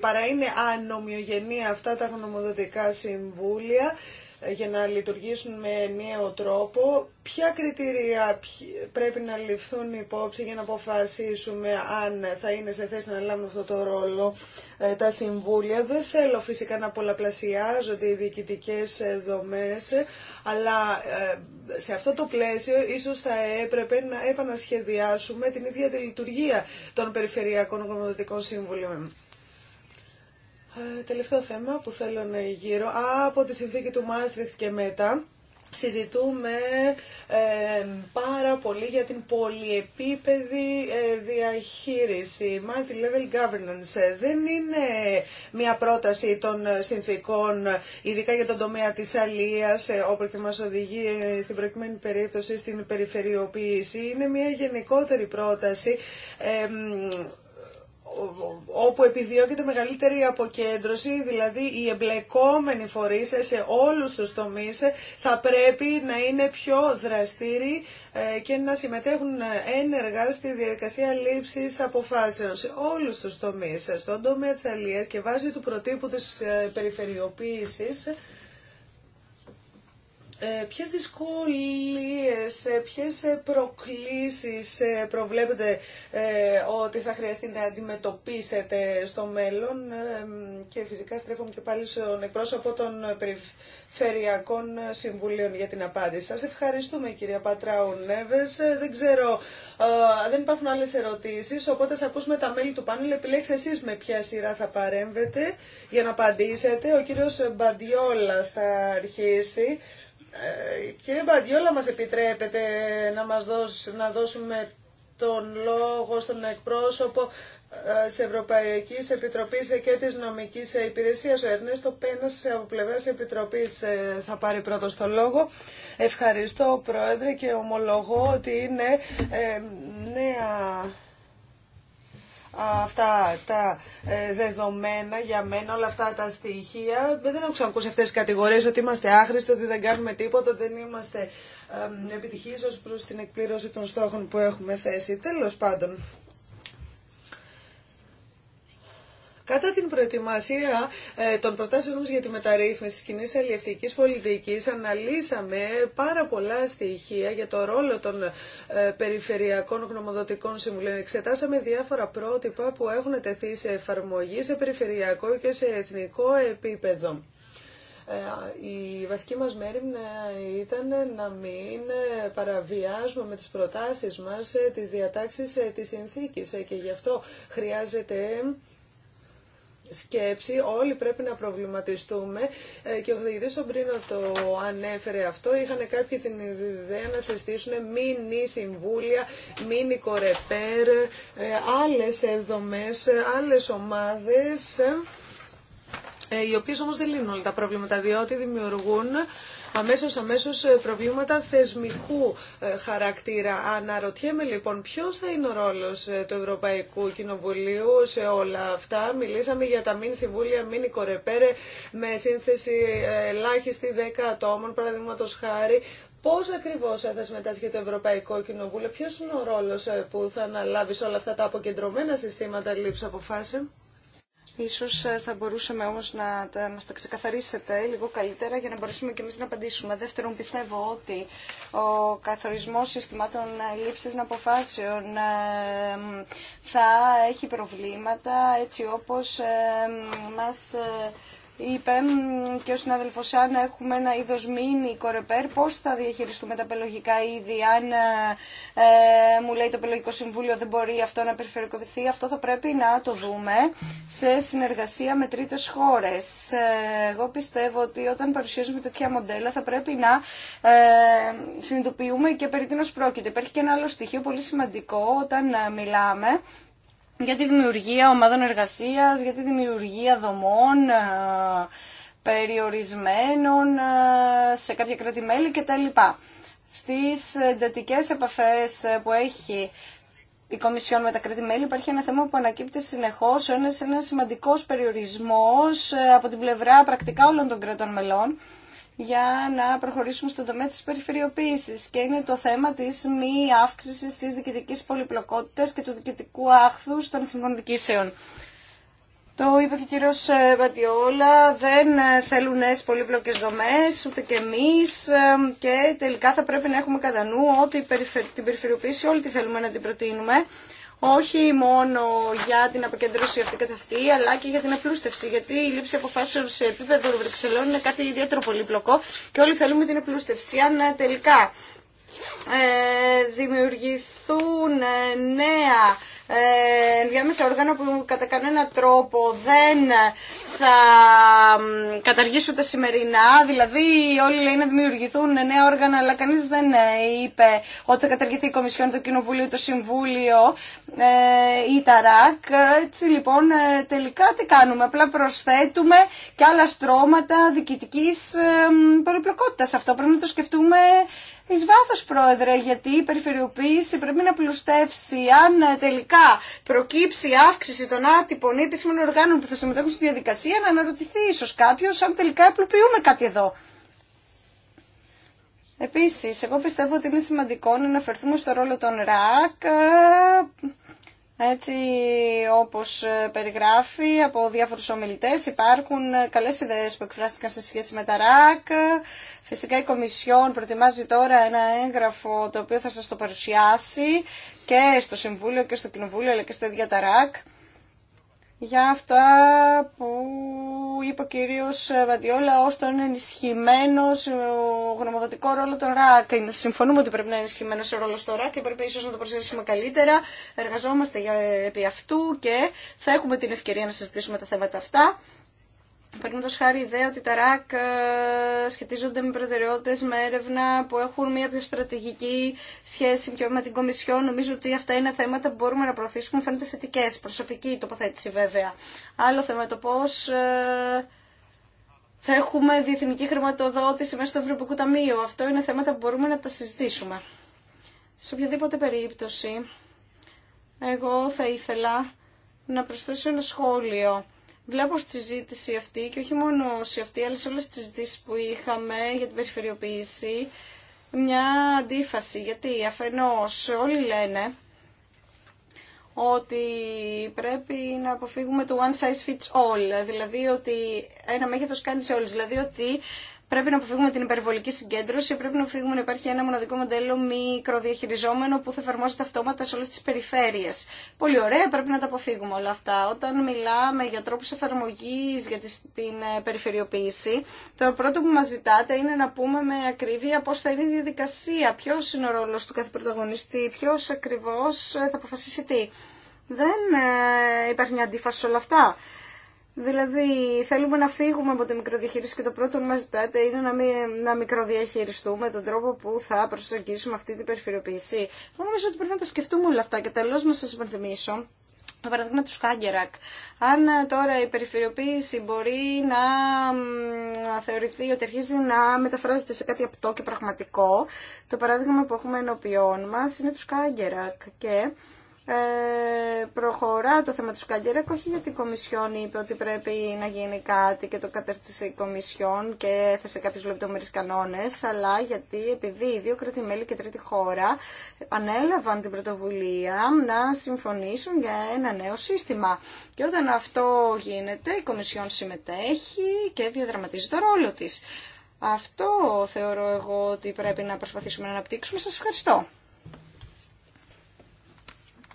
παρά είναι ανομοιογενή αυτά τα γνωμοδοτικά συμβούλια ε, για να λειτουργήσουν με νέο τρόπο. Ποια κριτήρια πρέπει να ληφθούν υπόψη για να αποφασίσουμε αν θα είναι σε θέση να λάβουν αυτό το ρόλο ε, τα συμβούλια. Δεν θέλω φυσικά να πολλαπλασιάζονται οι διοικητικές ε, δομές, αλλά σε αυτό το πλαίσιο ίσως θα έπρεπε να επανασχεδιάσουμε την ίδια τη λειτουργία των περιφερειακών γνωμοδοτικών συμβουλίων. Ε, τελευταίο θέμα που θέλω να γύρω από τη συνθήκη του Μάστριχτ και μετά. Συζητούμε ε, πάρα πολύ για την πολυεπίπεδη ε, διαχείριση, multi-level governance. Δεν είναι μια πρόταση των συνθήκων, ειδικά για τον τομέα της αλίας, όπου και μας οδηγεί στην προηγουμένη περίπτωση στην περιφερειοποίηση. Είναι μια γενικότερη πρόταση όπου επιδιώκεται μεγαλύτερη αποκέντρωση, δηλαδή οι εμπλεκόμενοι φορείς σε όλους τους τομείς θα πρέπει να είναι πιο δραστήριοι ε, και να συμμετέχουν ένεργα στη διαδικασία λήψης αποφάσεων σε όλους τους τομείς. Στον τομέα της και βάσει του προτύπου της ε, περιφερειοποίησης ε, ποιες δυσκολίες, ε, ποιες ε, προκλήσεις προβλέπετε ότι θα χρειαστεί να αντιμετωπίσετε στο μέλλον και φυσικά στρέφομαι και πάλι στον εκπρόσωπο των περιφερειακών συμβουλίων για την απάντηση. Σας ευχαριστούμε κυρία Πατράου Νέβες. Δεν ξέρω, δεν υπάρχουν άλλες ερωτήσεις, οπότε θα ακούσουμε τα μέλη του πάνελ. Επιλέξτε εσείς με ποια σειρά θα παρέμβετε για να απαντήσετε. Ο κύριος Μπαντιόλα θα αρχίσει. Κύριε Μπαντιόλα, μας επιτρέπετε να, μας να δώσουμε τον λόγο στον εκπρόσωπο ε, της Ευρωπαϊκής Επιτροπής και της Νομικής Υπηρεσίας. Ο Ερνέστο Πένας από πλευράς Επιτροπής ε, θα πάρει πρώτος τον λόγο. Ευχαριστώ Πρόεδρε και ομολογώ ότι είναι ε, νέα αυτά τα ε, δεδομένα για μένα, όλα αυτά τα στοιχεία. Δεν έχω ξανακούσει αυτές τις κατηγορίες ότι είμαστε άχρηστοι, ότι δεν κάνουμε τίποτα, δεν είμαστε επιτυχείς ως προς την εκπλήρωση των στόχων που έχουμε θέσει. Τέλος πάντων, Κατά την προετοιμασία ε, των προτάσεων για τη μεταρρύθμιση τη κοινή αλληλευτική πολιτικής αναλύσαμε πάρα πολλά στοιχεία για το ρόλο των ε, περιφερειακών γνωμοδοτικών συμβουλίων. Εξετάσαμε διάφορα πρότυπα που έχουν τεθεί σε εφαρμογή σε περιφερειακό και σε εθνικό επίπεδο. Ε, η βασική μας μέρη ήταν να μην παραβιάζουμε με τις προτάσεις μας τις διατάξεις της συνθήκης και γι' αυτό χρειάζεται σκέψη. Όλοι πρέπει να προβληματιστούμε ε, και ο ο Σομπρίνο το ανέφερε αυτό. Είχαν κάποιοι την ιδέα να συστήσουν μίνι συμβούλια, μίνι κορεπέρ, ε, άλλες δομές, άλλες ομάδες ε, οι οποίες όμως δεν λύνουν όλα τα προβλήματα διότι δημιουργούν αμέσως αμέσως ε, προβλήματα θεσμικού ε, χαρακτήρα. Αναρωτιέμαι λοιπόν ποιος θα είναι ο ρόλος ε, του Ευρωπαϊκού Κοινοβουλίου σε όλα αυτά. Μιλήσαμε για τα μην συμβούλια, μην κορεπέρε με σύνθεση ελάχιστη 10 ατόμων, παραδείγματο χάρη. Πώ ακριβώς θα συμμετάσχει το Ευρωπαϊκό Κοινοβούλιο, ποιο είναι ο ρόλος που θα αναλάβει σε όλα αυτά τα αποκεντρωμένα συστήματα λήψη αποφάσεων. Ίσως ε, θα μπορούσαμε όμως να τα, μας τα ξεκαθαρίσετε λίγο καλύτερα για να μπορέσουμε και εμείς να απαντήσουμε. Δεύτερον, πιστεύω ότι ο καθορισμός συστημάτων ε, λήψης αποφάσεων ε, θα έχει προβλήματα έτσι όπως μας είπε και ο συνάδελφο αν έχουμε ένα είδο μήνυ κορεπέρ, πώ θα διαχειριστούμε τα πελογικά είδη. Αν ε, μου λέει το πελογικό συμβούλιο δεν μπορεί αυτό να περιφερειακοποιηθεί, αυτό θα πρέπει να το δούμε σε συνεργασία με τρίτε χώρε. Ε, εγώ πιστεύω ότι όταν παρουσιάζουμε τέτοια μοντέλα θα πρέπει να ε, συνειδητοποιούμε και περί τίνο πρόκειται. Υπάρχει και ένα άλλο στοιχείο πολύ σημαντικό όταν ε, μιλάμε για τη δημιουργία ομάδων εργασίας, για τη δημιουργία δομών ε, περιορισμένων ε, σε κάποια κράτη-μέλη κτλ. Στις εντατικέ επαφές που έχει η Κομισιόν με τα κράτη-μέλη υπάρχει ένα θέμα που ανακύπτει συνεχώς, ένας, ένας σημαντικός περιορισμός ε, από την πλευρά πρακτικά όλων των κρατών μελών για να προχωρήσουμε στον τομέα της περιφερειοποίησης και είναι το θέμα της μη αύξησης της διοικητικής πολυπλοκότητας και του διοικητικού άχθου των εθνικών δικήσεων. Το είπε και ο κύριο Βατιόλα, ε, δεν ε, θέλουν νέες πολυπλοκές δομέ, ούτε και εμείς ε, Και τελικά θα πρέπει να έχουμε κατά νου ότι την περιφερειοποίηση όλοι τη θέλουμε να την προτείνουμε όχι μόνο για την αποκέντρωση αυτή καθ' αυτή, αλλά και για την απλούστευση. Γιατί η λήψη αποφάσεων σε επίπεδο Βρυξελών είναι κάτι ιδιαίτερο πολύπλοκο και όλοι θέλουμε την απλούστευση. Αν ε, τελικά ε, δημιουργηθούν ε, νέα ε, ενδιάμεσα όργανα που κατά κανένα τρόπο δεν θα καταργήσουν τα σημερινά, δηλαδή όλοι λένε να δημιουργηθούν νέα όργανα, αλλά κανείς δεν ε, είπε ότι θα καταργηθεί η Κομισιόν, το Κοινοβούλιο, το Συμβούλιο ε, ή τα ΡΑΚ. Έτσι λοιπόν τελικά τι κάνουμε, απλά προσθέτουμε και άλλα στρώματα διοικητικής περιπλοκότητας. Αυτό πρέπει να το σκεφτούμε εις βάθος πρόεδρε, γιατί η περιφερειοποίηση πρέπει να πλουστεύσει αν ε, τελικά προκύψει αύξηση των άτυπων ή της οργάνων που θα συμμετέχουν στη διαδικασία, να αναρωτηθεί ίσως κάποιος αν τελικά απλοποιούμε κάτι εδώ. Επίσης, εγώ πιστεύω ότι είναι σημαντικό να αναφερθούμε στο ρόλο των ΡΑΚ, ε, έτσι όπως ε, περιγράφει από διάφορους ομιλητές υπάρχουν ε, καλές ιδέες που εκφράστηκαν σε σχέση με τα ΡΑΚ. Φυσικά η Κομισιόν προετοιμάζει τώρα ένα έγγραφο το οποίο θα σας το παρουσιάσει και στο Συμβούλιο και στο Κοινοβούλιο αλλά και στα ίδια τα ΡΑΚ για αυτά που είπε ο κύριος Βαντιόλα ως τον ενισχυμένο ε, γνωμοδοτικό ρόλο των ΡΑΚ. Συμφωνούμε ότι πρέπει να είναι ενισχυμένο ο ρόλος των ΡΑΚ και πρέπει ίσως να το προσέξουμε καλύτερα. Εργαζόμαστε για, επί αυτού και θα έχουμε την ευκαιρία να συζητήσουμε τα θέματα αυτά. Παραδείγματο χάρη ιδέα ότι τα ΡΑΚ ε, σχετίζονται με προτεραιότητε, με έρευνα που έχουν μια πιο στρατηγική σχέση με την Κομισιόν. Νομίζω ότι αυτά είναι θέματα που μπορούμε να προωθήσουμε. Φαίνονται θετικέ. Προσωπική τοποθέτηση βέβαια. Άλλο θέμα το πώ ε, θα έχουμε διεθνική χρηματοδότηση μέσα στο Ευρωπαϊκό Ταμείο. Αυτό είναι θέματα που μπορούμε να τα συζητήσουμε. Σε οποιαδήποτε περίπτωση, εγώ θα ήθελα να προσθέσω ένα σχόλιο Βλέπω στη συζήτηση αυτή και όχι μόνο σε αυτή, αλλά σε όλες τις συζητήσεις που είχαμε για την περιφερειοποίηση, μια αντίφαση, γιατί αφενός όλοι λένε ότι πρέπει να αποφύγουμε το one size fits all, δηλαδή ότι ένα μέγεθος κάνει σε όλους, δηλαδή ότι Πρέπει να αποφύγουμε την υπερβολική συγκέντρωση, πρέπει να αποφύγουμε να υπάρχει ένα μοναδικό μοντέλο μικροδιαχειριζόμενο που θα εφαρμόζεται αυτόματα σε όλε τι περιφέρειε. Πολύ ωραία, πρέπει να τα αποφύγουμε όλα αυτά. Όταν μιλάμε για τρόπου εφαρμογή για την ε, περιφερειοποίηση, το πρώτο που μα ζητάτε είναι να πούμε με ακρίβεια πώ θα είναι η διαδικασία, ποιο είναι ο ρόλο του κάθε πρωταγωνιστή, ποιο ακριβώ ε, θα αποφασίσει τι. Δεν ε, υπάρχει μια αντίφαση σε όλα αυτά. Δηλαδή θέλουμε να φύγουμε από τη μικροδιαχείριση και το πρώτο που μας ζητάτε είναι να, να μικροδιαχειριστούμε τον τρόπο που θα προσεγγίσουμε αυτή την περιφερειοποίηση. Εγώ νομίζω ότι πρέπει να τα σκεφτούμε όλα αυτά και τέλος να σας υπενθυμίσω το παράδειγμα του Σκάγκερακ. Αν ε, τώρα η περιφερειοποίηση μπορεί να θεωρηθεί ότι αρχίζει να μεταφράζεται σε κάτι απτό και πραγματικό, το παράδειγμα που έχουμε ενώπιόν μας είναι του Σκάγκερακ και ε, προχωρά το θέμα του Σκαγκερέκ, όχι γιατί η Κομισιόν είπε ότι πρέπει να γίνει κάτι και το κατέρτισε η Κομισιόν και έθεσε κάποιου λεπτομερεί κανόνε, αλλά γιατί επειδή οι δύο κρατημέλη και τρίτη χώρα ανέλαβαν την πρωτοβουλία να συμφωνήσουν για ένα νέο σύστημα. Και όταν αυτό γίνεται, η Κομισιόν συμμετέχει και διαδραματίζει το ρόλο τη. Αυτό θεωρώ εγώ ότι πρέπει να προσπαθήσουμε να αναπτύξουμε. Σα ευχαριστώ.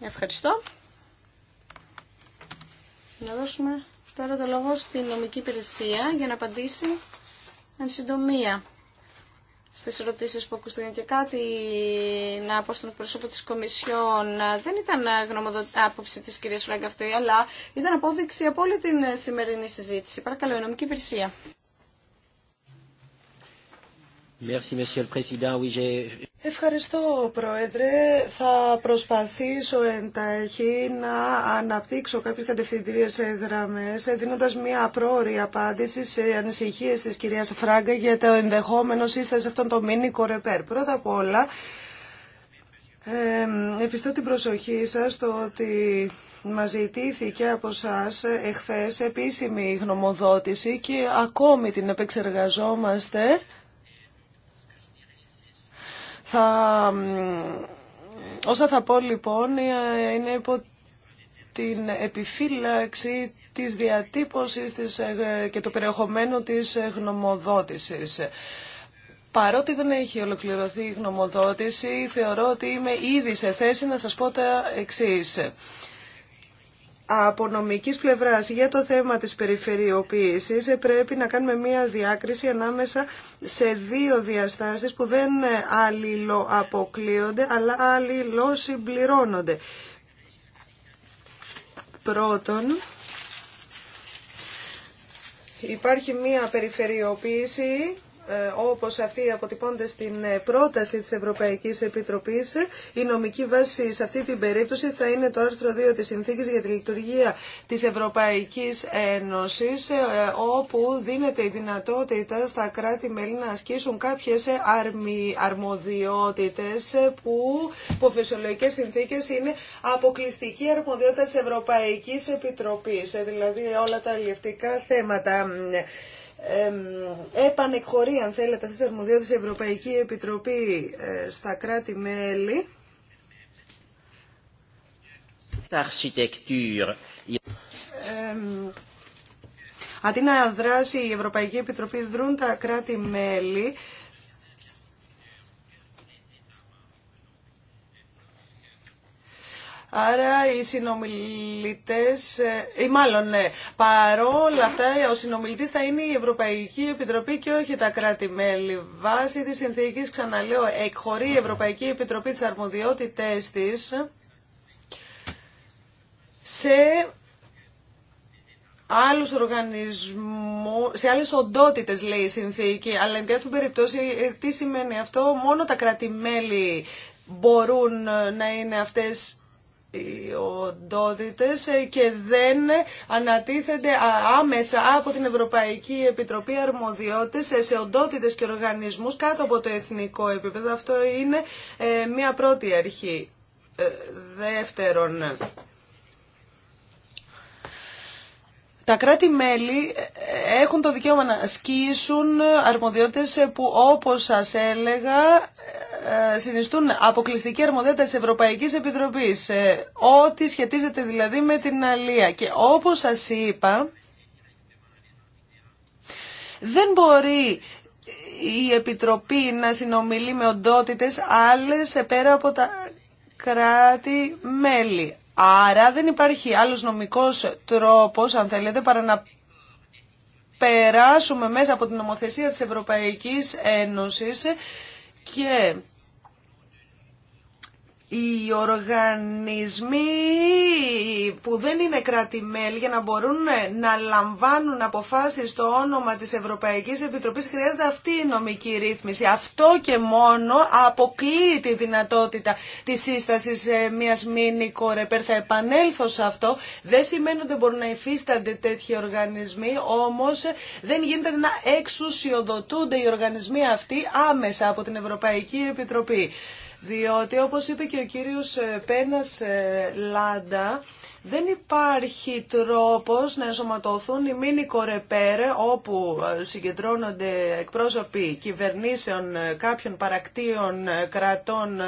Ευχαριστώ. Να δώσουμε τώρα το λόγο στην νομική υπηρεσία για να απαντήσει εν συντομία στις ερωτήσεις που ακούστηκαν και κάτι να πω στον πρόσωπο της Κομισιόν. Δεν ήταν γνωμοδο... άποψη της κυρίας Φράγκα αλλά ήταν απόδειξη από όλη την σημερινή συζήτηση. Παρακαλώ, η νομική υπηρεσία. Ευχαριστώ, Πρόεδρε. Θα προσπαθήσω εντάχει να αναπτύξω κάποιες κατευθυντήριες γραμμές, δίνοντας μια απρόορη απάντηση σε ανησυχίες της κυρίας Φράγκα για το ενδεχόμενο σύσταση αυτών των μήνυ κορεπέρ. Πρώτα απ' όλα, ε, την προσοχή σας στο ότι μας ζητήθηκε από εσά εχθές επίσημη γνωμοδότηση και ακόμη την επεξεργαζόμαστε θα, όσα θα πω λοιπόν ε, είναι υπό την επιφύλαξη της διατύπωσης της, ε, και το περιεχομένου της ε, γνωμοδότησης. Παρότι δεν έχει ολοκληρωθεί η γνωμοδότηση, θεωρώ ότι είμαι ήδη σε θέση να σας πω τα εξής. Από νομικής πλευράς για το θέμα της περιφερειοποίησης πρέπει να κάνουμε μία διάκριση ανάμεσα σε δύο διαστάσεις που δεν αλληλοαποκλείονται αλλά αλληλοσυμπληρώνονται. Πρώτον, υπάρχει μία περιφερειοποίηση ε, όπως αυτή αποτυπώνται στην ε, πρόταση της Ευρωπαϊκής Επιτροπής, ε, η νομική βάση σε αυτή την περίπτωση θα είναι το άρθρο 2 της Συνθήκης για τη Λειτουργία της Ευρωπαϊκής Ένωσης, όπου δίνεται η δυνατότητα στα κράτη-μέλη να ασκήσουν κάποιες αρμοδιότητες που υπό φυσιολογικές συνθήκες είναι αποκλειστική αρμοδιότητα της Ευρωπαϊκής Επιτροπής, δηλαδή όλα τα αλληλευτικά θέματα επανεκχωρεί αν θέλετε αυτή τις αρμοδιότητες η Ευρωπαϊκή Επιτροπή ε, στα κράτη-μέλη. Αντί να δράσει η Ευρωπαϊκή Επιτροπή, δρούν τα κράτη-μέλη Άρα οι συνομιλητέ, ε, ή μάλλον ναι, παρόλα αυτά ο συνομιλητή θα είναι η Ευρωπαϊκή Επιτροπή και όχι τα κράτη-μέλη. Βάσει τη συνθήκης, ξαναλέω, εκχωρεί η Ευρωπαϊκή της συνθηκη ξαναλεω εκχωρει η ευρωπαικη επιτροπη τις αρμοδιότητές τη. σε άλλους οργανισμού σε άλλες οντότητες λέει η συνθήκη, αλλά εν τέτοιου περιπτώσει ε, τι σημαίνει αυτό, μόνο τα κράτη-μέλη μπορούν ε, να είναι αυτές οντότητες και δεν ανατίθεται άμεσα από την Ευρωπαϊκή Επιτροπή Αρμοδιότητες σε οντότητες και οργανισμούς κάτω από το εθνικό επίπεδο. Αυτό είναι ε, μια πρώτη αρχή. Ε, δεύτερον, Τα κράτη-μέλη ε, έχουν το δικαίωμα να ασκήσουν αρμοδιότητες που όπως σας έλεγα ε, συνιστούν αποκλειστική αρμοδιότητα της Ευρωπαϊκής Επιτροπής. Ε, ό,τι σχετίζεται δηλαδή με την αλία. Και όπως σας είπα δεν μπορεί η Επιτροπή να συνομιλεί με οντότητες άλλες πέρα από τα κράτη-μέλη. Άρα δεν υπάρχει άλλος νομικός τρόπος, αν θέλετε, παρά να περάσουμε μέσα από την νομοθεσία της Ευρωπαϊκής Ένωσης και οι οργανισμοί που δεν είναι κράτη-μέλη για να μπορούν να λαμβάνουν αποφάσεις στο όνομα της Ευρωπαϊκής Επιτροπής χρειάζεται αυτή η νομική ρύθμιση. Αυτό και μόνο αποκλείει τη δυνατότητα της σύστασης ε, μιας μήνυ κορεπέρ. Θα επανέλθω σε αυτό. Δεν σημαίνει ότι μπορούν να υφίστανται τέτοιοι οργανισμοί, όμως ε, δεν γίνεται να εξουσιοδοτούνται οι οργανισμοί αυτοί άμεσα από την Ευρωπαϊκή Επιτροπή. Διότι, όπως είπε και ο κύριος ε, Πένας ε, Λάντα, δεν υπάρχει τρόπος να ενσωματωθούν οι μήνυ κορεπέρε όπου ε, συγκεντρώνονται εκπρόσωποι κυβερνήσεων κάποιων παρακτήων κρατών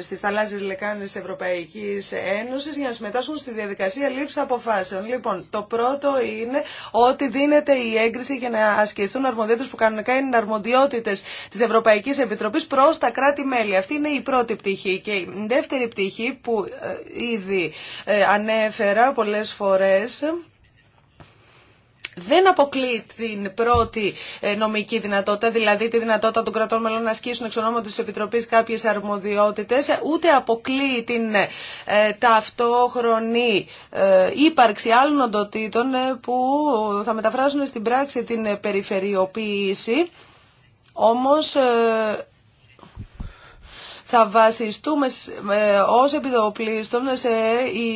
στις θαλάσσιες λεκάνες Ευρωπαϊκής Ένωσης για να συμμετάσχουν στη διαδικασία λήψη αποφάσεων. Λοιπόν, το πρώτο είναι ότι δίνεται η έγκριση για να ασκηθούν αρμοδιότητες που κανονικά είναι αρμοδιότητες της Ευρωπαϊκής Επιτροπής Προ τα κράτη-μέλη. Αυτή είναι η πρώτη πτυχή και η δεύτερη πτυχή που ε, ήδη ε, ανέφερα πολλές φορές δεν αποκλεί την πρώτη ε, νομική δυνατότητα, δηλαδή τη δυνατότητα των κρατών μελών να ασκήσουν εξ ονόματο τη Επιτροπή κάποιε αρμοδιότητε, ούτε αποκλεί την ταυτόχρονη ύπαρξη άλλων οντοτήτων που θα μεταφράσουν στην πράξη την περιφερειοποίηση. Όμως θα βασιστούμε ως επιδοπλίστων σε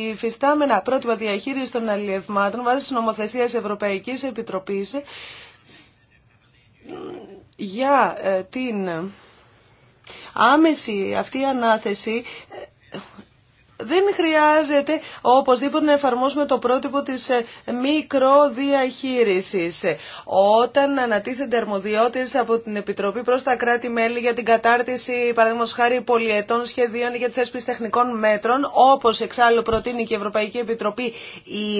υφιστάμενα πρότυπα διαχείριση των αλλιευμάτων βάσει τη νομοθεσίας Ευρωπαϊκής Επιτροπής για ε, την άμεση αυτή η ανάθεση ε, δεν χρειάζεται οπωσδήποτε να εφαρμόσουμε το πρότυπο της ε, μικροδιαχείρισης. Όταν ανατίθενται αρμοδιότητες από την Επιτροπή προς τα κράτη-μέλη για την κατάρτιση, παραδείγματος χάρη πολιετών σχεδίων για τη θέσπιση τεχνικών μέτρων, όπως εξάλλου προτείνει και η Ευρωπαϊκή Επιτροπή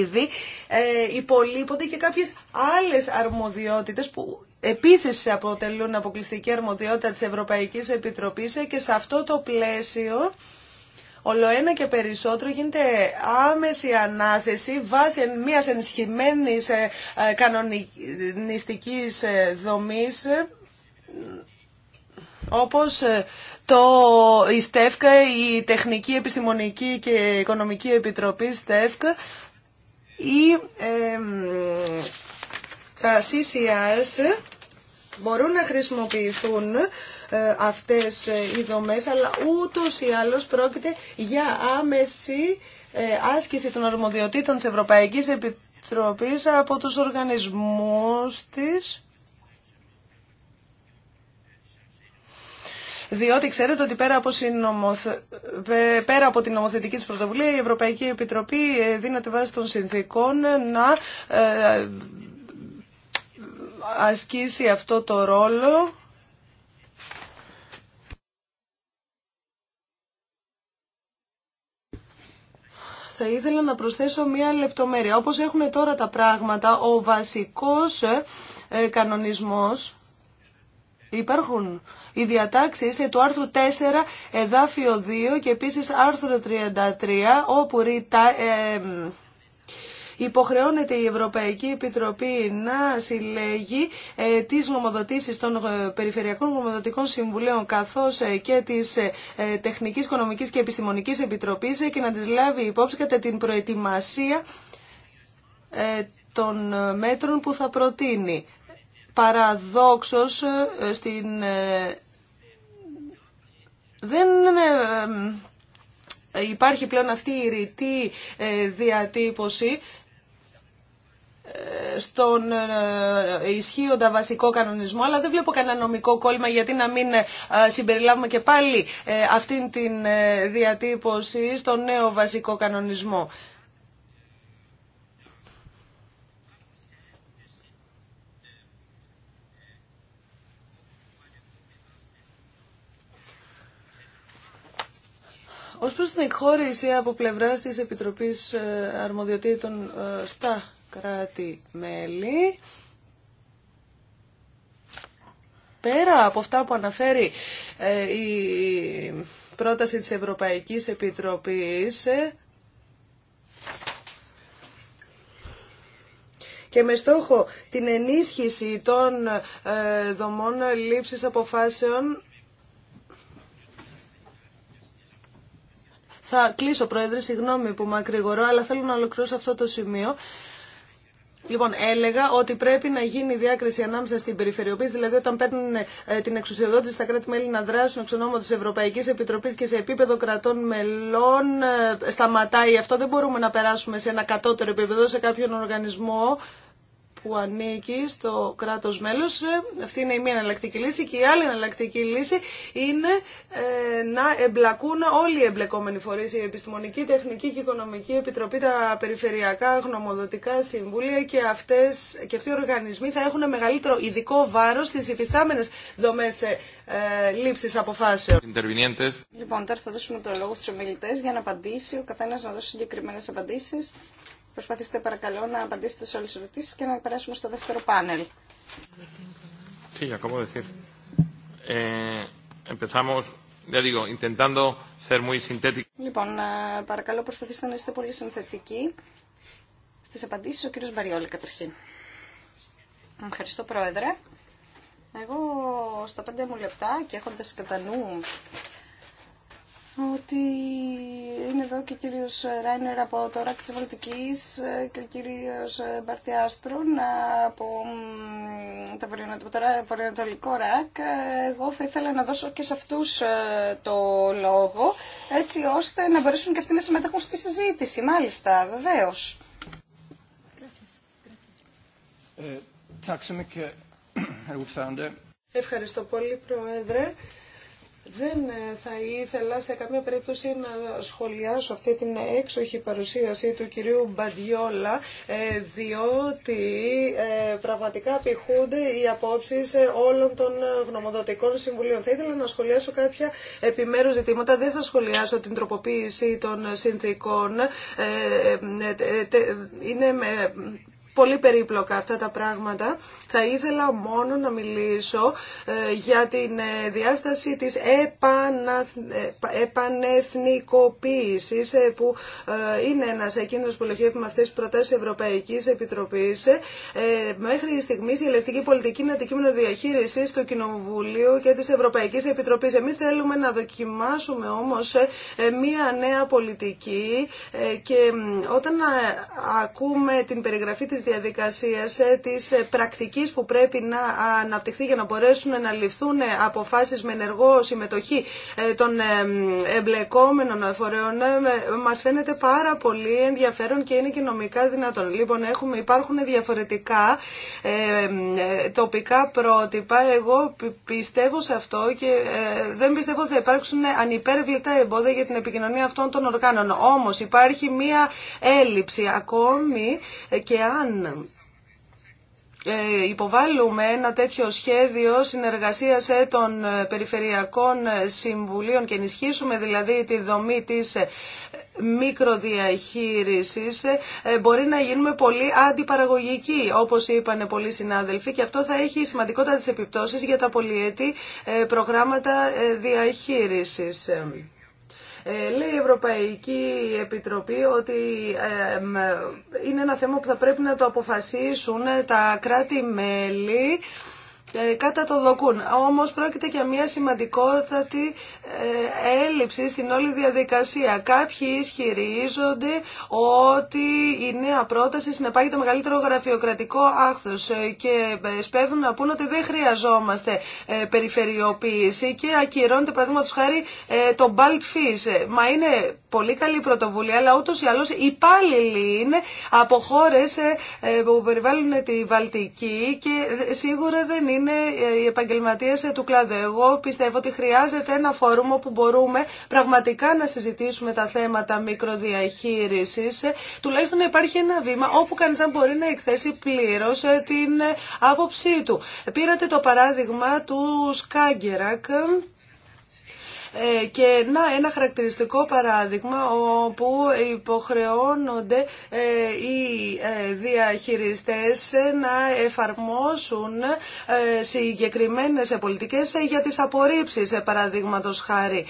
ήδη, ε, υπολείπονται και κάποιες άλλες αρμοδιότητες που επίσης αποτελούν αποκλειστική αρμοδιότητα της Ευρωπαϊκής Επιτροπής ε, και σε αυτό το πλαίσιο ένα και περισσότερο γίνεται άμεση ανάθεση βάσει μιας ενισχυμένη ε, ε, κανονιστικής ε, δομής όπως το, η ΣΤΕΦΚ, η Τεχνική Επιστημονική και Οικονομική Επιτροπή ΣΤΕΦΚ ή ε, τα CCRs μπορούν να χρησιμοποιηθούν ε, αυτές ε, οι δομές, αλλά ούτως ή άλλως πρόκειται για άμεση ε, άσκηση των αρμοδιοτήτων της Ευρωπαϊκής Επιτροπής από τους οργανισμούς της. Διότι ξέρετε ότι πέρα από, συνομοθε... πέρα από την νομοθετική της πρωτοβουλία η Ευρωπαϊκή Επιτροπή δίνεται βάση των αρμοδιοτητων της ευρωπαικης επιτροπης απο τους οργανισμους της διοτι ξερετε οτι περα απο περα απο την νομοθετικη της πρωτοβουλια η ευρωπαικη επιτροπη δινεται βαση των συνθηκων να ασκήσει αυτό το ρόλο θα ήθελα να προσθέσω μία λεπτομέρεια. Όπως έχουν τώρα τα πράγματα, ο βασικός ε, ε, κανονισμός Υπάρχουν οι διατάξει ε, του άρθρου 4, εδάφιο 2 και επίσης άρθρο 33, όπου ρητά, Υποχρεώνεται η Ευρωπαϊκή Επιτροπή να συλλέγει ε, τις νομοδοτήσεις των ε, Περιφερειακών Νομοδοτικών Συμβουλίων καθώς ε, και της Τεχνικής, Οικονομικής και Επιστημονικής Επιτροπής και να τις λάβει υπόψη κατά την προετοιμασία των μέτρων που θα προτείνει. Παραδόξως στην... δεν υπάρχει πλέον αυτή η ρητή διατύπωση στον ε, ε, ισχύοντα βασικό κανονισμό, αλλά δεν βλέπω κανένα νομικό κόλμα γιατί να μην ε, συμπεριλάβουμε και πάλι αυτήν την διατύπωση στο νέο βασικό κανονισμό. Ως προς την εκχώρηση από πλευράς της Επιτροπής Αρμοδιοτήτων στα κράτη-μέλη πέρα από αυτά που αναφέρει ε, η πρόταση της Ευρωπαϊκής Επιτροπής ε, και με στόχο την ενίσχυση των ε, δομών λήψης αποφάσεων Θα κλείσω, Πρόεδρε, συγγνώμη που μακρηγορώ, αλλά θέλω να ολοκληρώσω αυτό το σημείο. Λοιπόν, έλεγα ότι πρέπει να γίνει η διάκριση ανάμεσα στην περιφερειοποίηση, δηλαδή όταν παίρνουν ε, την εξουσιοδότηση στα κράτη-μέλη να δράσουν εξ ονόματο Ευρωπαϊκή Επιτροπή και σε επίπεδο κρατών μελών ε, σταματάει αυτό. Δεν μπορούμε να περάσουμε σε ένα κατώτερο επίπεδο, σε κάποιον οργανισμό που ανήκει στο κράτο μέλο. Ε, αυτή είναι η μία εναλλακτική λύση και η άλλη εναλλακτική λύση είναι ε, να εμπλακούν όλοι οι εμπλεκόμενοι φορεί. η Επιστημονική, Τεχνική και Οικονομική Επιτροπή, τα Περιφερειακά Γνωμοδοτικά Συμβούλια και, αυτές, και αυτοί οι οργανισμοί θα έχουν μεγαλύτερο ειδικό βάρο στι υφιστάμενε δομέ ε, ε, λήψης αποφάσεων. Λοιπόν, τώρα θα δώσουμε το λόγο στου ομιλητέ για να απαντήσει, ο καθένα να δώσει συγκεκριμένε απαντήσει. Προσπαθήστε παρακαλώ να απαντήσετε σε όλες τις ερωτήσεις και να περάσουμε στο δεύτερο πάνελ. Sí, acabo de decir. Eh, empezamos, ya digo, intentando ser muy sintético. Λοιπόν, ε, παρακαλώ προσπαθήστε να είστε πολύ συνθετικοί. Στις απαντήσεις ο κύριος Μπαριόλη καταρχήν. Ευχαριστώ Πρόεδρε. Εγώ στα πέντε μου λεπτά και έχοντας κατά νου ότι είναι εδώ και ο κύριος Ράινερ από το ΡΑΚ της Βαλτικής και ο κύριος Μπαρτιάστρων από το Βορειοανατολικό ΡΑΚ. Εγώ θα ήθελα να δώσω και σε αυτούς ε, το λόγο, έτσι ώστε να μπορέσουν και αυτοί να συμμετέχουν στη συζήτηση. Μάλιστα, βεβαίως. Ε, Ευχαριστώ πολύ, Πρόεδρε. Δεν ε, θα ήθελα σε καμία περίπτωση να σχολιάσω αυτή την έξοχη παρουσίαση του κυρίου Μπαντιόλα, ε, διότι ε, πραγματικά πηχούνται οι απόψεις όλων των γνωμοδοτικών συμβουλίων. Θα ήθελα να σχολιάσω κάποια επιμέρους ζητήματα. Δεν θα σχολιάσω την τροποποίηση των συνθήκων. Είναι πολύ περίπλοκα αυτά τα πράγματα. Θα ήθελα μόνο να μιλήσω ε, για την ε, διάσταση της ε, επανεθνικοποίησης που είναι ένας εκείνος που λογεύει με αυτές τις προτάσεις Ευρωπαϊκής Επιτροπής. Μέχρι στιγμή η ελευτική πολιτική είναι αντικείμενο διαχείρισης του Κοινοβουλίου και της Ευρωπαϊκής Επιτροπής. Εμείς θέλουμε να δοκιμάσουμε όμως μία νέα πολιτική και όταν ακούμε την περιγραφή της διαδικασίας ε, τη ε, πρακτική που πρέπει να αναπτυχθεί για να μπορέσουν να ληφθούν ε, αποφάσει με ενεργό συμμετοχή των εμπλεκόμενων φορέων μα φαίνεται πάρα πολύ ενδιαφέρον και είναι και νομικά δυνατόν. Λοιπόν, έχουμε, υπάρχουν διαφορετικά τοπικά πρότυπα. Εγώ πιστεύω σε αυτό και δεν πιστεύω ότι θα υπάρξουν ανυπέρβλητα εμπόδια για την επικοινωνία αυτών των οργάνων. Όμω υπάρχει μία έλλειψη ακόμη και αν ε, υποβάλλουμε ένα τέτοιο σχέδιο συνεργασίας ε, των ε, περιφερειακών ε, συμβουλίων και ενισχύσουμε δηλαδή τη δομή της μικροδιαχείρισης μπορεί να γίνουμε πολύ αντιπαραγωγικοί όπως είπαν πολλοί συνάδελφοι και αυτό θα έχει σημαντικότατες επιπτώσεις για τα πολυετή προγράμματα διαχείρισης. Ε, λέει η Ευρωπαϊκή Επιτροπή ότι είναι ένα θέμα που θα πρέπει να το αποφασίσουν τα κράτη-μέλη ε, κατά το δοκούν. Όμως πρόκειται για μια σημαντικότατη ε, έλλειψη στην όλη διαδικασία. Κάποιοι ισχυρίζονται ότι η νέα πρόταση συνεπάγει το μεγαλύτερο γραφειοκρατικό άχθος ε, και σπέβδουν να πούν ότι δεν χρειαζόμαστε περιφερειοποίηση και ακυρώνεται παραδείγματος χάρη το Balt Fish. Μα είναι πολύ καλή πρωτοβουλία, αλλά ούτως ή άλλως υπάλληλοι είναι από χώρες ε, ε, που περιβάλλουν τη Βαλτική και σίγουρα δεν είναι ε, οι επαγγελματίες του κλάδου. Εγώ πιστεύω ότι χρειάζεται ένα φόρουμ όπου μπορούμε πραγματικά να συζητήσουμε τα θέματα μικροδιαχείρισης. Τουλάχιστον υπάρχει ένα βήμα όπου κανείς δεν μπορεί να εκθέσει πλήρως την άποψή του. Πήρατε το παράδειγμα του Σκάγκερακ ε, και να, ένα χαρακτηριστικό παράδειγμα όπου υποχρεώνονται ε, οι ε, διαχειριστές να εφαρμόσουν συγκεκριμένες πολιτικές για τις απορρίψεις, παραδείγματος χάρη.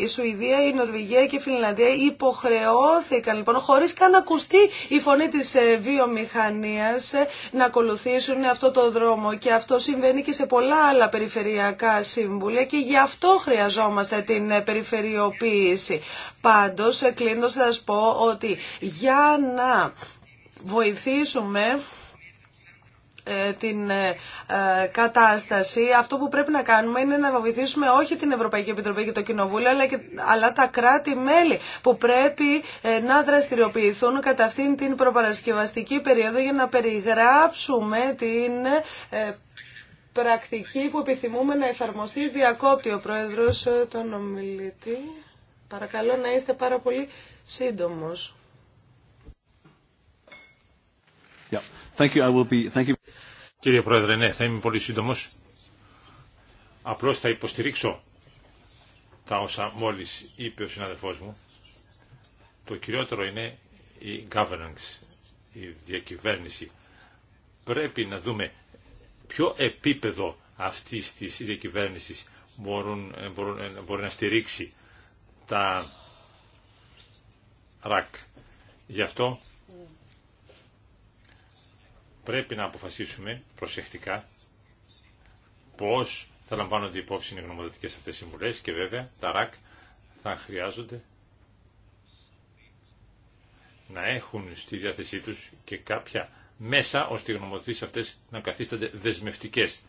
Η Σουηδία, η Νορβηγία και η Φινλανδία υποχρεώθηκαν λοιπόν χωρίς καν ακουστεί η φωνή της βιομηχανίας να ακολουθήσουν αυτό το δρόμο και αυτό συμβαίνει και σε πολλά άλλα περιφερειακά σύμβουλια Γι' αυτό χρειαζόμαστε την ε, περιφερειοποίηση. Πάντως, ε, κλείνοντας θα σας πω ότι για να βοηθήσουμε ε, την κατάσταση, αυτό που πρέπει να κάνουμε είναι να βοηθήσουμε όχι την Ευρωπαϊκή Επιτροπή και το Κοινοβούλιο, αλλά, και, αλλά τα κράτη-μέλη που πρέπει να δραστηριοποιηθούν κατά αυτήν την προπαρασκευαστική περίοδο για να περιγράψουμε την πρακτική που επιθυμούμε να εφαρμοστεί διακόπτει ο Πρόεδρος ε, τον ομιλητή. Παρακαλώ να είστε πάρα πολύ σύντομος. Κύριε Πρόεδρε, ναι, θα είμαι πολύ σύντομος. Απλώς θα υποστηρίξω τα όσα μόλις είπε ο συναδελφός μου. Το κυριότερο είναι η governance, η διακυβέρνηση. Πρέπει να δούμε ποιο επίπεδο αυτή της διακυβέρνηση μπορούν, ε, ε, μπορεί να στηρίξει τα ΡΑΚ. Γι' αυτό πρέπει να αποφασίσουμε προσεκτικά πώς θα λαμβάνονται υπόψη οι γνωμοδοτικές αυτές συμβουλές και βέβαια τα ΡΑΚ θα χρειάζονται να έχουν στη διάθεσή τους και κάποια μέσα ώστε οι γνωμοδοτήσεις αυτές να καθίστανται δεσμευτικές.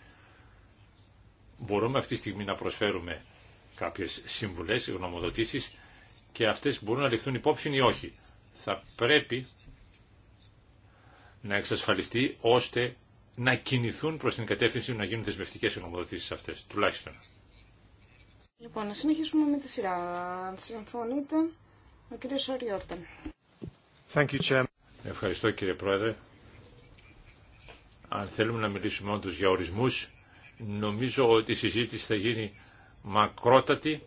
Μπορούμε αυτή τη στιγμή να προσφέρουμε κάποιες συμβουλές, γνωμοδοτήσεις και αυτές μπορούν να ληφθούν υπόψη ή όχι. Θα πρέπει να εξασφαλιστεί ώστε να κινηθούν προς την κατεύθυνση να γίνουν δεσμευτικές οι γνωμοδοτήσεις αυτές, τουλάχιστον. Λοιπόν, να συνεχίσουμε με τη σειρά. Αν συμφωνείτε, ο κύριος Σόρι Ευχαριστώ κύριε Πρόεδρε. Αν θέλουμε να μιλήσουμε όντως για ορισμούς, νομίζω ότι η συζήτηση θα γίνει μακρότατη,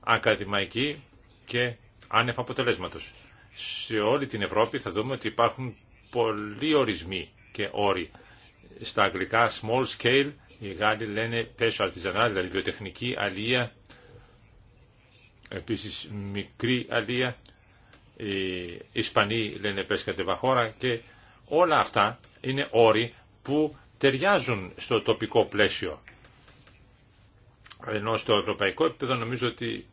ακαδημαϊκή και άνευ αποτελέσματος. Σε όλη την Ευρώπη θα δούμε ότι υπάρχουν πολλοί ορισμοί και όροι. Στα αγγλικά small scale, οι Γάλλοι λένε πέσο artisanal, δηλαδή βιοτεχνική αλία, επίσης μικρή αλία, οι Ισπανοί λένε πέσκα χώρα και όλα αυτά είναι όροι που ταιριάζουν στο τοπικό πλαίσιο. Ενώ στο ευρωπαϊκό επίπεδο νομίζω ότι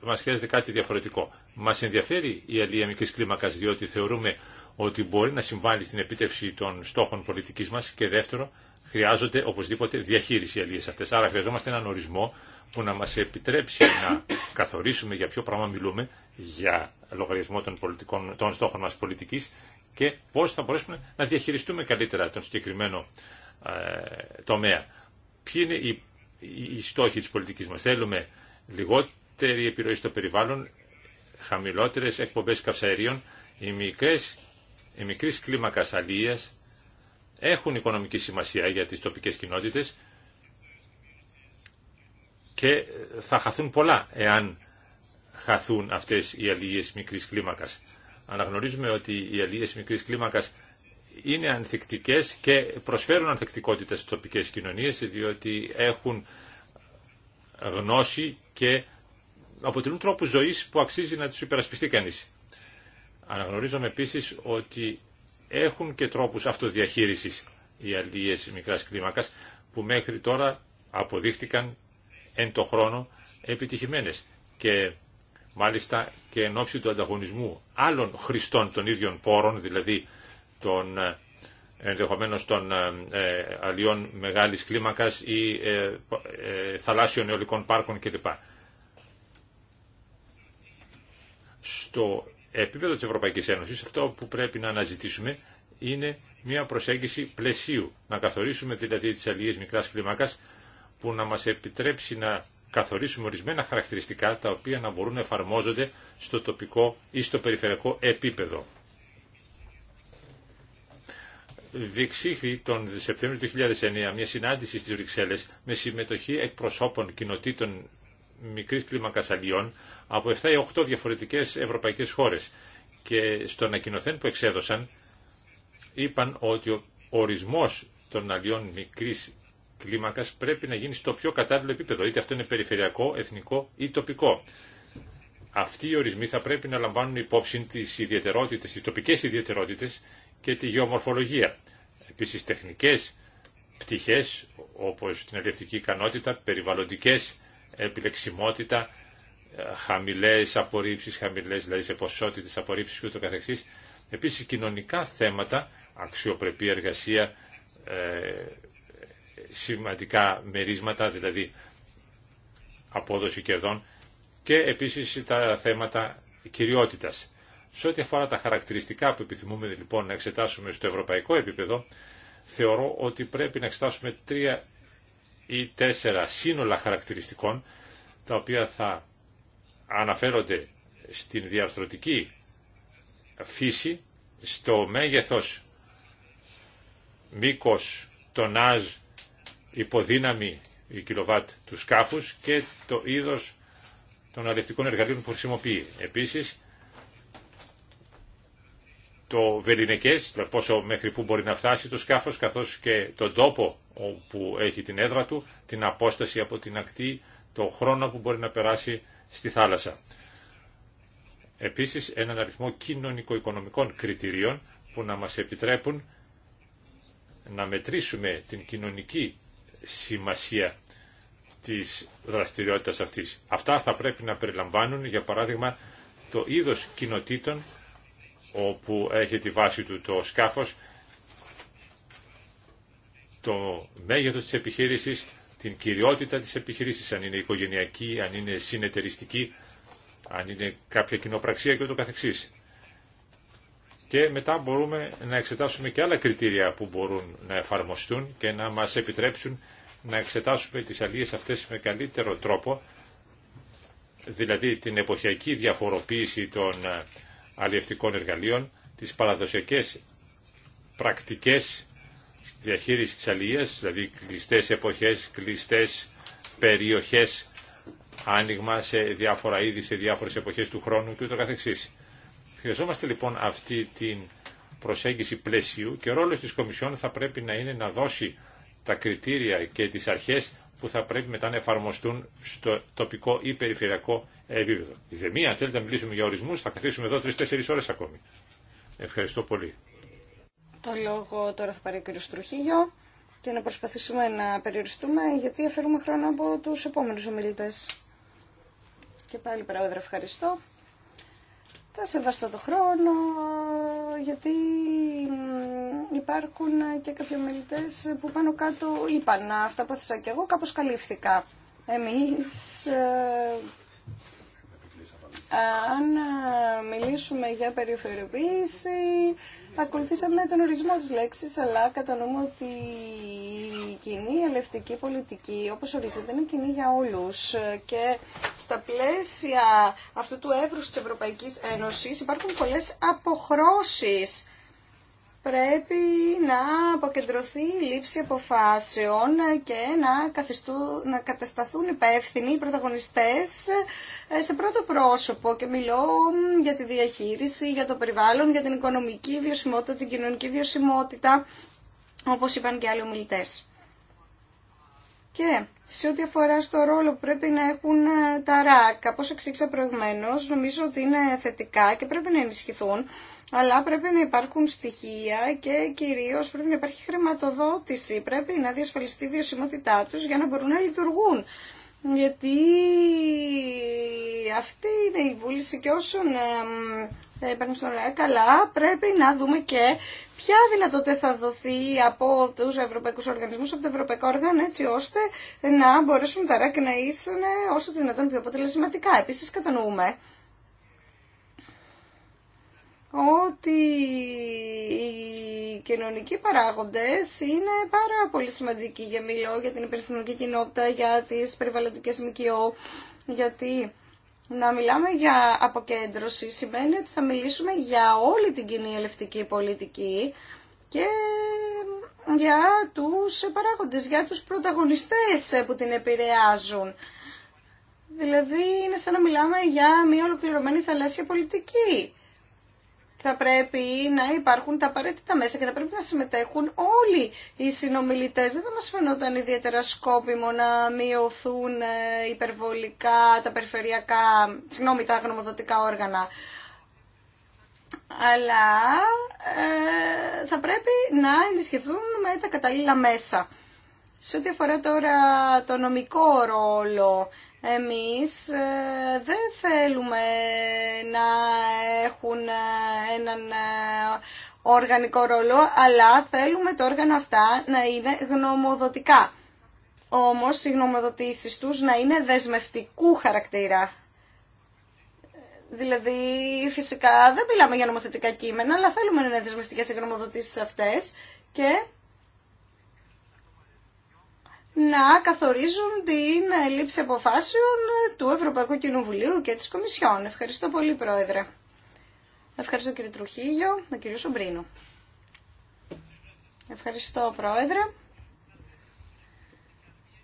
μας χρειάζεται κάτι διαφορετικό. Μας ενδιαφέρει η αλληλεία μικρής κλίμακας διότι θεωρούμε ότι μπορεί να συμβάλλει στην επίτευξη των στόχων πολιτικής μας και δεύτερο χρειάζονται οπωσδήποτε διαχείριση οι αυτέ. αυτές. Άρα χρειαζόμαστε έναν ορισμό που να μας επιτρέψει να καθορίσουμε για ποιο πράγμα μιλούμε για λογαριασμό των, των στόχων μας πολιτικής και πώς θα μπορέσουμε να διαχειριστούμε καλύτερα τον συγκεκριμένο ε, τομέα. Ποιοι είναι οι, στόχοι της πολιτικής μας. Θέλουμε λιγότερη επιρροή στο περιβάλλον, χαμηλότερες εκπομπές καυσαερίων, οι, μικρές, οι μικρής κλίμακας αλίας έχουν οικονομική σημασία για τις τοπικές κοινότητες και θα χαθούν πολλά εάν χαθούν αυτές οι αλληλίες μικρής κλίμακας. Αναγνωρίζουμε ότι οι αλληλίες μικρή κλίμακα είναι ανθεκτικές και προσφέρουν ανθεκτικότητα στι τοπικές κοινωνίε, διότι έχουν γνώση και αποτελούν τρόπου ζωής που αξίζει να τους υπερασπιστεί κανεί. Αναγνωρίζουμε επίσης ότι έχουν και τρόπους αυτοδιαχείρισης οι αλληλίες μικρά κλίμακα που μέχρι τώρα αποδείχτηκαν εν το χρόνο επιτυχημένες και μάλιστα και εν ώψη του ανταγωνισμού άλλων χρηστών των ίδιων πόρων, δηλαδή των ε, ενδεχομένω των ε, ε, αλλιών μεγάλη κλίμακα ή θαλάσσιων αιωλικών πάρκων κλπ. Στο επίπεδο της Ευρωπαϊκής Ένωσης αυτό που πρέπει να αναζητήσουμε είναι μια προσέγγιση πλαισίου. Να καθορίσουμε δηλαδή τις αλλιές μικράς κλίμακας που να μας επιτρέψει να καθορίσουμε ορισμένα χαρακτηριστικά τα οποία να μπορούν να εφαρμόζονται στο τοπικό ή στο περιφερειακό επίπεδο. Διεξήχθη τον Σεπτέμβριο του 2009 μια συνάντηση στις Βρυξέλλες με συμμετοχή εκπροσώπων κοινοτήτων μικρής κλίμακας αλλιών από 7 ή 8 διαφορετικές ευρωπαϊκές χώρες και στο ανακοινοθέν που εξέδωσαν είπαν ότι ο ορισμός των αλλιών μικρής πρέπει να γίνει στο πιο κατάλληλο επίπεδο, είτε αυτό είναι περιφερειακό, εθνικό ή τοπικό. Αυτοί οι ορισμοί θα πρέπει να λαμβάνουν υπόψη τις ιδιαιτερότητες, τις τοπικές ιδιαιτερότητες και τη γεωμορφολογία. Επίσης τεχνικές πτυχές όπως την αλληλευτική ικανότητα, περιβαλλοντικές επιλεξιμότητα, χαμηλές απορρίψεις, χαμηλές δηλαδή σε ποσότητες απορρίψεις και ούτω καθεξής. Επίσης κοινωνικά θέματα, αξιοπρεπή εργασία, ε, σημαντικά μερίσματα, δηλαδή απόδοση κερδών και επίσης τα θέματα κυριότητας. Σε ό,τι αφορά τα χαρακτηριστικά που επιθυμούμε λοιπόν να εξετάσουμε στο ευρωπαϊκό επίπεδο, θεωρώ ότι πρέπει να εξετάσουμε τρία ή τέσσερα σύνολα χαρακτηριστικών, τα οποία θα αναφέρονται στην διαρθρωτική φύση, στο μέγεθος, μήκος, τονάζ υποδύναμη η κιλοβάτ του σκάφους και το είδος των αλευτικών εργαλείων που χρησιμοποιεί. Επίσης, το βελινεκές, το δηλαδή πόσο μέχρι που μπορεί να φτάσει το σκάφος, καθώς και τον τόπο που έχει την έδρα του, την απόσταση από την ακτή, το χρόνο που μπορεί να περάσει στη θάλασσα. Επίσης, έναν αριθμό κοινωνικο-οικονομικών κριτηρίων που να μας επιτρέπουν να μετρήσουμε την κοινωνική σημασία της δραστηριότητας αυτής. Αυτά θα πρέπει να περιλαμβάνουν, για παράδειγμα, το είδος κοινοτήτων όπου έχει τη βάση του το σκάφος, το μέγεθος της επιχείρησης, την κυριότητα της επιχείρησης, αν είναι οικογενειακή, αν είναι συνεταιριστική, αν είναι κάποια κοινοπραξία και ούτω καθεξής. Και μετά μπορούμε να εξετάσουμε και άλλα κριτήρια που μπορούν να εφαρμοστούν και να μας επιτρέψουν να εξετάσουμε τις αλλίες αυτές με καλύτερο τρόπο, δηλαδή την εποχιακή διαφοροποίηση των ε, αλλιευτικών εργαλείων, τις παραδοσιακές πρακτικές διαχείρισης της αλλίας, δηλαδή κλειστές εποχές, κλειστές περιοχές, άνοιγμα σε διάφορα είδη, σε διάφορες εποχές του χρόνου και ούτω καθεξής. Χρειαζόμαστε λοιπόν αυτή την προσέγγιση πλαισίου και ο ρόλος της Κομισιόν θα πρέπει να είναι να δώσει τα κριτήρια και τις αρχές που θα πρέπει μετά να εφαρμοστούν στο τοπικό ή περιφερειακό επίπεδο. Η δεμία, αν θέλετε να μιλήσουμε για ορισμούς, θα καθίσουμε εδώ τρεις-τέσσερις ώρες ακόμη. Ευχαριστώ πολύ. Το λόγο τώρα θα πάρει ο κ. Στρουχίγιο και να προσπαθήσουμε να περιοριστούμε γιατί αφαιρούμε χρόνο από τους επόμενους ομιλητές. Και πάλι Πρόεδρε ευχαριστώ. Θα σεβαστώ το χρόνο γιατί υπάρχουν ε, και κάποιοι ομιλητές ε, που πάνω κάτω είπαν αυτά που έθεσα και εγώ, κάπω καλύφθηκα. Εμείς, ε, αν μιλήσουμε για περιφερειοποίηση, ακολουθήσαμε τον ορισμό της λέξης, αλλά κατανοούμε ότι η κοινή ελευτική πολιτική, όπως ορίζεται, είναι κοινή για όλους. Και στα πλαίσια αυτού του εύρους της Ευρωπαϊκής Ένωσης υπάρχουν πολλές αποχρώσεις πρέπει να αποκεντρωθεί η λήψη αποφάσεων και να, καθιστού, να κατασταθούν υπεύθυνοι οι πρωταγωνιστές ε, σε πρώτο πρόσωπο και μιλώ για τη διαχείριση, για το περιβάλλον, για την οικονομική βιωσιμότητα, την κοινωνική βιωσιμότητα, όπως είπαν και άλλοι ομιλητές. Και σε ό,τι αφορά στο ρόλο που πρέπει να έχουν ε, τα ΡΑΚ, όπως εξήξα προηγουμένως, νομίζω ότι είναι θετικά και πρέπει να ενισχυθούν αλλά πρέπει να υπάρχουν στοιχεία και κυρίως πρέπει να υπάρχει χρηματοδότηση. Πρέπει να διασφαλιστεί η βιωσιμότητά τους για να μπορούν να λειτουργούν. Γιατί αυτή είναι η βούληση και όσον παίρνουν στον ΡΑΕ, καλά πρέπει να δούμε και ποια δυνατότητα θα δοθεί από τους ευρωπαϊκούς οργανισμούς, από τα ευρωπαϊκά όργανα, έτσι ώστε να μπορέσουν τα ΡΑΚ να είσαι όσο δυνατόν πιο αποτελεσματικά. Επίσης κατανοούμε ότι οι κοινωνικοί παράγοντες είναι πάρα πολύ σημαντικοί για μιλώ, για την υπεραστηνική κοινότητα, για τις περιβαλλοντικές ΜΚΟ, γιατί να μιλάμε για αποκέντρωση σημαίνει ότι θα μιλήσουμε για όλη την κοινή ελευτική πολιτική και για τους παράγοντες, για τους πρωταγωνιστές που την επηρεάζουν. Δηλαδή είναι σαν να μιλάμε για μια ολοκληρωμένη θαλάσσια πολιτική θα πρέπει να υπάρχουν τα απαραίτητα μέσα και θα πρέπει να συμμετέχουν όλοι οι συνομιλητές. Δεν θα μας φαινόταν ιδιαίτερα σκόπιμο να μειωθούν ε, υπερβολικά τα περιφερειακά, συγγνώμη, τα γνωμοδοτικά όργανα. Αλλά ε, θα πρέπει να ενισχυθούν με τα κατάλληλα μέσα. Σε ό,τι αφορά τώρα το νομικό ρόλο εμείς ε, δεν θέλουμε να έχουν ε, έναν ε, οργανικό ρόλο, αλλά θέλουμε το όργανο αυτά να είναι γνωμοδοτικά. Όμως οι γνωμοδοτήσεις τους να είναι δεσμευτικού χαρακτήρα. Δηλαδή, φυσικά δεν μιλάμε για νομοθετικά κείμενα, αλλά θέλουμε να είναι δεσμευτικές οι γνωμοδοτήσεις αυτές και να καθορίζουν την ε, λήψη αποφάσεων ε, του Ευρωπαϊκού Κοινοβουλίου και της Κομισιόν. Ευχαριστώ πολύ, Πρόεδρε. Ευχαριστώ, κύριε Τρουχίγιο, τον κύριο Σομπρίνο. Ευχαριστώ, Πρόεδρε.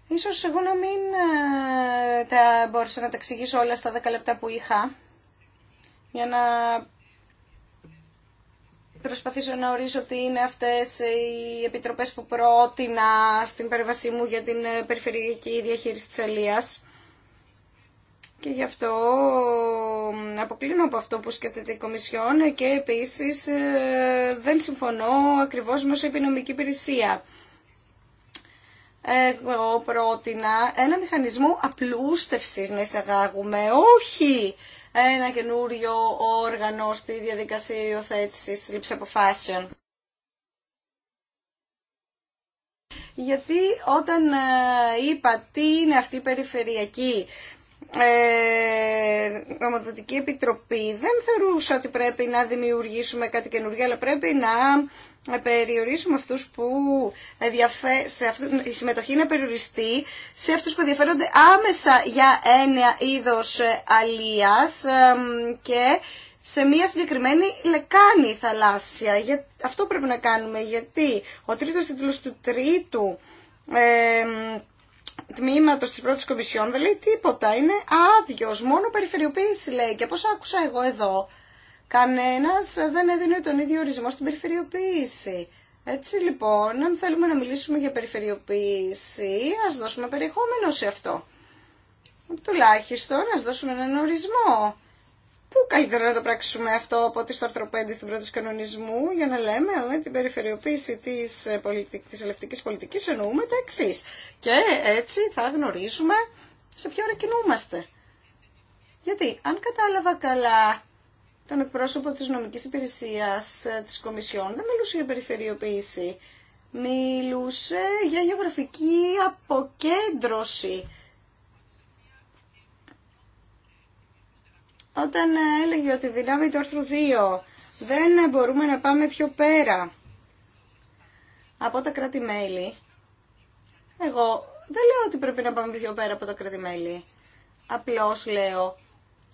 Ίσως εγώ να μην ε, τα μπόρεσα να τα εξηγήσω όλα στα 10 λεπτά που είχα για να προσπαθήσω να ορίσω τι είναι αυτές οι επιτροπές που πρότεινα στην παρεμβασή μου για την ε, περιφερειακή διαχείριση της Αλίας. Και γι' αυτό αποκλίνω από αυτό που σκέφτεται η Κομισιόν και επίσης ε, δεν συμφωνώ ακριβώς με όσο επινομική υπηρεσία. Εγώ πρότεινα ένα μηχανισμό απλούστευσης να εισαγάγουμε, όχι ένα καινούριο όργανο στη διαδικασία υιοθέτηση τη λήψη αποφάσεων. Γιατί όταν ε, είπα τι είναι αυτή η περιφερειακή ε, Νομοδοτική Επιτροπή δεν θεωρούσα ότι πρέπει να δημιουργήσουμε κάτι καινούργιο, αλλά πρέπει να περιορίσουμε αυτούς που διαφε... σε αυτού... η συμμετοχή να περιοριστεί σε αυτούς που ενδιαφέρονται άμεσα για ένα είδος ε, αλίας και σε μια συγκεκριμένη λεκάνη θαλάσσια. Για... Αυτό πρέπει να κάνουμε, γιατί ο τρίτος τίτλος του τρίτου τμήματο τη πρώτη κομισιόν δεν λέει τίποτα. Είναι άδειο. Μόνο περιφερειοποίηση λέει. Και πώ άκουσα εγώ εδώ, κανένα δεν έδινε τον ίδιο ορισμό στην περιφερειοποίηση. Έτσι λοιπόν, αν θέλουμε να μιλήσουμε για περιφερειοποίηση, ας δώσουμε περιεχόμενο σε αυτό. Τουλάχιστον, ας δώσουμε έναν ορισμό. Πού καλύτερα να το πράξουμε αυτό από ότι στο άρθρο 5 στην πρώτη κανονισμού για να λέμε ότι ε, την περιφερειοποίηση τη ε, πολιτικ της πολιτικής εννοούμε τα εξή. Και έτσι θα γνωρίζουμε σε ποια ώρα κινούμαστε. Γιατί αν κατάλαβα καλά τον εκπρόσωπο της νομικής υπηρεσίας ε, της Κομισιόν δεν μιλούσε για περιφερειοποίηση. Μιλούσε για γεωγραφική αποκέντρωση όταν ε, έλεγε ότι δυνάμει το Άρθρο 2 δεν μπορούμε να πάμε πιο πέρα από τα κράτη-μέλη. Εγώ δεν λέω ότι πρέπει να πάμε πιο πέρα από τα κράτη-μέλη. Απλώς λέω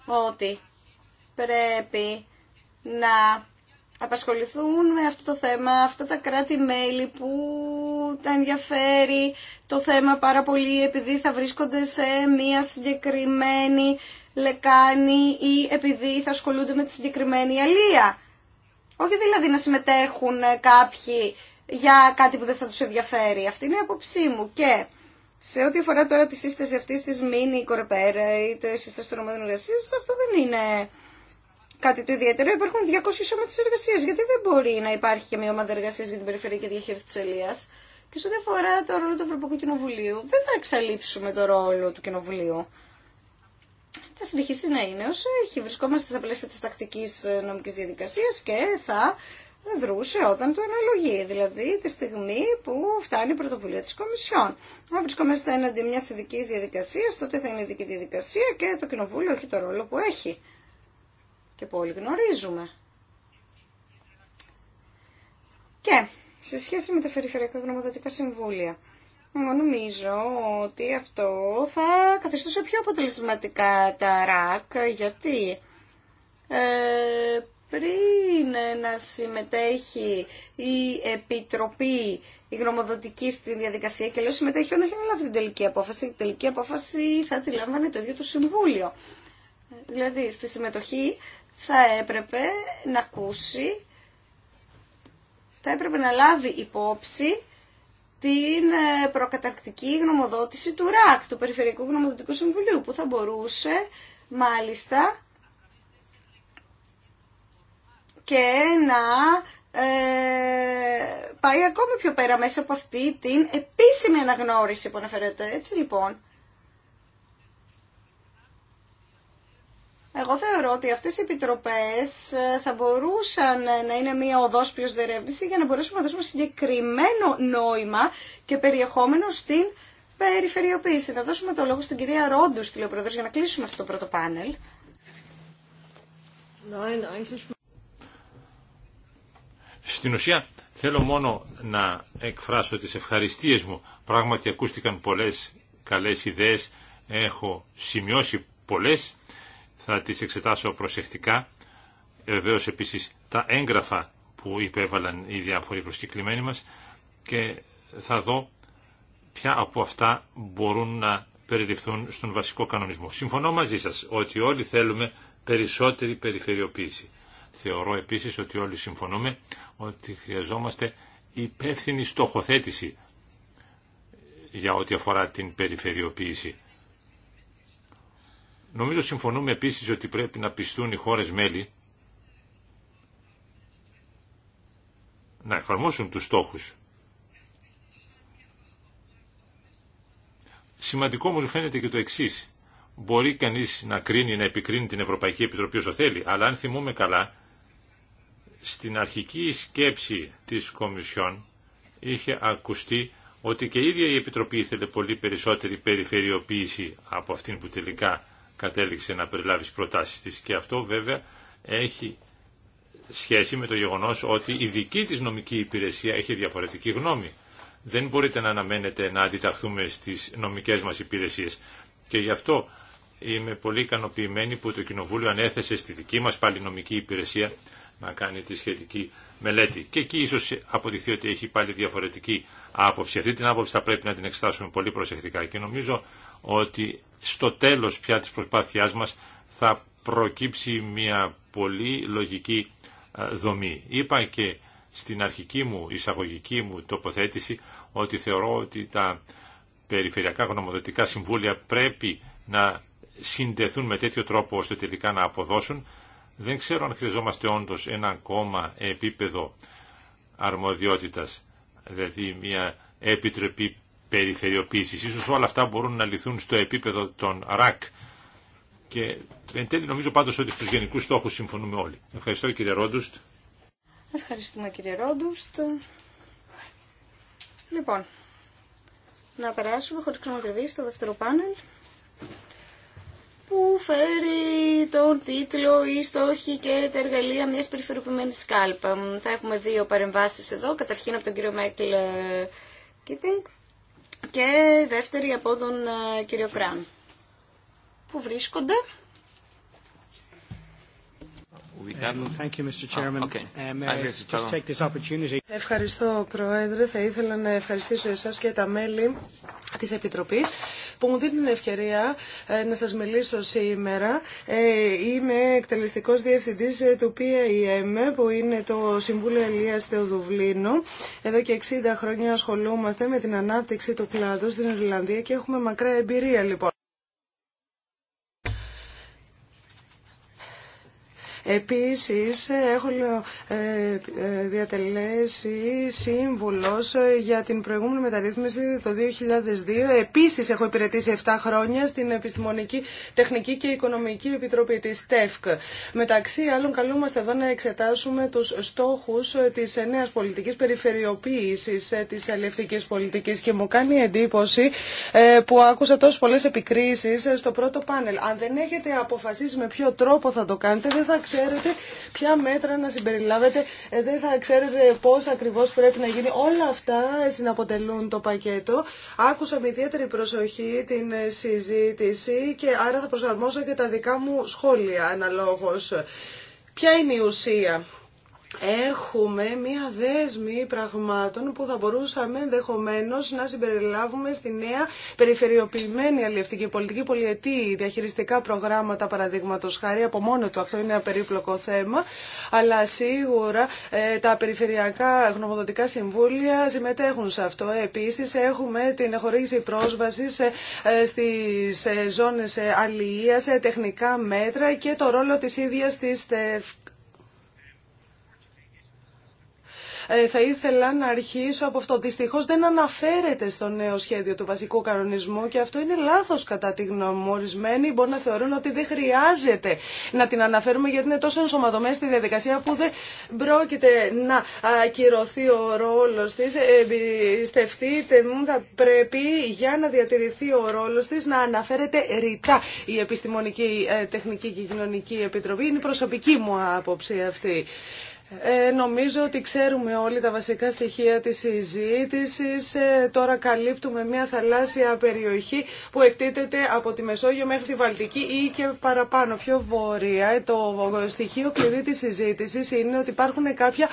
ότι πρέπει να απασχοληθούν με αυτό το θέμα αυτά τα κράτη-μέλη που τα ενδιαφέρει το θέμα πάρα πολύ επειδή θα βρίσκονται σε μια συγκεκριμένη λεκάνη ή επειδή θα ασχολούνται με τη συγκεκριμένη αλία. Όχι δηλαδή να συμμετέχουν κάποιοι για κάτι που δεν θα τους ενδιαφέρει. Αυτή είναι η απόψή μου. Και σε ό,τι αφορά τώρα τη σύσταση αυτή τη μήνυ κορεπέρα ή τη σύσταση των ομάδων εργασία, αυτό δεν είναι κάτι το ιδιαίτερο. Υπάρχουν 200 σώματα τη εργασία. Γιατί δεν μπορεί να υπάρχει και μια ομάδα εργασία για την περιφερειακή διαχείριση τη Ελία. Και σε ό,τι αφορά το ρόλο του Ευρωπαϊκού Κοινοβουλίου, δεν θα εξαλείψουμε το ρόλο του Κοινοβουλίου θα συνεχίσει να είναι όσο έχει. Βρισκόμαστε στα πλαίσια της τακτικής ε, νομικής διαδικασίας και θα δρούσε όταν το αναλογεί, δηλαδή τη στιγμή που φτάνει η πρωτοβουλία της Κομισιόν. Αν βρισκόμαστε έναντι μια ειδική διαδικασία, τότε θα είναι ειδική διαδικασία και το Κοινοβούλιο έχει το ρόλο που έχει. Και που όλοι γνωρίζουμε. Και σε σχέση με τα περιφερειακά γνωμοδοτικά συμβούλια. Εγώ νομίζω ότι αυτό θα καθιστούσε πιο αποτελεσματικά τα ΡΑΚ, γιατί ε, πριν να συμμετέχει η Επιτροπή η γνωμοδοτική στη διαδικασία και λέω συμμετέχει όχι να λάβει την τελική απόφαση, η τελική απόφαση θα τη λάμβανε το ίδιο το Συμβούλιο. Δηλαδή στη συμμετοχή θα έπρεπε να ακούσει, θα έπρεπε να λάβει υπόψη την ε, προκαταρκτική γνωμοδότηση του ΡΑΚ, του Περιφερειακού Γνωμοδοτικού Συμβουλίου, που θα μπορούσε μάλιστα και να ε, πάει ακόμη πιο πέρα μέσα από αυτή την επίσημη αναγνώριση που αναφέρεται. Έτσι λοιπόν, Εγώ θεωρώ ότι αυτές οι επιτροπές ε, θα μπορούσαν ε, να είναι μία οδός προς διερεύνηση για να μπορέσουμε να δώσουμε συγκεκριμένο νόημα και περιεχόμενο στην περιφερειοποίηση. Να δώσουμε το λόγο στην κυρία Ρόντου, τηλεοπρόεδρος, για να κλείσουμε αυτό το πρώτο πάνελ. Στην ουσία θέλω μόνο να εκφράσω τις ευχαριστίες μου. Πράγματι ακούστηκαν πολλές καλές ιδέες, έχω σημειώσει πολλές θα τις εξετάσω προσεκτικά. Βεβαίω επίσης τα έγγραφα που υπέβαλαν οι διάφοροι προσκεκλημένοι μας και θα δω ποια από αυτά μπορούν να περιληφθούν στον βασικό κανονισμό. Συμφωνώ μαζί σας ότι όλοι θέλουμε περισσότερη περιφερειοποίηση. Θεωρώ επίσης ότι όλοι συμφωνούμε ότι χρειαζόμαστε υπεύθυνη στοχοθέτηση για ό,τι αφορά την περιφερειοποίηση. Νομίζω συμφωνούμε επίσης ότι πρέπει να πιστούν οι χώρες μέλη να εφαρμόσουν τους στόχους. Σημαντικό μου φαίνεται και το εξής. Μπορεί κανείς να κρίνει, να επικρίνει την Ευρωπαϊκή Επιτροπή όσο θέλει, αλλά αν θυμούμε καλά, στην αρχική σκέψη της Κομισιόν είχε ακουστεί ότι και η ίδια η Επιτροπή ήθελε πολύ περισσότερη περιφερειοποίηση από αυτήν που τελικά κατέληξε να περιλάβει τις προτάσεις της και αυτό βέβαια έχει σχέση με το γεγονός ότι η δική της νομική υπηρεσία έχει διαφορετική γνώμη. Δεν μπορείτε να αναμένετε να αντιταχθούμε στις νομικές μας υπηρεσίες και γι' αυτό είμαι πολύ ικανοποιημένη που το Κοινοβούλιο ανέθεσε στη δική μας πάλι νομική υπηρεσία να κάνει τη σχετική μελέτη. Και εκεί ίσως αποδειχθεί ότι έχει πάλι διαφορετική άποψη. Αυτή την άποψη θα πρέπει να την εξετάσουμε πολύ προσεκτικά και νομίζω ότι στο τέλος πια της προσπάθειάς μας θα προκύψει μια πολύ λογική ε, δομή. Είπα και στην αρχική μου εισαγωγική μου τοποθέτηση ότι θεωρώ ότι τα περιφερειακά γνωμοδοτικά συμβούλια πρέπει να συνδεθούν με τέτοιο τρόπο ώστε τελικά να αποδώσουν. Δεν ξέρω αν χρειαζόμαστε όντως ένα ακόμα επίπεδο αρμοδιότητας, δηλαδή μια επιτρεπή, περιφερειοποίησης. Ίσως όλα αυτά μπορούν να λυθούν στο επίπεδο των ΡΑΚ. Και εν τέλει νομίζω πάντως ότι στους γενικούς στόχους συμφωνούμε όλοι. Ευχαριστώ κύριε Ρόντουστ. Ευχαριστούμε κύριε Ρόντουστ. Λοιπόν, να περάσουμε χωρίς χρονοκριβή στο δεύτερο πάνελ που φέρει τον τίτλο Η Στόχη και τα εργαλεία μιας περιφερειοποιημένης σκάλπα». Θα έχουμε δύο παρεμβάσεις εδώ, καταρχήν από τον κύριο Μέκλ Κίτινγκ και δεύτερη από τον ε, κύριο Κράν που βρίσκονται Oh, uh, Ευχαριστώ, Πρόεδρε. Θα ήθελα να ευχαριστήσω εσάς και τα μέλη της Επιτροπής που μου δίνουν την ευκαιρία ε, να σας μιλήσω σήμερα. Ε, είμαι εκτελεστικός διευθυντής ε, του PAEM, που είναι το Συμβούλιο Ελίας στο Δουβλίνο. Εδώ και 60 χρόνια ασχολούμαστε με την ανάπτυξη του κλάδου στην Ιρλανδία και έχουμε μακρά εμπειρία, λοιπόν. Επίσης, έχω ε, ε, διατελέσει σύμβουλος για την προηγούμενη μεταρρύθμιση το 2002. Επίσης, έχω υπηρετήσει 7 χρόνια στην Επιστημονική, Τεχνική και Οικονομική Επιτροπή της ΤΕΦΚ. Μεταξύ άλλων, καλούμαστε εδώ να εξετάσουμε τους στόχους της νέας πολιτικής περιφερειοποίησης ε, της αλληλευτικής πολιτικής και μου κάνει εντύπωση που άκουσα τόσες πολλές επικρίσεις στο πρώτο πάνελ. Αν δεν έχετε αποφασίσει με ποιο τρόπο θα το κάνετε, δεν θα ξέρετε ποια μέτρα να συμπεριλάβετε, ε, δεν θα ξέρετε πώ ακριβώ πρέπει να γίνει. Όλα αυτά συναποτελούν το πακέτο. Άκουσα με ιδιαίτερη προσοχή την συζήτηση και άρα θα προσαρμόσω και τα δικά μου σχόλια αναλόγω. Ποια είναι η ουσία έχουμε μία δέσμη πραγμάτων που θα μπορούσαμε ενδεχομένω να συμπεριλάβουμε στη νέα περιφερειοποιημένη αλληλευτική πολιτική πολιετή, διαχειριστικά προγράμματα παραδείγματο χάρη. Από μόνο του αυτό είναι ένα περίπλοκο θέμα, αλλά σίγουρα ε, τα περιφερειακά γνωμοδοτικά συμβούλια συμμετέχουν σε αυτό. Επίση, έχουμε την χορήγηση πρόσβαση ε, ε, στι ζώνε αλληλεία, τεχνικά μέτρα και το ρόλο τη ίδια τη Ε, θα ήθελα να αρχίσω από αυτό. Δυστυχώ δεν αναφέρεται στο νέο σχέδιο του βασικού κανονισμού και αυτό είναι λάθο κατά τη γνώμη μου. Ορισμένοι μπορεί να θεωρούν ότι δεν χρειάζεται να την αναφέρουμε γιατί είναι τόσο ενσωματωμένη στη διαδικασία που δεν πρόκειται να ακυρωθεί ο ρόλο τη. Εμπιστευτείτε μου, θα πρέπει για να διατηρηθεί ο ρόλο τη να αναφέρεται ρητά η Επιστημονική, ε, Τεχνική και Κοινωνική Επιτροπή. Είναι η προσωπική μου άποψη αυτή. Ε, νομίζω ότι ξέρουμε όλοι τα βασικά στοιχεία της συζήτηση. Ε, τώρα καλύπτουμε μια θαλάσσια περιοχή που εκτίθεται από τη Μεσόγειο μέχρι τη Βαλτική ή και παραπάνω, πιο βόρεια. Ε, το στοιχείο κλειδί της συζήτηση είναι ότι υπάρχουν κάποια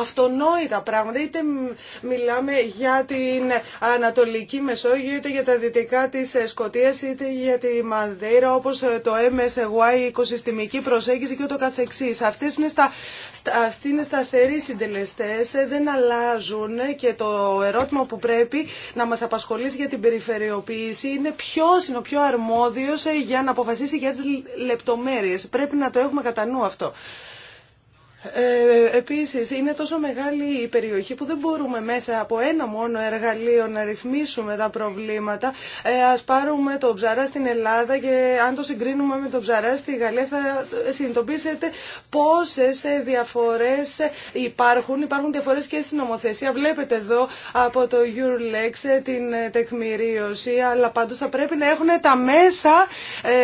αυτονόητα πράγματα. Είτε μιλάμε για την Ανατολική Μεσόγειο, είτε για τα δυτικά της Σκοτίας, είτε για τη Μαδέρα, όπως το MSY, η οικοσυστημική προσέγγιση και ούτω καθεξής. Αυτές είναι αυτοί είναι σταθεροί συντελεστέ, ε, δεν αλλάζουν και το ερώτημα που πρέπει να μα απασχολήσει για την περιφερειοποίηση είναι ποιο είναι ο πιο αρμόδιος ε, για να αποφασίσει για τις λεπτομέρειες. Πρέπει να το έχουμε κατά νου αυτό. Ε, επίσης, είναι τόσο μεγάλη η περιοχή που δεν μπορούμε μέσα από ένα μόνο εργαλείο να ρυθμίσουμε τα προβλήματα. Ε, ας πάρουμε το ψαρά στην Ελλάδα και αν το συγκρίνουμε με το ψαρά στη Γαλλία θα συνειδητοποιήσετε πόσες ε, διαφορές ε, υπάρχουν. Υπάρχουν διαφορές και στην νομοθεσία. Βλέπετε εδώ από το Eurlex ε, την τεκμηρίωση, αλλά πάντως θα πρέπει να έχουν τα μέσα ε,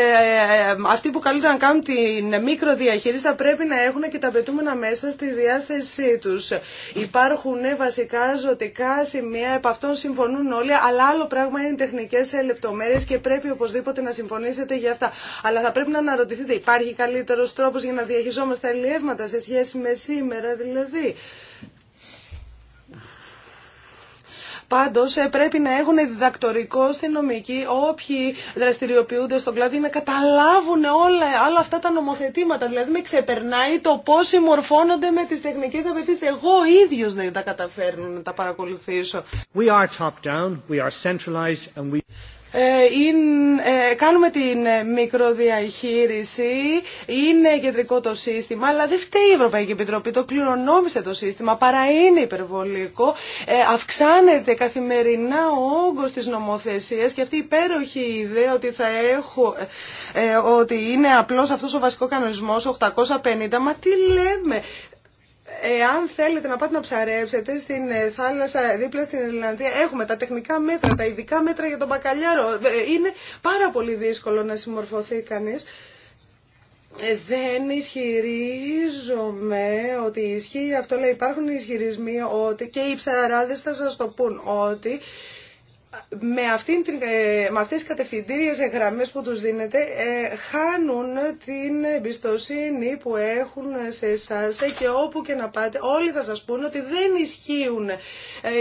αυτοί που καλούνται να κάνουν την μικροδιαχείριση θα πρέπει να έχουν και τα πετούμενα μέσα στη διάθεσή τους. Υπάρχουν βασικά ζωτικά σημεία, επ' αυτών συμφωνούν όλοι, αλλά άλλο πράγμα είναι τεχνικές λεπτομέρειες και πρέπει οπωσδήποτε να συμφωνήσετε για αυτά. Αλλά θα πρέπει να αναρωτηθείτε, υπάρχει καλύτερος τρόπος για να διαχειριζόμαστε ελιεύματα σε σχέση με σήμερα δηλαδή. Πάντω ε, πρέπει να έχουν διδακτορικό στην νομική όποιοι δραστηριοποιούνται στον κλάδο να καταλάβουν όλα, όλα αυτά τα νομοθετήματα. Δηλαδή με ξεπερνάει το πώς συμμορφώνονται με τις τεχνικές απαιτήσει. Εγώ ίδιο δεν τα καταφέρνω να τα παρακολουθήσω. We are top down, we are centralized and we είναι, ε, κάνουμε την μικροδιαχείριση, είναι κεντρικό το σύστημα, αλλά δεν φταίει η Ευρωπαϊκή Επιτροπή, το κληρονόμησε το σύστημα, παρά είναι υπερβολικό, ε, αυξάνεται καθημερινά ο όγκος της νομοθεσίας και αυτή η υπέροχη ιδέα ότι θα έχω, ε, ότι είναι απλώς αυτός ο βασικό κανονισμός 850, μα τι λέμε, Εάν θέλετε να πάτε να ψαρέψετε στην ε, θάλασσα δίπλα στην Ιρλανδία, έχουμε τα τεχνικά μέτρα, τα ειδικά μέτρα για τον μπακαλιάρο. Ε, είναι πάρα πολύ δύσκολο να συμμορφωθεί κανείς. Ε, δεν ισχυρίζομαι ότι ισχύει αυτό, αλλά υπάρχουν ισχυρισμοί ότι και οι ψαράδες θα σας το πούν ότι με, αυτήν την, ε, με αυτές τις κατευθυντήριες γραμμές που τους δίνετε ε, χάνουν την εμπιστοσύνη που έχουν σε εσά ε, και όπου και να πάτε όλοι θα σας πούνε ότι δεν ισχύουν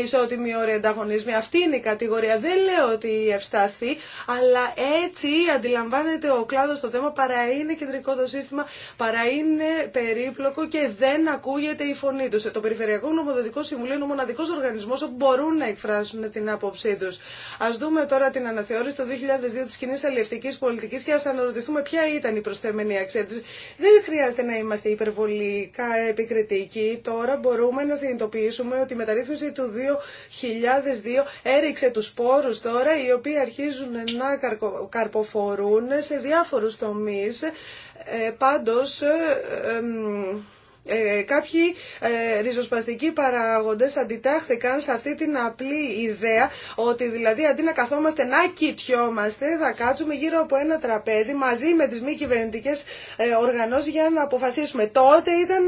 ισότιμοι όροι ανταγωνισμοί. Αυτή είναι η κατηγορία. Δεν λέω ότι ευσταθεί, αλλά έτσι αντιλαμβάνεται ο κλάδος το θέμα παρά είναι κεντρικό το σύστημα, παρά είναι περίπλοκο και δεν ακούγεται η φωνή τους. Το Περιφερειακό Νομοδοτικό Συμβουλίο είναι ο μοναδικός οργανισμός όπου μπορούν να εκφράσουν την άποψή τους. Ας δούμε τώρα την αναθεώρηση το 2002 τη κοινή αλληλευτική Πολιτική και α αναρωτηθούμε ποια ήταν η προσθέμενη αξία τη. Δεν χρειάζεται να είμαστε υπερβολικά επικριτικοί. Τώρα μπορούμε να συνειδητοποιήσουμε ότι η μεταρρύθμιση του 2002 έριξε τους σπόρους τώρα οι οποίοι αρχίζουν να καρποφορούν σε διάφορου τομεί ε, πάντως, ε, ε, ε, κάποιοι ε, ριζοσπαστικοί παράγοντες αντιτάχθηκαν σε αυτή την απλή ιδέα ότι δηλαδή αντί να καθόμαστε να κοιτιόμαστε θα κάτσουμε γύρω από ένα τραπέζι μαζί με τις μη κυβερνητικέ ε, οργανώσεις για να αποφασίσουμε. Τότε ήταν,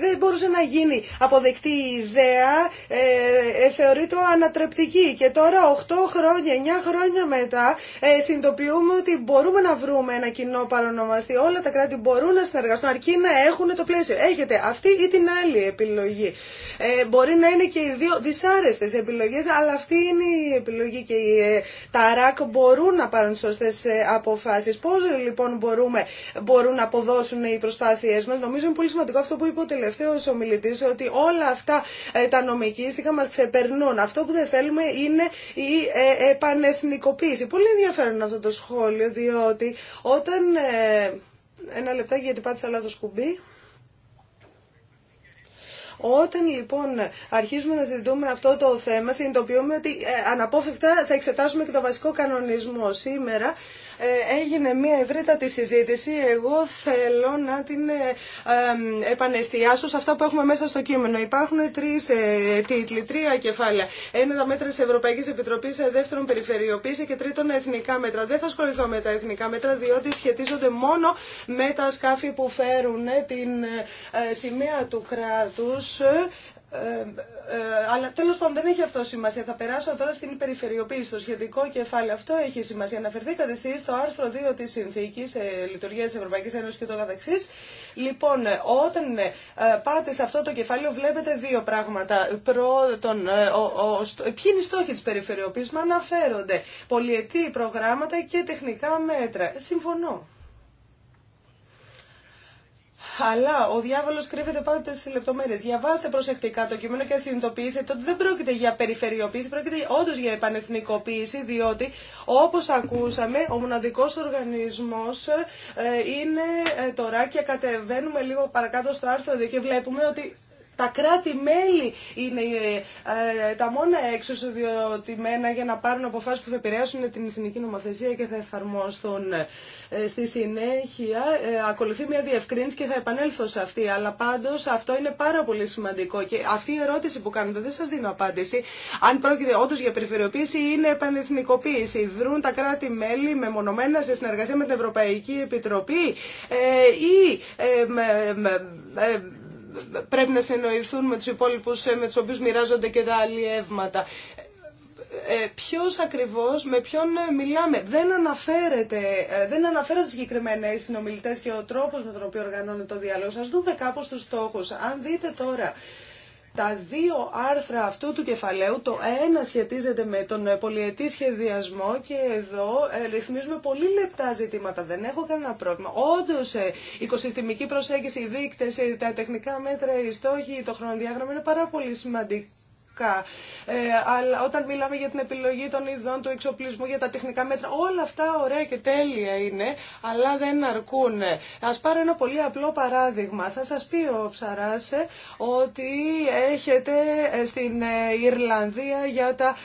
δεν μπορούσε να γίνει αποδεκτή η ιδέα, ε, θεωρείται ανατρεπτική και τώρα 8 χρόνια, 9 χρόνια μετά ε, συνειδητοποιούμε ότι μπορούμε να βρούμε ένα κοινό παρονομαστή. Όλα τα κράτη μπορούν να συνεργαστούν αρκεί να έχουν έχουν το πλαίσιο. Έχετε αυτή ή την άλλη επιλογή. Ε, μπορεί να είναι και οι δύο δυσάρεστε επιλογέ, αλλά αυτή είναι η επιλογή και οι, ε, τα ΡΑΚ μπορούν να πάρουν σωστέ ε, αποφάσει. Πώ λοιπόν μπορούμε, μπορούν να αποδώσουν οι προσπάθειέ μα. Νομίζω είναι πολύ σημαντικό αυτό που είπε ο τελευταίο ομιλητή, ότι όλα αυτά ε, τα νομικήστικα μα ξεπερνούν. Αυτό που δεν θέλουμε είναι η ε, επανεθνικοποίηση. Πολύ ενδιαφέρον αυτό το σχόλιο, διότι όταν. Ε, ένα λεπτάκι γιατί πάτησα λάθος κουμπί. Όταν λοιπόν αρχίζουμε να ζητούμε αυτό το θέμα, συνειδητοποιούμε ότι ε, αναπόφευκτα θα εξετάσουμε και το βασικό κανονισμό. Σήμερα ε, έγινε μια ευρύτατη συζήτηση. Εγώ θέλω να την ε, επανεστιάσω σε αυτά που έχουμε μέσα στο κείμενο. Υπάρχουν τρει ε, τίτλοι, τρία κεφάλαια. Ένα τα μέτρα τη Ευρωπαϊκή Επιτροπή, δεύτερον περιφερειοποίηση και τρίτον εθνικά μέτρα. Δεν θα ασχοληθώ με τα εθνικά μέτρα διότι σχετίζονται μόνο με τα σκάφη που φέρουν την σημαία του κράτους ε, ε, αλλά τέλος πάντων δεν έχει αυτό σημασία. Θα περάσω τώρα στην περιφερειοποίηση, στο σχετικό κεφάλαιο. Αυτό έχει σημασία. Αναφερθήκατε εσείς στο άρθρο 2 της Συνθήκης, ε, Λειτουργία της Ευρωπαϊκής Ένωσης και το καθεξής. Λοιπόν, ε, όταν πάτε σε αυτό το κεφάλαιο βλέπετε δύο πράγματα. Πρώτον, ποιοι είναι οι στόχοι της περιφερειοποίησης, μα αναφέρονται πολιετή προγράμματα και τεχνικά μέτρα. Συμφωνώ. Αλλά ο διάβολο κρύβεται πάντοτε στι λεπτομέρειε. Διαβάστε προσεκτικά το κείμενο και συνειδητοποιήστε ότι δεν πρόκειται για περιφερειοποίηση, πρόκειται όντω για επανεθνικοποίηση, διότι όπω ακούσαμε, ο μοναδικό οργανισμό ε, είναι ε, τώρα και κατεβαίνουμε λίγο παρακάτω στο άρθρο 2 και βλέπουμε ότι τα κράτη-μέλη είναι ε, ε, τα μόνα εξουσιοδοτημένα για να πάρουν αποφάσεις που θα επηρεάσουν την εθνική νομοθεσία και θα εφαρμόσουν ε, στη συνέχεια. ακολουθεί μια διευκρίνηση και θα επανέλθω σε αυτή. Αλλά πάντως αυτό είναι πάρα πολύ σημαντικό και αυτή η ερώτηση που κάνετε δεν σας δίνω απάντηση. Αν πρόκειται όντως για περιφερειοποίηση ή είναι επανεθνικοποίηση. Δρούν τα κράτη-μέλη μεμονωμένα σε συνεργασία με την Ευρωπαϊκή Επιτροπή ή πρέπει να συνοηθούν με τους υπόλοιπους ε, με τους οποίους μοιράζονται και τα αλλιεύματα. Ε, ποιος ακριβώς, με ποιον ε, μιλάμε. Δεν αναφέρεται, ε, δεν αναφέρονται συγκεκριμένα οι συνομιλητές και ο τρόπος με τον οποίο οργανώνεται το διάλογο. Σας δούμε κάπως τους στόχους. Αν δείτε τώρα τα δύο άρθρα αυτού του κεφαλαίου, το ένα σχετίζεται με τον πολιετή σχεδιασμό και εδώ ε, ρυθμίζουμε πολύ λεπτά ζητήματα. Δεν έχω κανένα πρόβλημα. Όντω, ε, οικοσυστημική προσέγγιση, οι δείκτε, ε, τα τεχνικά μέτρα, οι στόχοι, το χρονοδιάγραμμα είναι πάρα πολύ σημαντικό ε, αλλά όταν μιλάμε για την επιλογή των ειδών του εξοπλισμού, για τα τεχνικά μέτρα, όλα αυτά ωραία και τέλεια είναι, αλλά δεν αρκούν. Α πάρω ένα πολύ απλό παράδειγμα. Θα σα πει ο ψαρά ε, ότι έχετε ε, στην Ιρλανδία για τα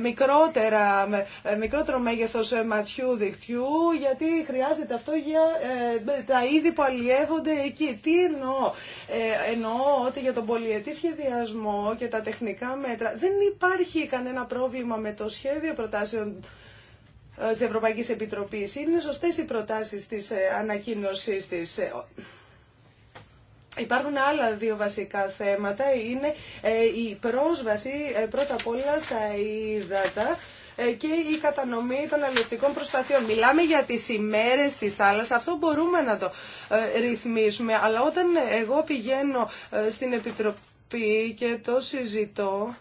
μικρότερα, μικρότερο μέγεθο ματιού δικτυού, γιατί χρειάζεται αυτό για τα είδη που αλλιεύονται εκεί. Τι εννοώ. εννοώ ότι για τον πολιετή σχεδιασμό και τα τεχνικά δεν υπάρχει κανένα πρόβλημα με το σχέδιο προτάσεων ε, της Ευρωπαϊκής Επιτροπής. Είναι σωστές οι προτάσεις της ε, ανακοίνωσής της. Ε, Υπάρχουν άλλα δύο βασικά θέματα. Είναι η πρόσβαση πρώτα απ' όλα στα ύδατα και η κατανομή των αλληλευτικών προσπαθειών. Μιλάμε για τις ημέρες στη θάλασσα, αυτό μπορούμε να το ρυθμίσουμε, αλλά όταν εγώ πηγαίνω στην Επιτροπή πει και το συζητώ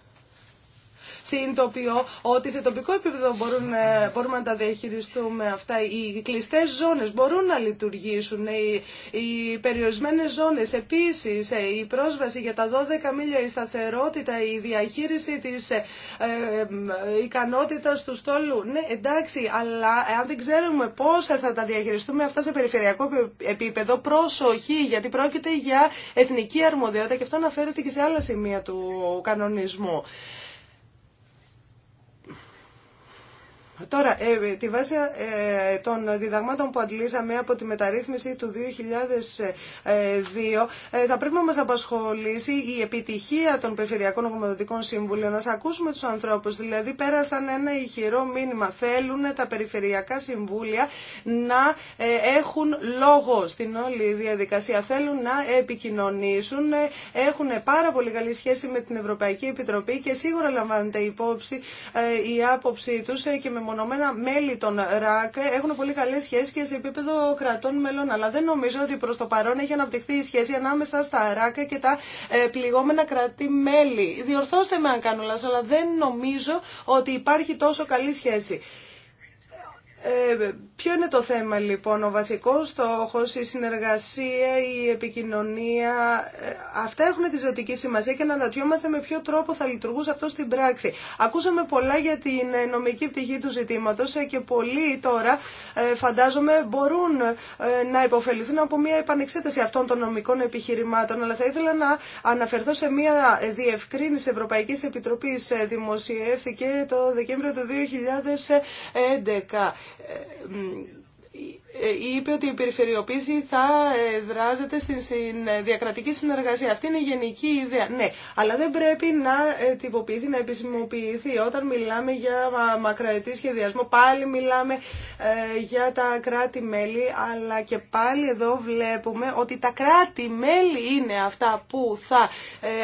συνειδητοποιώ ότι σε τοπικό επίπεδο μπορούν, ε, μπορούμε να τα διαχειριστούμε αυτά. Οι κλειστέ ζώνε μπορούν να λειτουργήσουν, οι, οι περιορισμένε ζώνε επίση, ε, η πρόσβαση για τα 12 μίλια, η σταθερότητα, η διαχείριση τη ε, ικανότητα του στόλου. Ναι, εντάξει, αλλά αν δεν ξέρουμε πώ θα τα διαχειριστούμε αυτά σε περιφερειακό επίπεδο, προσοχή, γιατί πρόκειται για εθνική αρμοδιότητα και αυτό αναφέρεται και σε άλλα σημεία του κανονισμού. Τώρα, ε, τη βάση ε, των διδαγμάτων που αντλήσαμε από τη μεταρρύθμιση του 2002 ε, θα πρέπει να μας απασχολήσει η επιτυχία των Περιφερειακών Ογκομοδοτικών Συμβουλίων. Να ακούσουμε τους ανθρώπους, δηλαδή πέρασαν ένα ηχηρό μήνυμα. Θέλουν τα Περιφερειακά Συμβούλια να έχουν λόγο στην όλη διαδικασία. Θέλουν να επικοινωνήσουν, έχουν πάρα πολύ καλή σχέση με την Ευρωπαϊκή Επιτροπή και σίγουρα λαμβάνεται υπόψη η άποψή τους και με μονόμενα μέλη των ΡΑΚ έχουν πολύ καλέ σχέσει και σε επίπεδο κρατών μελών. Αλλά δεν νομίζω ότι προ το παρόν έχει αναπτυχθεί η σχέση ανάμεσα στα ΡΑΚ και τα ε, πληγόμενα κρατή-μέλη. Διορθώστε με αν κάνω λάθο, αλλά δεν νομίζω ότι υπάρχει τόσο καλή σχέση. Ε, ποιο είναι το θέμα λοιπόν, ο βασικός στόχος, η συνεργασία, η επικοινωνία, ε, αυτά έχουν τη ζωτική σημασία και να αναρωτιόμαστε με ποιο τρόπο θα λειτουργούσε αυτό στην πράξη. Ακούσαμε πολλά για την ε, νομική πτυχή του ζητήματος ε, και πολλοί τώρα φαντάζομαι μπορούν να υποφεληθούν από μια επανεξέταση αυτών των νομικών επιχειρημάτων, αλλά θα ήθελα να αναφερθώ σε μια διευκρίνηση Ευρωπαϊκής Επιτροπής δημοσιεύθηκε το Δεκέμβριο του 2011 Ευχαριστώ. Ε, είπε ότι η περιφερειοποίηση θα ε, δράζεται στην διακρατική συνεργασία. Αυτή είναι η γενική ιδέα. Ναι, αλλά δεν πρέπει να ε, τυποποιηθεί, να επισημοποιηθεί. Όταν μιλάμε για μακροετή σχεδιασμό, πάλι μιλάμε για τα κράτη-μέλη, αλλά και πάλι εδώ βλέπουμε ότι τα κράτη-μέλη είναι αυτά που θα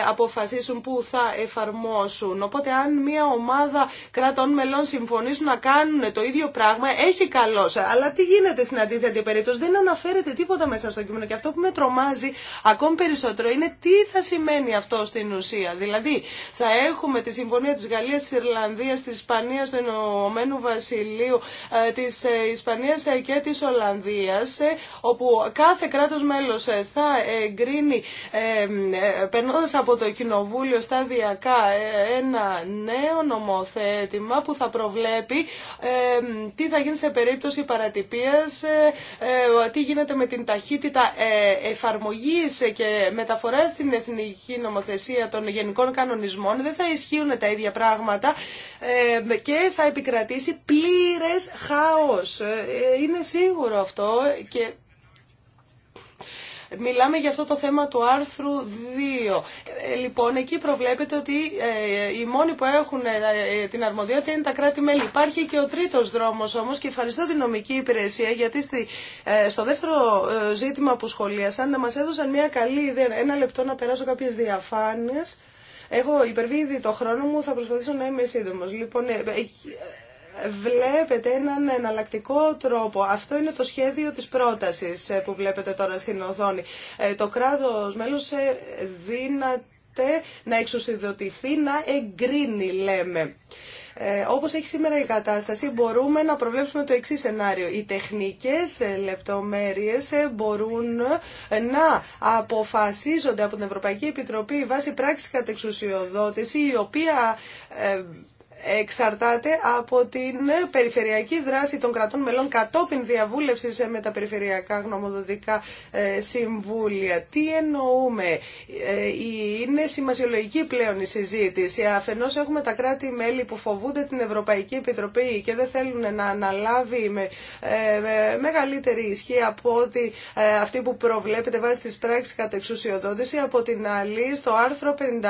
αποφασίσουν, που θα εφαρμόσουν. Οπότε αν μια ομάδα κρατών μελών συμφωνήσουν να κάνουν το ίδιο πράγμα, έχει καλό. Αλλά τι γίνεται στην αντίθετη περίπτωση. Δεν αναφέρεται τίποτα μέσα στο κείμενο. Και αυτό που με τρομάζει ακόμη περισσότερο είναι τι θα σημαίνει αυτό στην ουσία. Δηλαδή, θα έχουμε τη συμφωνία της γαλλιας τη Ιρλανδίας, τη Ισπανία, του Ηνωμένου Βασιλείου, ε, της ε, Ισπανίας ε, και της Ολλανδίας όπου κάθε κράτος μέλος θα εγκρίνει, περνώντα από το Κοινοβούλιο σταδιακά ένα νέο νομοθέτημα που θα προβλέπει τι θα γίνει σε περίπτωση παρατυπίας ε, τι γίνεται με την ταχύτητα ε, εφαρμογής και μεταφοράς στην εθνική νομοθεσία των γενικών κανονισμών. Δεν θα ισχύουν τα ίδια πράγματα ε, και θα επικρατήσει πλήρες χάος. Είναι σίγουρο αυτό και Μιλάμε για αυτό το θέμα του άρθρου 2. Ε, λοιπόν, εκεί προβλέπεται ότι ε, οι μόνοι που έχουν ε, την αρμοδιότητα είναι τα κράτη-μέλη. Υπάρχει και ο τρίτος δρόμος όμω και ευχαριστώ την νομική υπηρεσία γιατί στη, στο δεύτερο ζήτημα που σχολίασαν να μας έδωσαν μια καλή ιδέα. Ένα λεπτό να περάσω κάποιες διαφάνειες. Έχω υπερβεί ήδη το χρόνο μου, θα προσπαθήσω να είμαι σύντομο. Λοιπόν, βλέπετε έναν εναλλακτικό τρόπο. Αυτό είναι το σχέδιο της πρότασης ε, που βλέπετε τώρα στην οθόνη. Ε, το κράτος μέλος ε, δύναται να εξουσιοδοτηθεί, να εγκρίνει λέμε. Ε, όπως έχει σήμερα η κατάσταση μπορούμε να προβλέψουμε το εξής σενάριο. Οι τεχνικές λεπτομέρειες μπορούν να αποφασίζονται από την Ευρωπαϊκή Επιτροπή βάσει πράξη κατεξουσιοδότηση η οποία εξαρτάται από την περιφερειακή δράση των κρατών μελών κατόπιν διαβούλευσης με τα περιφερειακά γνωμοδοτικά ε, συμβούλια. Τι εννοούμε. Ε, είναι σημασιολογική πλέον η συζήτηση. Αφενός έχουμε τα κράτη-μέλη που φοβούνται την Ευρωπαϊκή Επιτροπή και δεν θέλουν να αναλάβει με ε, μεγαλύτερη ισχύ από ότι αυτή που προβλέπεται βάσει τη πράξη κατά εξουσιοδότηση. Από την άλλη, στο άρθρο 55.5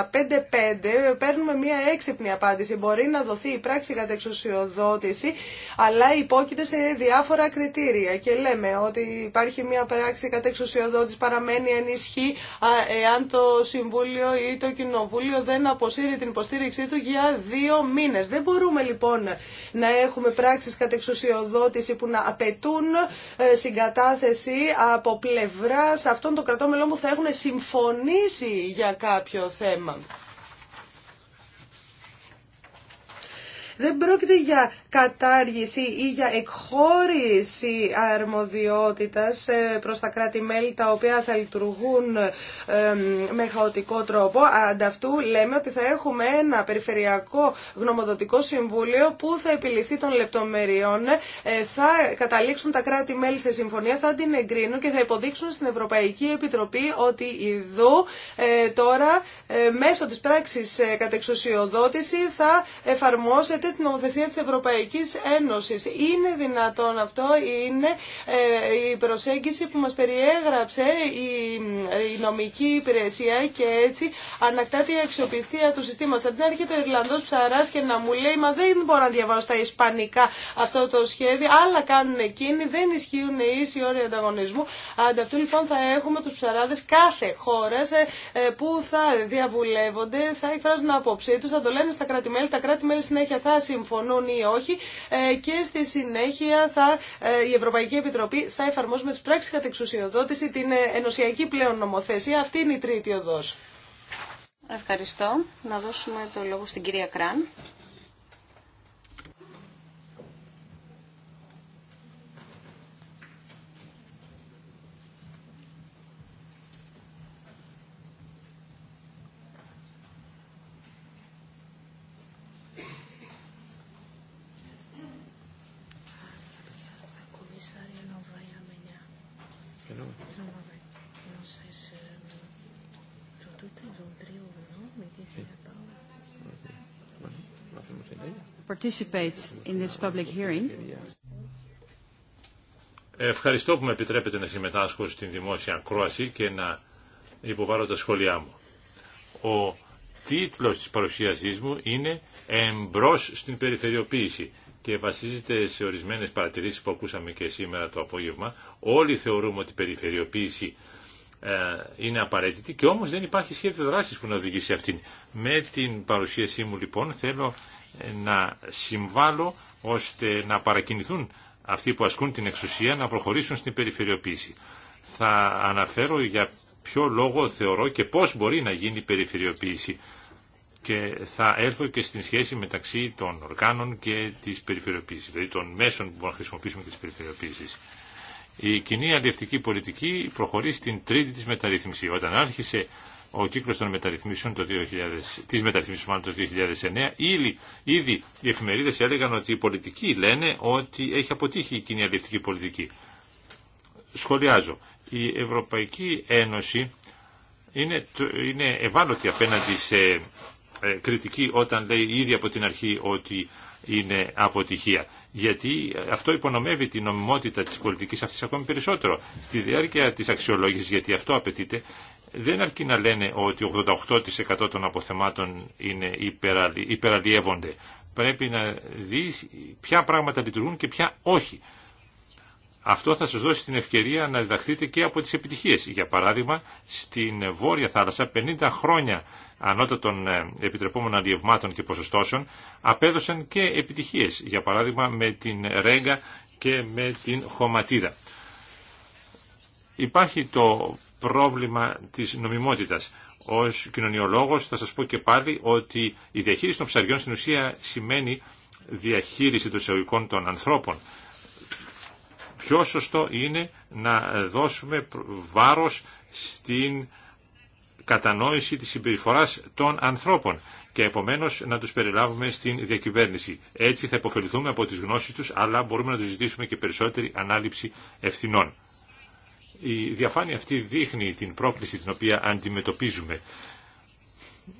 παίρνουμε μια έξυπνη απάντηση. Μπορεί να να δοθεί η πράξη κατά εξουσιοδότηση, αλλά υπόκειται σε διάφορα κριτήρια. Και λέμε ότι υπάρχει μια πράξη κατά εξουσιοδότηση, παραμένει ενισχύ εάν το Συμβούλιο ή το Κοινοβούλιο δεν αποσύρει την υποστήριξή του για δύο μήνε. Δεν μπορούμε λοιπόν να έχουμε πράξεις κατά εξουσιοδότηση που να απαιτούν ε, συγκατάθεση από πλευρά αυτών των κρατών μελών που θα έχουν συμφωνήσει για κάποιο θέμα. Δεν πρόκειται για κατάργηση ή για εκχώρηση αρμοδιότητας ε, προς τα κράτη-μέλη τα οποία θα λειτουργούν με χαοτικό τρόπο. Ανταυτού λέμε ότι θα έχουμε ένα περιφερειακό γνωμοδοτικό συμβούλιο που θα επιληφθεί των λεπτομεριών, ε, θα καταλήξουν τα κράτη-μέλη σε συμφωνία, θα την εγκρίνουν και θα υποδείξουν στην Ευρωπαϊκή Επιτροπή ότι ειδού ε, τώρα μέσω της πράξης κατεξουσιοδότηση θα εφαρμόσετε την νομοθεσία της Ευρωπαϊκής Ένωσης. Είναι δυνατόν αυτό, είναι ε, η προσέγγιση που μας περιέγραψε η, ε, νομική υπηρεσία και έτσι ανακτάται η αξιοπιστία του συστήματος. Αντί να έρχεται ο Ιρλανδός ψαράς και να μου λέει «Μα δεν μπορώ να διαβάσω στα ισπανικά αυτό το σχέδιο, άλλα κάνουν εκείνοι, δεν ισχύουν οι ίσοι όροι ανταγωνισμού». Ανταυτού λοιπόν θα έχουμε τους ψαράδες κάθε χώρας ε, που θα διαβουλεύονται, θα εκφράζουν άποψή του, θα το λένε στα κράτη-μέλη, τα κράτη-μέλη συνέχεια θα θα συμφωνούν ή όχι ε, και στη συνέχεια θα, ε, η Ευρωπαϊκή Επιτροπή θα εφαρμόσει με τις πράξεις κατεξουσιοδότηση την ε, ενωσιακή πλέον νομοθεσία. Αυτή είναι η τρίτη οδός. Ευχαριστώ. Να δώσουμε το λόγο στην κυρία Κράν. participate in this public hearing. Ευχαριστώ που με επιτρέπετε να συμμετάσχω στην δημόσια ακρόαση και να υποβάλλω τα σχόλιά μου. Ο τίτλος της παρουσίασής μου είναι «Εμπρός στην περιφερειοποίηση» και βασίζεται σε ορισμένες παρατηρήσεις που ακούσαμε και σήμερα το απόγευμα. Όλοι θεωρούμε ότι η περιφερειοποίηση ε, είναι απαραίτητη και όμως δεν υπάρχει σχέδιο δράσης που να οδηγήσει αυτήν. Με την παρουσίασή μου λοιπόν θέλω να συμβάλλω ώστε να παρακινηθούν αυτοί που ασκούν την εξουσία να προχωρήσουν στην περιφερειοποίηση. Θα αναφέρω για ποιο λόγο θεωρώ και πώς μπορεί να γίνει η περιφερειοποίηση και θα έρθω και στην σχέση μεταξύ των οργάνων και της περιφερειοποίησης, δηλαδή των μέσων που μπορούμε να χρησιμοποιήσουμε και της περιφερειοποίησης. Η κοινή αλληλευτική πολιτική προχωρεί στην τρίτη της μεταρρύθμιση. Όταν άρχισε ο κύκλος των μεταρρυθμίσεων το 2000, της μεταρρυθμίσεων το 2009 ήδη, ήδη οι εφημερίδες έλεγαν ότι οι πολιτικοί λένε ότι έχει αποτύχει η κοινή πολιτική. Σχολιάζω. Η Ευρωπαϊκή Ένωση είναι, είναι ευάλωτη απέναντι σε ε, κριτική όταν λέει ήδη από την αρχή ότι είναι αποτυχία. Γιατί αυτό υπονομεύει την νομιμότητα της πολιτικής αυτής ακόμη περισσότερο. Στη διάρκεια της αξιολόγησης, γιατί αυτό απαιτείται, δεν αρκεί να λένε ότι 88% των αποθεμάτων είναι Πρέπει να δεις ποια πράγματα λειτουργούν και ποια όχι. Αυτό θα σας δώσει την ευκαιρία να διδαχθείτε και από τις επιτυχίες. Για παράδειγμα, στην Βόρεια Θάλασσα 50 χρόνια ανώτατων ε, επιτρεπόμενων αντιευμάτων και ποσοστώσεων απέδωσαν και επιτυχίες, για παράδειγμα με την ρέγγα και με την χωματίδα. Υπάρχει το πρόβλημα της νομιμότητας. Ως κοινωνιολόγος θα σας πω και πάλι ότι η διαχείριση των ψαριών στην ουσία σημαίνει διαχείριση των εισαγωγικών των ανθρώπων. Πιο σωστό είναι να δώσουμε βάρος στην κατανόηση της συμπεριφοράς των ανθρώπων και επομένως να τους περιλάβουμε στην διακυβέρνηση. Έτσι θα υποφεληθούμε από τις γνώσεις τους, αλλά μπορούμε να τους ζητήσουμε και περισσότερη ανάληψη ευθυνών. Η διαφάνεια αυτή δείχνει την πρόκληση την οποία αντιμετωπίζουμε.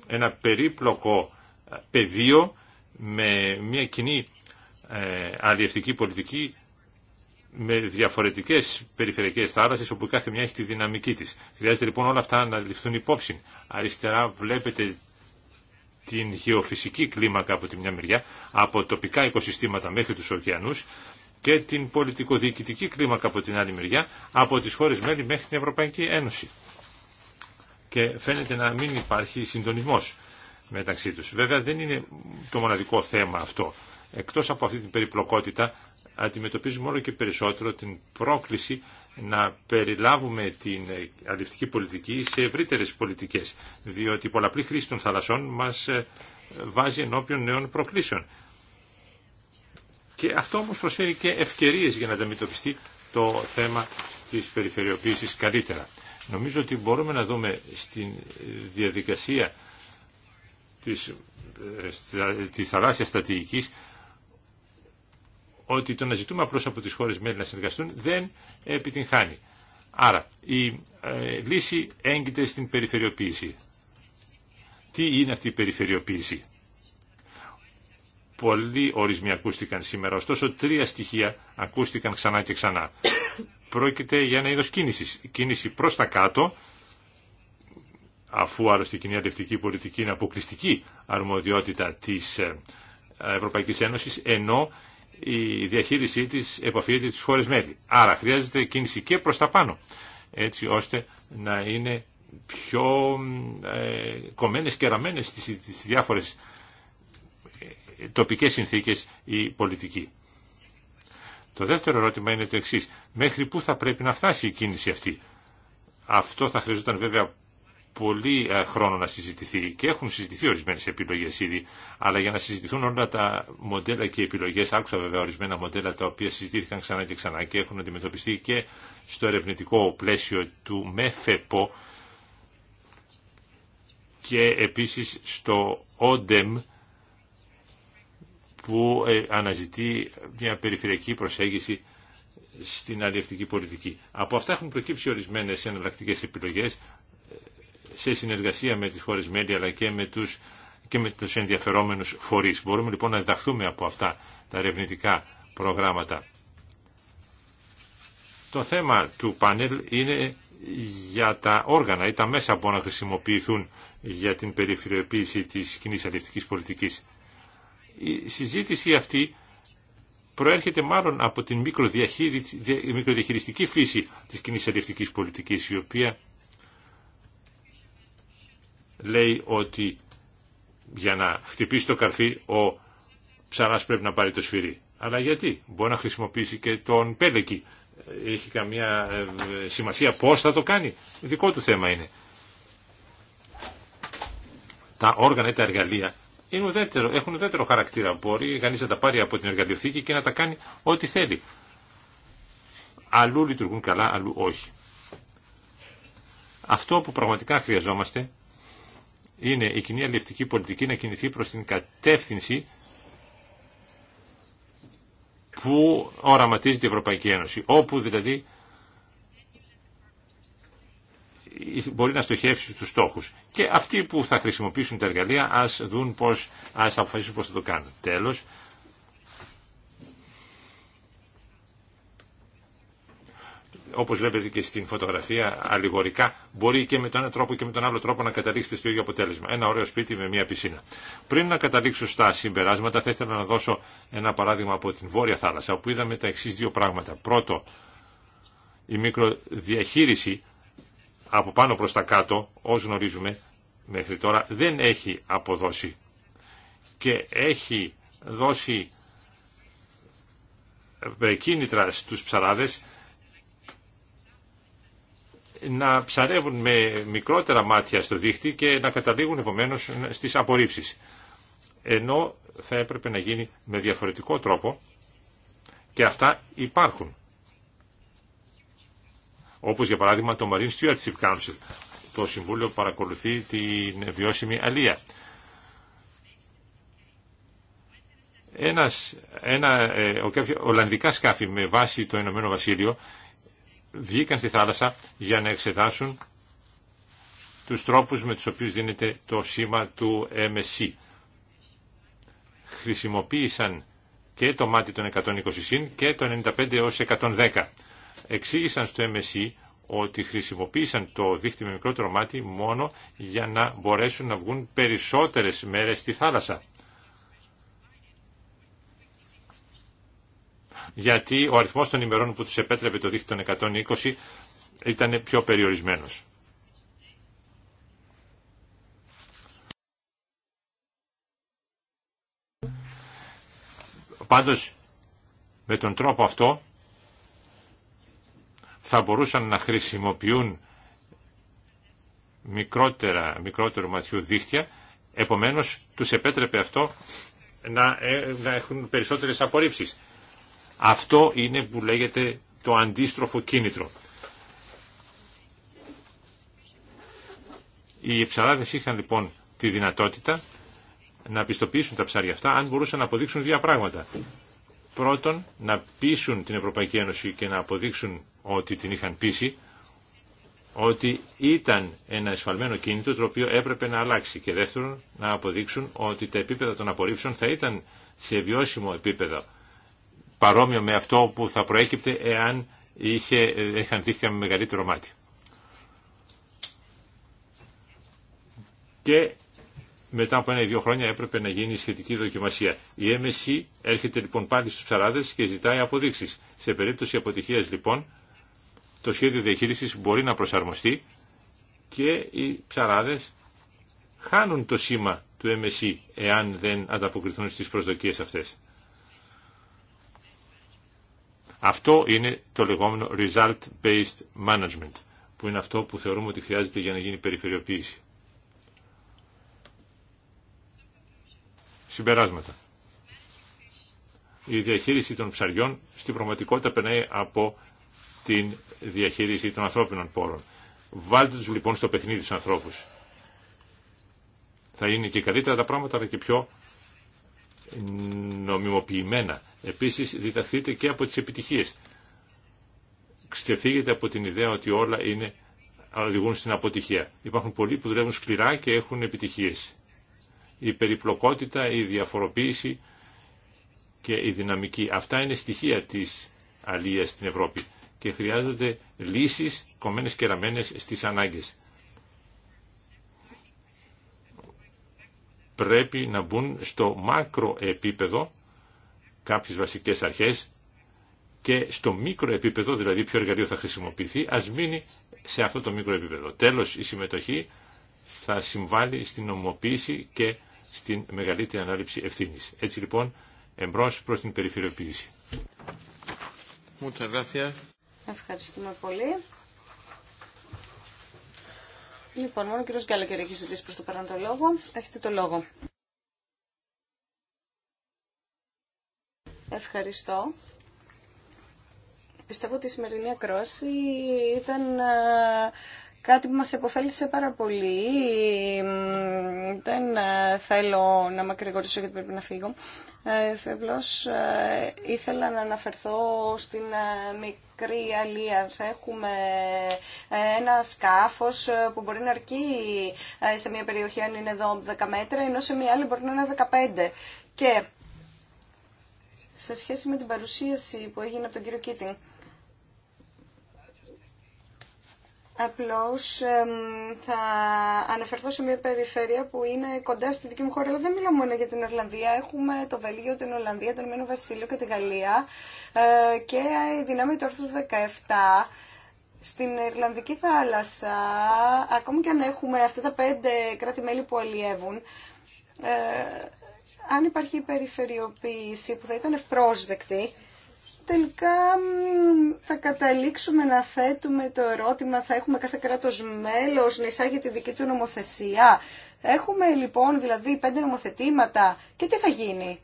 Ένα περίπλοκο ε, πεδίο με μια κοινή ε, αλλιευτική πολιτική με διαφορετικέ περιφερειακές θάλασσε, όπου κάθε μια έχει τη δυναμική τη. Χρειάζεται λοιπόν όλα αυτά να ληφθούν υπόψη. Αριστερά βλέπετε την γεωφυσική κλίμακα από τη μια μεριά, από τοπικά οικοσυστήματα μέχρι του ωκεανού και την πολιτικοδιοικητική κλίμακα από την άλλη μεριά, από τι χώρε μέλη μέχρι την Ευρωπαϊκή Ένωση. Και φαίνεται να μην υπάρχει συντονισμό μεταξύ του. Βέβαια δεν είναι το μοναδικό θέμα αυτό. Εκτός από αυτή την περιπλοκότητα αντιμετωπίζουμε όλο και περισσότερο την πρόκληση να περιλάβουμε την αληφτική πολιτική σε ευρύτερες πολιτικές, διότι η πολλαπλή χρήση των θαλασσών μας ε, βάζει ενώπιον νέων προκλήσεων. Και αυτό όμως προσφέρει και ευκαιρίες για να αντιμετωπιστεί το θέμα της περιφερειοποίησης καλύτερα. Νομίζω ότι μπορούμε να δούμε στην διαδικασία της, ε, της θαλάσσιας ότι το να ζητούμε απλώ από τις χώρες μέλη να συνεργαστούν δεν επιτυγχάνει. Άρα, η ε, λύση έγκυται στην περιφερειοποίηση. Τι είναι αυτή η περιφερειοποίηση. Πολλοί ορισμοί ακούστηκαν σήμερα, ωστόσο τρία στοιχεία ακούστηκαν ξανά και ξανά. Πρόκειται για ένα είδος κίνησης. κίνηση προς τα κάτω, αφού άλλωστε η κοινή πολιτική είναι αποκλειστική αρμοδιότητα της ε, Ευρωπαϊκής Ένωσης, ενώ η διαχείρισή της επαφιέται στις χώρες μέλη. Άρα χρειάζεται κίνηση και προς τα πάνω, έτσι ώστε να είναι πιο ε, κομμένες και ραμμένες στις, διάφορες ε, τοπικές συνθήκες η πολιτική. Το δεύτερο ερώτημα είναι το εξής. Μέχρι πού θα πρέπει να φτάσει η κίνηση αυτή. Αυτό θα χρειαζόταν βέβαια πολύ ε, χρόνο να συζητηθεί και έχουν συζητηθεί ορισμένες επιλογές ήδη, αλλά για να συζητηθούν όλα τα μοντέλα και επιλογές, άκουσα βέβαια ορισμένα μοντέλα τα οποία συζητήθηκαν ξανά και ξανά και έχουν αντιμετωπιστεί και στο ερευνητικό πλαίσιο του ΜΕΦΕΠΟ και επίσης στο ΟΝΤΕΜ που ε, αναζητεί μια περιφερειακή προσέγγιση στην αλληλευτική πολιτική. Από αυτά έχουν προκύψει ορισμένε εναλλακτικέ επιλογέ, σε συνεργασία με τις χώρες μέλη αλλά και με τους και με τους ενδιαφερόμενους φορείς. Μπορούμε λοιπόν να διδαχθούμε από αυτά τα ερευνητικά προγράμματα. Το θέμα του πάνελ είναι για τα όργανα ή τα μέσα που να χρησιμοποιηθούν για την περιφερειοποίηση της κοινή αλληλευτικής πολιτικής. Η συζήτηση αυτή προέρχεται μάλλον από την μικροδιαχειριστική φύση της κοινή αλληλευτικής πολιτικής, η οποία λέει ότι για να χτυπήσει το καρφί ο ψαράς πρέπει να πάρει το σφυρί. Αλλά γιατί, μπορεί να χρησιμοποιήσει και τον πέλεκι. Έχει καμία ε, σημασία πώς θα το κάνει. Δικό του θέμα είναι. Τα όργανα ή τα εργαλεία είναι ουδέτερο, έχουν ουδέτερο χαρακτήρα. Μπορεί κανεί να τα πάρει από την εργαλειοθήκη και να τα κάνει ό,τι θέλει. Αλλού λειτουργούν καλά, αλλού όχι. Αυτό που πραγματικά χρειαζόμαστε είναι η κοινή αλληλευτική πολιτική να κινηθεί προς την κατεύθυνση που οραματίζει η Ευρωπαϊκή Ένωση, όπου δηλαδή μπορεί να στοχεύσει στους στόχους. Και αυτοί που θα χρησιμοποιήσουν τα εργαλεία ας δουν πώς, ας αποφασίσουν πώς θα το κάνουν. Τέλος, όπως βλέπετε και στην φωτογραφία αλληγορικά, μπορεί και με τον ένα τρόπο και με τον άλλο τρόπο να καταλήξετε στο ίδιο αποτέλεσμα. Ένα ωραίο σπίτι με μία πισίνα. Πριν να καταλήξω στα συμπεράσματα, θα ήθελα να δώσω ένα παράδειγμα από την Βόρεια Θάλασσα, όπου είδαμε τα εξή δύο πράγματα. Πρώτο, η μικροδιαχείριση από πάνω προς τα κάτω, όσο γνωρίζουμε μέχρι τώρα, δεν έχει αποδώσει και έχει δώσει ε, κίνητρα στους ψαράδες να ψαρεύουν με μικρότερα μάτια στο δίχτυ και να καταλήγουν επομένως στις απορρίψεις. Ενώ θα έπρεπε να γίνει με διαφορετικό τρόπο και αυτά υπάρχουν. Όπως για παράδειγμα το Marine Stewardship Council. Το Συμβούλιο παρακολουθεί την βιώσιμη αλία. Ένας, ένα, ε, ο, ολλανδικά σκάφη με βάση το Ηνωμένο Βασίλειο βγήκαν στη θάλασσα για να εξετάσουν τους τρόπους με τους οποίους δίνεται το σήμα του MSC. Χρησιμοποίησαν και το μάτι των 120 συν και το 95 έως 110. Εξήγησαν στο MSC ότι χρησιμοποίησαν το δίχτυ με μικρότερο μάτι μόνο για να μπορέσουν να βγουν περισσότερες μέρες στη θάλασσα. γιατί ο αριθμός των ημερών που τους επέτρεπε το δίχτυο των 120 ήταν πιο περιορισμένος. Πάντως, με τον τρόπο αυτό θα μπορούσαν να χρησιμοποιούν μικρότερα, μικρότερο ματιού δίχτυα, επομένως τους επέτρεπε αυτό να, ε, να έχουν περισσότερες απορρίψεις. Αυτό είναι που λέγεται το αντίστροφο κίνητρο. Οι ψαράδες είχαν λοιπόν τη δυνατότητα να πιστοποιήσουν τα ψάρια αυτά αν μπορούσαν να αποδείξουν δύο πράγματα. Πρώτον, να πείσουν την Ευρωπαϊκή Ένωση και να αποδείξουν ότι την είχαν πείσει ότι ήταν ένα εσφαλμένο κίνητρο το οποίο έπρεπε να αλλάξει και δεύτερον να αποδείξουν ότι τα επίπεδα των απορρίψεων θα ήταν σε βιώσιμο επίπεδο παρόμοιο με αυτό που θα προέκυπτε εάν είχε, είχαν δίχτυα με μεγαλύτερο μάτι. Και μετά από ένα ή δύο χρόνια έπρεπε να γίνει σχετική δοκιμασία. Η MSC έρχεται λοιπόν πάλι στους ψαράδες και ζητάει αποδείξεις. Σε περίπτωση αποτυχίας λοιπόν το σχέδιο διαχείρισης μπορεί να προσαρμοστεί και οι ψαράδες χάνουν το σήμα του MSC εάν δεν ανταποκριθούν στις προσδοκίες αυτές. Αυτό είναι το λεγόμενο result-based management, που είναι αυτό που θεωρούμε ότι χρειάζεται για να γίνει περιφερειοποίηση. Συμπεράσματα. Η διαχείριση των ψαριών στην πραγματικότητα περνάει από την διαχείριση των ανθρώπινων πόρων. Βάλτε τους λοιπόν στο παιχνίδι τους ανθρώπους. Θα είναι και καλύτερα τα πράγματα αλλά και πιο νομιμοποιημένα. Επίσης διδαχθείτε και από τις επιτυχίες. Ξεφύγετε από την ιδέα ότι όλα είναι, οδηγούν στην αποτυχία. Υπάρχουν πολλοί που δουλεύουν σκληρά και έχουν επιτυχίες. Η περιπλοκότητα, η διαφοροποίηση και η δυναμική. Αυτά είναι στοιχεία της αλίας στην Ευρώπη και χρειάζονται λύσεις κομμένες και ραμμένες στις ανάγκες. πρέπει να μπουν στο μάκρο επίπεδο κάποιες βασικές αρχές και στο μικρό επίπεδο, δηλαδή ποιο εργαλείο θα χρησιμοποιηθεί, ας μείνει σε αυτό το μικρό επίπεδο. Τέλος, η συμμετοχή θα συμβάλλει στην νομοποίηση και στην μεγαλύτερη ανάληψη ευθύνη. Έτσι λοιπόν, εμπρό προς την περιφερειοποίηση. Ευχαριστούμε πολύ. Λοιπόν, μόνο ο κύριος Γκάλακερ έχει ζητήσει προς το παρόν το λόγο. Έχετε το λόγο. Ευχαριστώ. Πιστεύω ότι η σημερινή ακρόαση ήταν ε, κάτι που μας επωφέλησε πάρα πολύ. Δεν ε, θέλω να μακρηγορήσω γιατί πρέπει να φύγω. Απλώς ε, ε, ήθελα να αναφερθώ στην μικρή αλία. Έχουμε ένα σκάφος που μπορεί να αρκεί σε μια περιοχή αν είναι εδώ 10 μέτρα, ενώ σε μια άλλη μπορεί να είναι 15. Και σε σχέση με την παρουσίαση που έγινε από τον κύριο Κίτινγκ, Απλώς θα αναφερθώ σε μια περιφέρεια που είναι κοντά στη δική μου χώρα, αλλά δεν μιλάμε μόνο για την Ορλανδία. Έχουμε το Βέλγιο, την Ολλανδία, τον Μένο Βασίλειο και τη Γαλλία ε, και η δυνάμη του όρθου 17 στην Ιρλανδική θάλασσα, ακόμη και αν έχουμε αυτά τα πέντε κράτη-μέλη που αλλιεύουν, ε, αν υπάρχει περιφερειοποίηση που θα ήταν ευπρόσδεκτη, τελικά θα καταλήξουμε να θέτουμε το ερώτημα, θα έχουμε κάθε κράτος μέλος να εισάγει τη δική του νομοθεσία. Έχουμε λοιπόν δηλαδή πέντε νομοθετήματα και τι θα γίνει.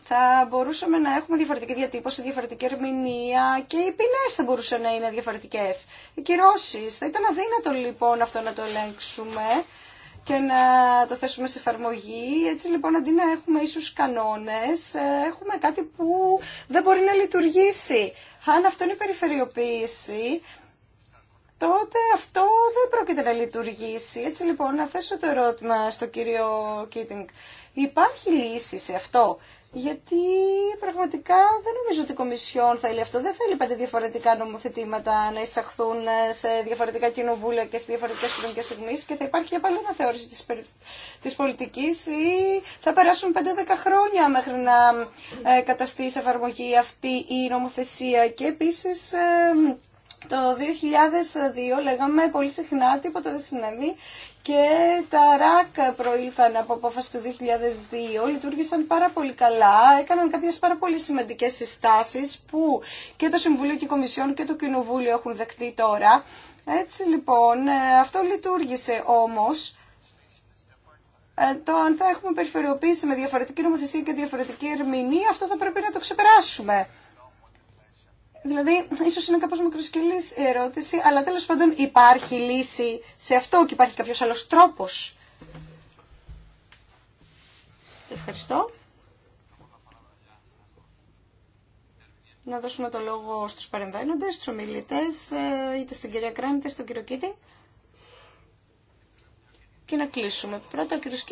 Θα μπορούσαμε να έχουμε διαφορετική διατύπωση, διαφορετική ερμηνεία και οι ποινέ θα μπορούσαν να είναι διαφορετικές. Οι κυρώσεις Θα ήταν αδύνατο λοιπόν αυτό να το ελέγξουμε και να το θέσουμε σε εφαρμογή. Έτσι λοιπόν αντί να έχουμε ίσους κανόνες, ε, έχουμε κάτι που δεν μπορεί να λειτουργήσει. Αν αυτό είναι η περιφερειοποίηση, τότε αυτό δεν πρόκειται να λειτουργήσει. Έτσι λοιπόν να θέσω το ερώτημα στο κύριο Κίτινγκ. Υπάρχει λύση σε αυτό γιατί πραγματικά δεν νομίζω ότι η Κομισιόν θέλει αυτό. Δεν θέλει πέντε διαφορετικά νομοθετήματα να εισαχθούν σε διαφορετικά κοινοβούλια και σε διαφορετικές κοινωνικέ στιγμέ και θα υπάρχει και πάλι αναθεώρηση θεώρηση της πολιτικής ή θα περάσουν 5-10 χρόνια μέχρι να ε, καταστεί σε εφαρμογή αυτή η νομοθεσία και επίσης ε, το 2002 λέγαμε πολύ συχνά τίποτα δεν συνέβη και τα ΡΑΚ προήλθαν από απόφαση του 2002, λειτουργήσαν πάρα πολύ καλά, έκαναν κάποιες πάρα πολύ σημαντικές συστάσεις που και το Συμβουλίο και η Κομισιόν και το Κοινοβούλιο έχουν δεχτεί τώρα. Έτσι λοιπόν, ε, αυτό λειτουργήσε όμως. Ε, το αν θα έχουμε περιφερειοποίηση με διαφορετική νομοθεσία και διαφορετική ερμηνεία, αυτό θα πρέπει να το ξεπεράσουμε. Δηλαδή, ίσως είναι κάπως μικροσκελής η ερώτηση, αλλά τέλο πάντων υπάρχει λύση σε αυτό και υπάρχει κάποιο άλλος τρόπος. Ευχαριστώ. Να δώσουμε το λόγο στους παρεμβαίνοντες, στους ομιλητές, ε, είτε στην κυρία Κράνη, είτε στον κύριο Κίτη. Και να κλείσουμε. Πρώτα ο κύριος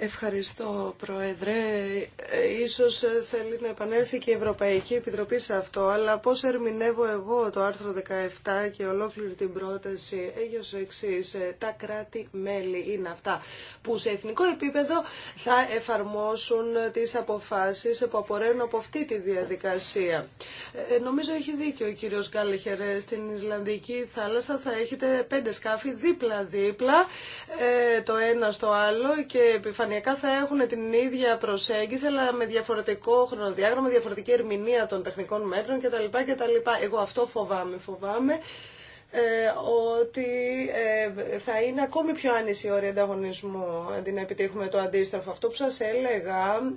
Ευχαριστώ, Πρόεδρε. Ε, ίσως ε, θέλει να επανέλθει και η Ευρωπαϊκή Επιτροπή σε αυτό, αλλά πώς ερμηνεύω εγώ το άρθρο 17 και ολόκληρη την πρόταση έγιος εξή. Ε, τα κράτη-μέλη είναι αυτά που σε εθνικό επίπεδο θα εφαρμόσουν τις αποφάσεις που απορρέουν από αυτή τη διαδικασία. νομίζω έχει δίκιο ο κύριος Γκάλεχερ. Στην Ιρλανδική θάλασσα θα έχετε πέντε σκάφη δίπλα-δίπλα, το ένα στο άλλο και τελωνιακά θα έχουν την ίδια προσέγγιση, αλλά με διαφορετικό χρονοδιάγραμμα, διαφορετική ερμηνεία των τεχνικών μέτρων κτλ. κτλ. Εγώ αυτό φοβάμαι. Φοβάμαι ε, ότι ε, θα είναι ακόμη πιο άνηση η όρη ανταγωνισμού αντί να επιτύχουμε το αντίστροφο. Αυτό που σας έλεγα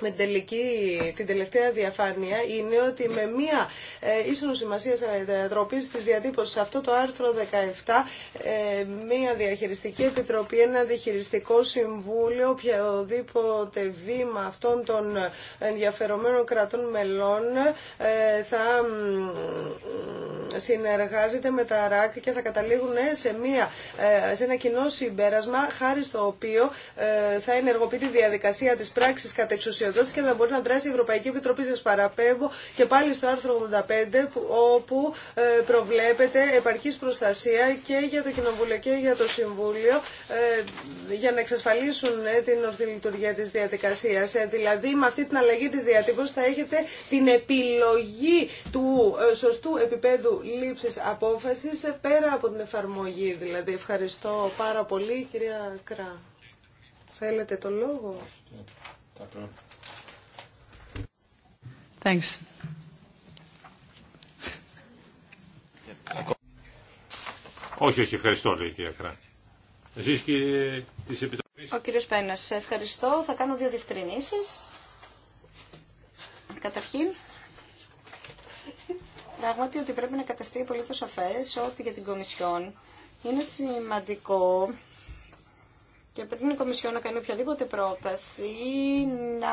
με την, τελική, την τελευταία διαφάνεια είναι ότι με μία ε, ίσονο σημασία τροπή τη διατύπωση σε αυτό το άρθρο 17, ε, μία διαχειριστική επιτροπή, ένα διαχειριστικό συμβούλιο, οποιοδήποτε βήμα αυτών των ενδιαφερομένων κρατών μελών ε, θα συνεργάζεται με τα ΡΑΚ και θα καταλήγουν ε, σε, μία, σε ένα κοινό συμπέρασμα, χάρη στο οποίο θα ενεργοποιεί τη διαδικασία της πράξης κατεξουσιοδότησης και θα μπορεί να δράσει η Ευρωπαϊκή Επιτροπή. Σα παραπέμπω και πάλι στο άρθρο 85, όπου ε, προβλέπεται επαρκή προστασία και για το Κοινοβούλιο και για το Συμβούλιο ε, για να εξασφαλίσουν ε, την ορθή λειτουργία τη διαδικασία. Δηλαδή, με αυτή την αλλαγή τη διατύπωση θα έχετε την επιλογή του σωστού επίπεδου λήψη απόφαση πέρα από την εφαρμογή. Δηλαδή, ευχαριστώ πάρα πολύ, κυρία Κρά. Θέλετε το λόγο. Thanks. Όχι, όχι, ευχαριστώ, λέει η κυρία Κρά. Εσεί και τη Επιτροπή. Ο Πένα, σε ευχαριστώ. Θα κάνω δύο διευκρινήσει. Καταρχήν, πράγματι ότι πρέπει να καταστεί πολύ το σαφέ ότι για την Κομισιόν είναι σημαντικό και πρέπει η Κομισιόν να κάνει οποιαδήποτε πρόταση να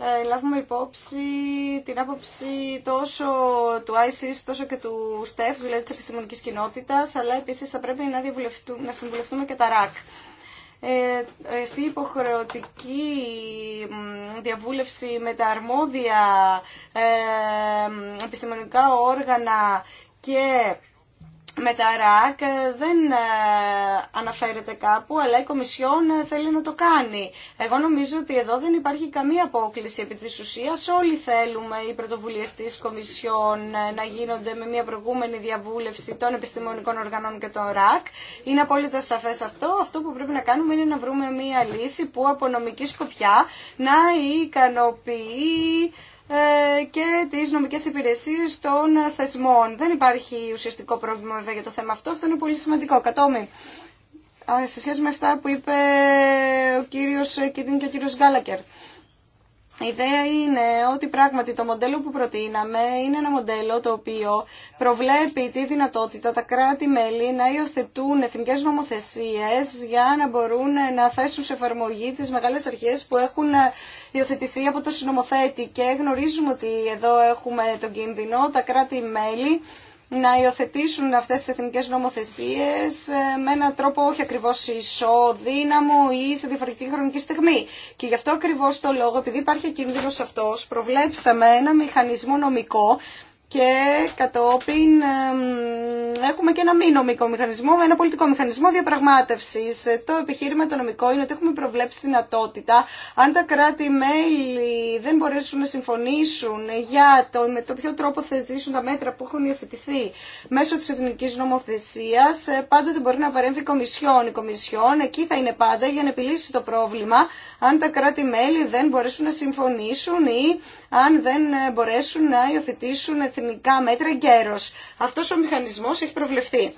ε, λάβουμε υπόψη την άποψη τόσο του ISIS, τόσο και του ΣΤΕΦ, δηλαδή της επιστημονικής κοινότητας, αλλά επίσης θα πρέπει να, να συμβουλευτούμε και τα ΡΑΚ. Ε, η υποχρεωτική διαβούλευση με τα αρμόδια ε, επιστημονικά όργανα και με τα ΡΑΚ δεν ε, αναφέρεται κάπου, αλλά η Κομισιόν ε, θέλει να το κάνει. Εγώ νομίζω ότι εδώ δεν υπάρχει καμία απόκληση επί της ουσίας. Όλοι θέλουμε οι πρωτοβουλίες της Κομισιόν ε, να γίνονται με μια προηγούμενη διαβούλευση των επιστημονικών οργανών και των ΡΑΚ. Είναι απόλυτα σαφές αυτό. Αυτό που πρέπει να κάνουμε είναι να βρούμε μια λύση που από νομική σκοπιά να ικανοποιεί ε, και τις νομικές υπηρεσίες των θεσμών. Δεν υπάρχει ουσιαστικό πρόβλημα βέβαια για το θέμα αυτό, αυτό είναι πολύ σημαντικό. κατόπιν σε σχέση με αυτά που είπε ο κύριος Κίντιν και ο κύριος Γκάλακερ η ιδέα είναι ότι πράγματι το μοντέλο που προτείναμε είναι ένα μοντέλο το οποίο προβλέπει τη δυνατότητα τα κράτη-μέλη να υιοθετούν εθνικέ νομοθεσίε για να μπορούν να θέσουν σε εφαρμογή τι μεγάλες αρχές που έχουν υιοθετηθεί από το συνομοθέτη. Και γνωρίζουμε ότι εδώ έχουμε τον κίνδυνο, τα κράτη-μέλη να υιοθετήσουν αυτές τις εθνικές νομοθεσίες ε, με έναν τρόπο όχι ακριβώς ισόδυναμο ή σε διαφορετική χρονική στιγμή. Και γι' αυτό ακριβώς το λόγο, επειδή υπάρχει κίνδυνος αυτός, προβλέψαμε ένα μηχανισμό νομικό και κατόπιν έχουμε και ένα μη νομικό μηχανισμό, ένα πολιτικό μηχανισμό διαπραγμάτευση. Το επιχείρημα το νομικό είναι ότι έχουμε προβλέψει δυνατότητα, αν τα κράτη-μέλη δεν μπορέσουν να συμφωνήσουν για το με το ποιο τρόπο θετήσουν τα μέτρα που έχουν υιοθετηθεί μέσω τη εθνική νομοθεσία, ε, πάντοτε μπορεί να παρέμβει η Κομισιόν. Η Κομισιόν εκεί θα είναι πάντα για να επιλύσει το πρόβλημα, αν τα κράτη-μέλη δεν μπορέσουν να συμφωνήσουν ή αν δεν ε, μπορέσουν να υιοθετήσουν εθνικά μέτρα γέρος. Αυτός ο μηχανισμός έχει προβλεφθεί.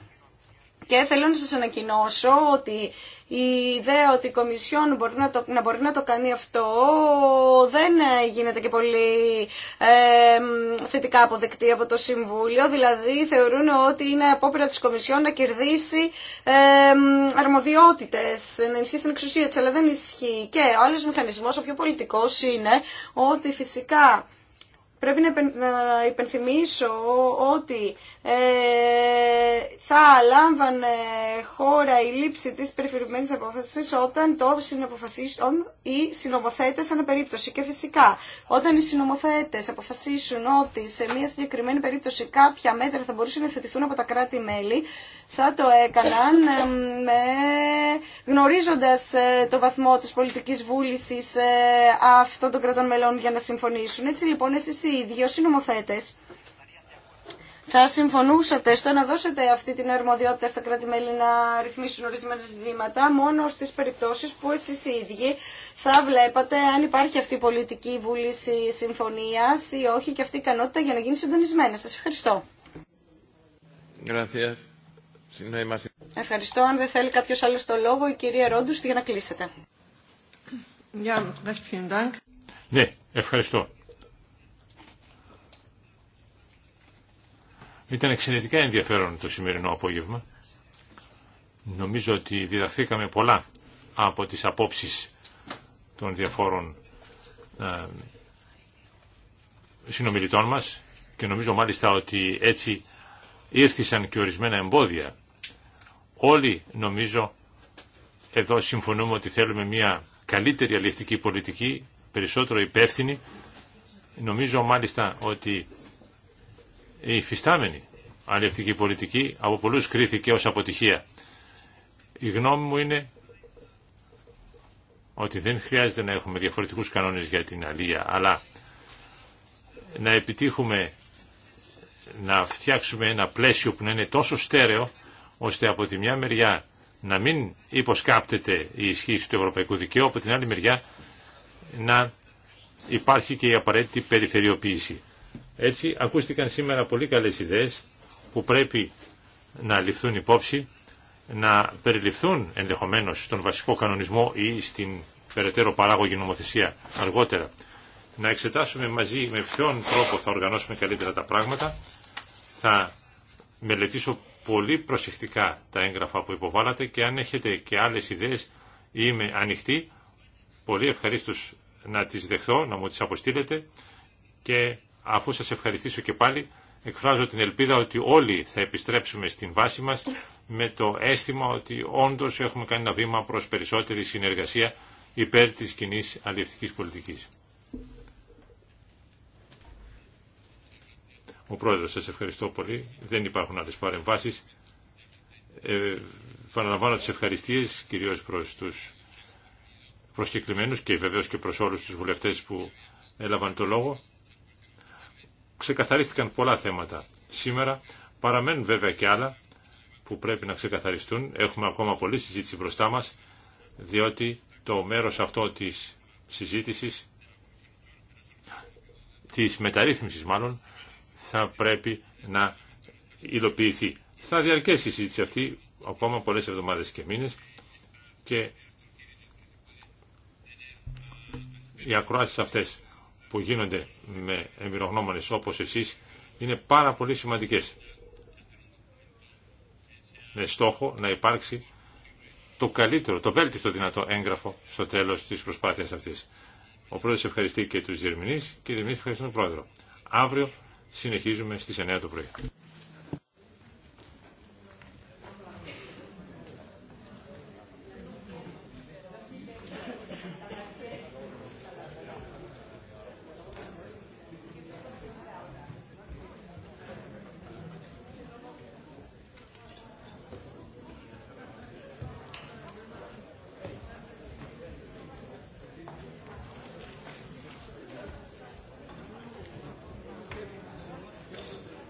Και θέλω να σας ανακοινώσω ότι η ιδέα ότι η Κομισιόν μπορεί να, το, να μπορεί να το κάνει αυτό δεν γίνεται και πολύ ε, θετικά αποδεκτή από το Συμβούλιο. Δηλαδή θεωρούν ότι είναι απόπειρα της Κομισιόν να κερδίσει ε, αρμοδιότητες, να ενισχύσει την εξουσία της, αλλά δεν ισχύει. Και ο άλλος μηχανισμός, ο πιο πολιτικός είναι ότι φυσικά Πρέπει να υπενθυμίσω ότι ε, θα λάμβανε χώρα η λήψη της περιφερειμένης απόφασης όταν το συναποφασίσουν οι συνομοθέτες ανά περίπτωση. Και φυσικά, όταν οι συνομοθέτες αποφασίσουν ότι σε μια συγκεκριμένη περίπτωση κάποια μέτρα θα μπορούσαν να θετηθούν από τα κράτη-μέλη, θα το έκαναν με... γνωρίζοντας ε, το βαθμό της πολιτικής βούλησης ε, αυτών των κρατών μελών για να συμφωνήσουν. Έτσι λοιπόν εσείς οι ίδιοι συνομοθέτες θα συμφωνούσατε στο να δώσετε αυτή την αρμοδιότητα στα κράτη-μέλη να ρυθμίσουν ορισμένα ζητήματα μόνο στις περιπτώσεις που εσεί οι ίδιοι θα βλέπατε αν υπάρχει αυτή η πολιτική βούληση συμφωνίας ή όχι και αυτή η ικανότητα για να γίνει συντονισμένα. Σα ευχαριστώ. Ευχαριστώ. Αν δεν θέλει κάποιο άλλο το λόγο, η κυρία Ρόντου για να κλείσετε. Ναι, ευχαριστώ. Ήταν εξαιρετικά ενδιαφέρον το σημερινό απόγευμα. Νομίζω ότι διδαχθήκαμε πολλά από τις απόψεις των διαφόρων ε, συνομιλητών μας και νομίζω μάλιστα ότι έτσι ήρθησαν και ορισμένα εμπόδια. Όλοι νομίζω εδώ συμφωνούμε ότι θέλουμε μια καλύτερη αλληλευτική πολιτική, περισσότερο υπεύθυνη. Νομίζω μάλιστα ότι η ε, υφιστάμενη αλληλευτική πολιτική από πολλούς κρίθηκε ως αποτυχία. Η γνώμη μου είναι ότι δεν χρειάζεται να έχουμε διαφορετικούς κανόνες για την αλία, αλλά να επιτύχουμε να φτιάξουμε ένα πλαίσιο που να είναι τόσο στέρεο, ώστε από τη μια μεριά να μην υποσκάπτεται η ισχύση του ευρωπαϊκού δικαίου, από την άλλη μεριά να υπάρχει και η απαραίτητη περιφερειοποίηση. Έτσι ακούστηκαν σήμερα πολύ καλές ιδέες που πρέπει να ληφθούν υπόψη, να περιληφθούν ενδεχομένως στον βασικό κανονισμό ή στην περαιτέρω παράγωγη νομοθεσία αργότερα. Να εξετάσουμε μαζί με ποιον τρόπο θα οργανώσουμε καλύτερα τα πράγματα. Θα μελετήσω πολύ προσεκτικά τα έγγραφα που υποβάλλατε και αν έχετε και άλλες ιδέες είμαι ανοιχτή. Πολύ ευχαρίστως να τις δεχθώ, να μου τις αποστείλετε και αφού σας ευχαριστήσω και πάλι, εκφράζω την ελπίδα ότι όλοι θα επιστρέψουμε στην βάση μας με το αίσθημα ότι όντως έχουμε κάνει ένα βήμα προς περισσότερη συνεργασία υπέρ της κοινή αλληλευτικής πολιτικής. Ο Πρόεδρος, σας ευχαριστώ πολύ. Δεν υπάρχουν άλλες παρεμβάσεις. Ε, τι τις ευχαριστίες κυρίως προς τους και βεβαίως και προς όλους τους βουλευτές που έλαβαν το λόγο ξεκαθαρίστηκαν πολλά θέματα. Σήμερα παραμένουν βέβαια και άλλα που πρέπει να ξεκαθαριστούν. Έχουμε ακόμα πολλή συζήτηση μπροστά μας, διότι το μέρος αυτό της συζήτησης, της μεταρρύθμισης μάλλον, θα πρέπει να υλοποιηθεί. Θα διαρκέσει η συζήτηση αυτή ακόμα πολλές εβδομάδες και μήνες και οι ακροάσεις αυτές που γίνονται με εμπειρογνώμονες όπως εσείς είναι πάρα πολύ σημαντικές. Με στόχο να υπάρξει το καλύτερο, το βέλτιστο δυνατό έγγραφο στο τέλος της προσπάθειας αυτής. Ο πρόεδρος ευχαριστεί και τους διερμηνείς και εμείς ευχαριστούμε τον πρόεδρο. Αύριο συνεχίζουμε στις 9 το πρωί.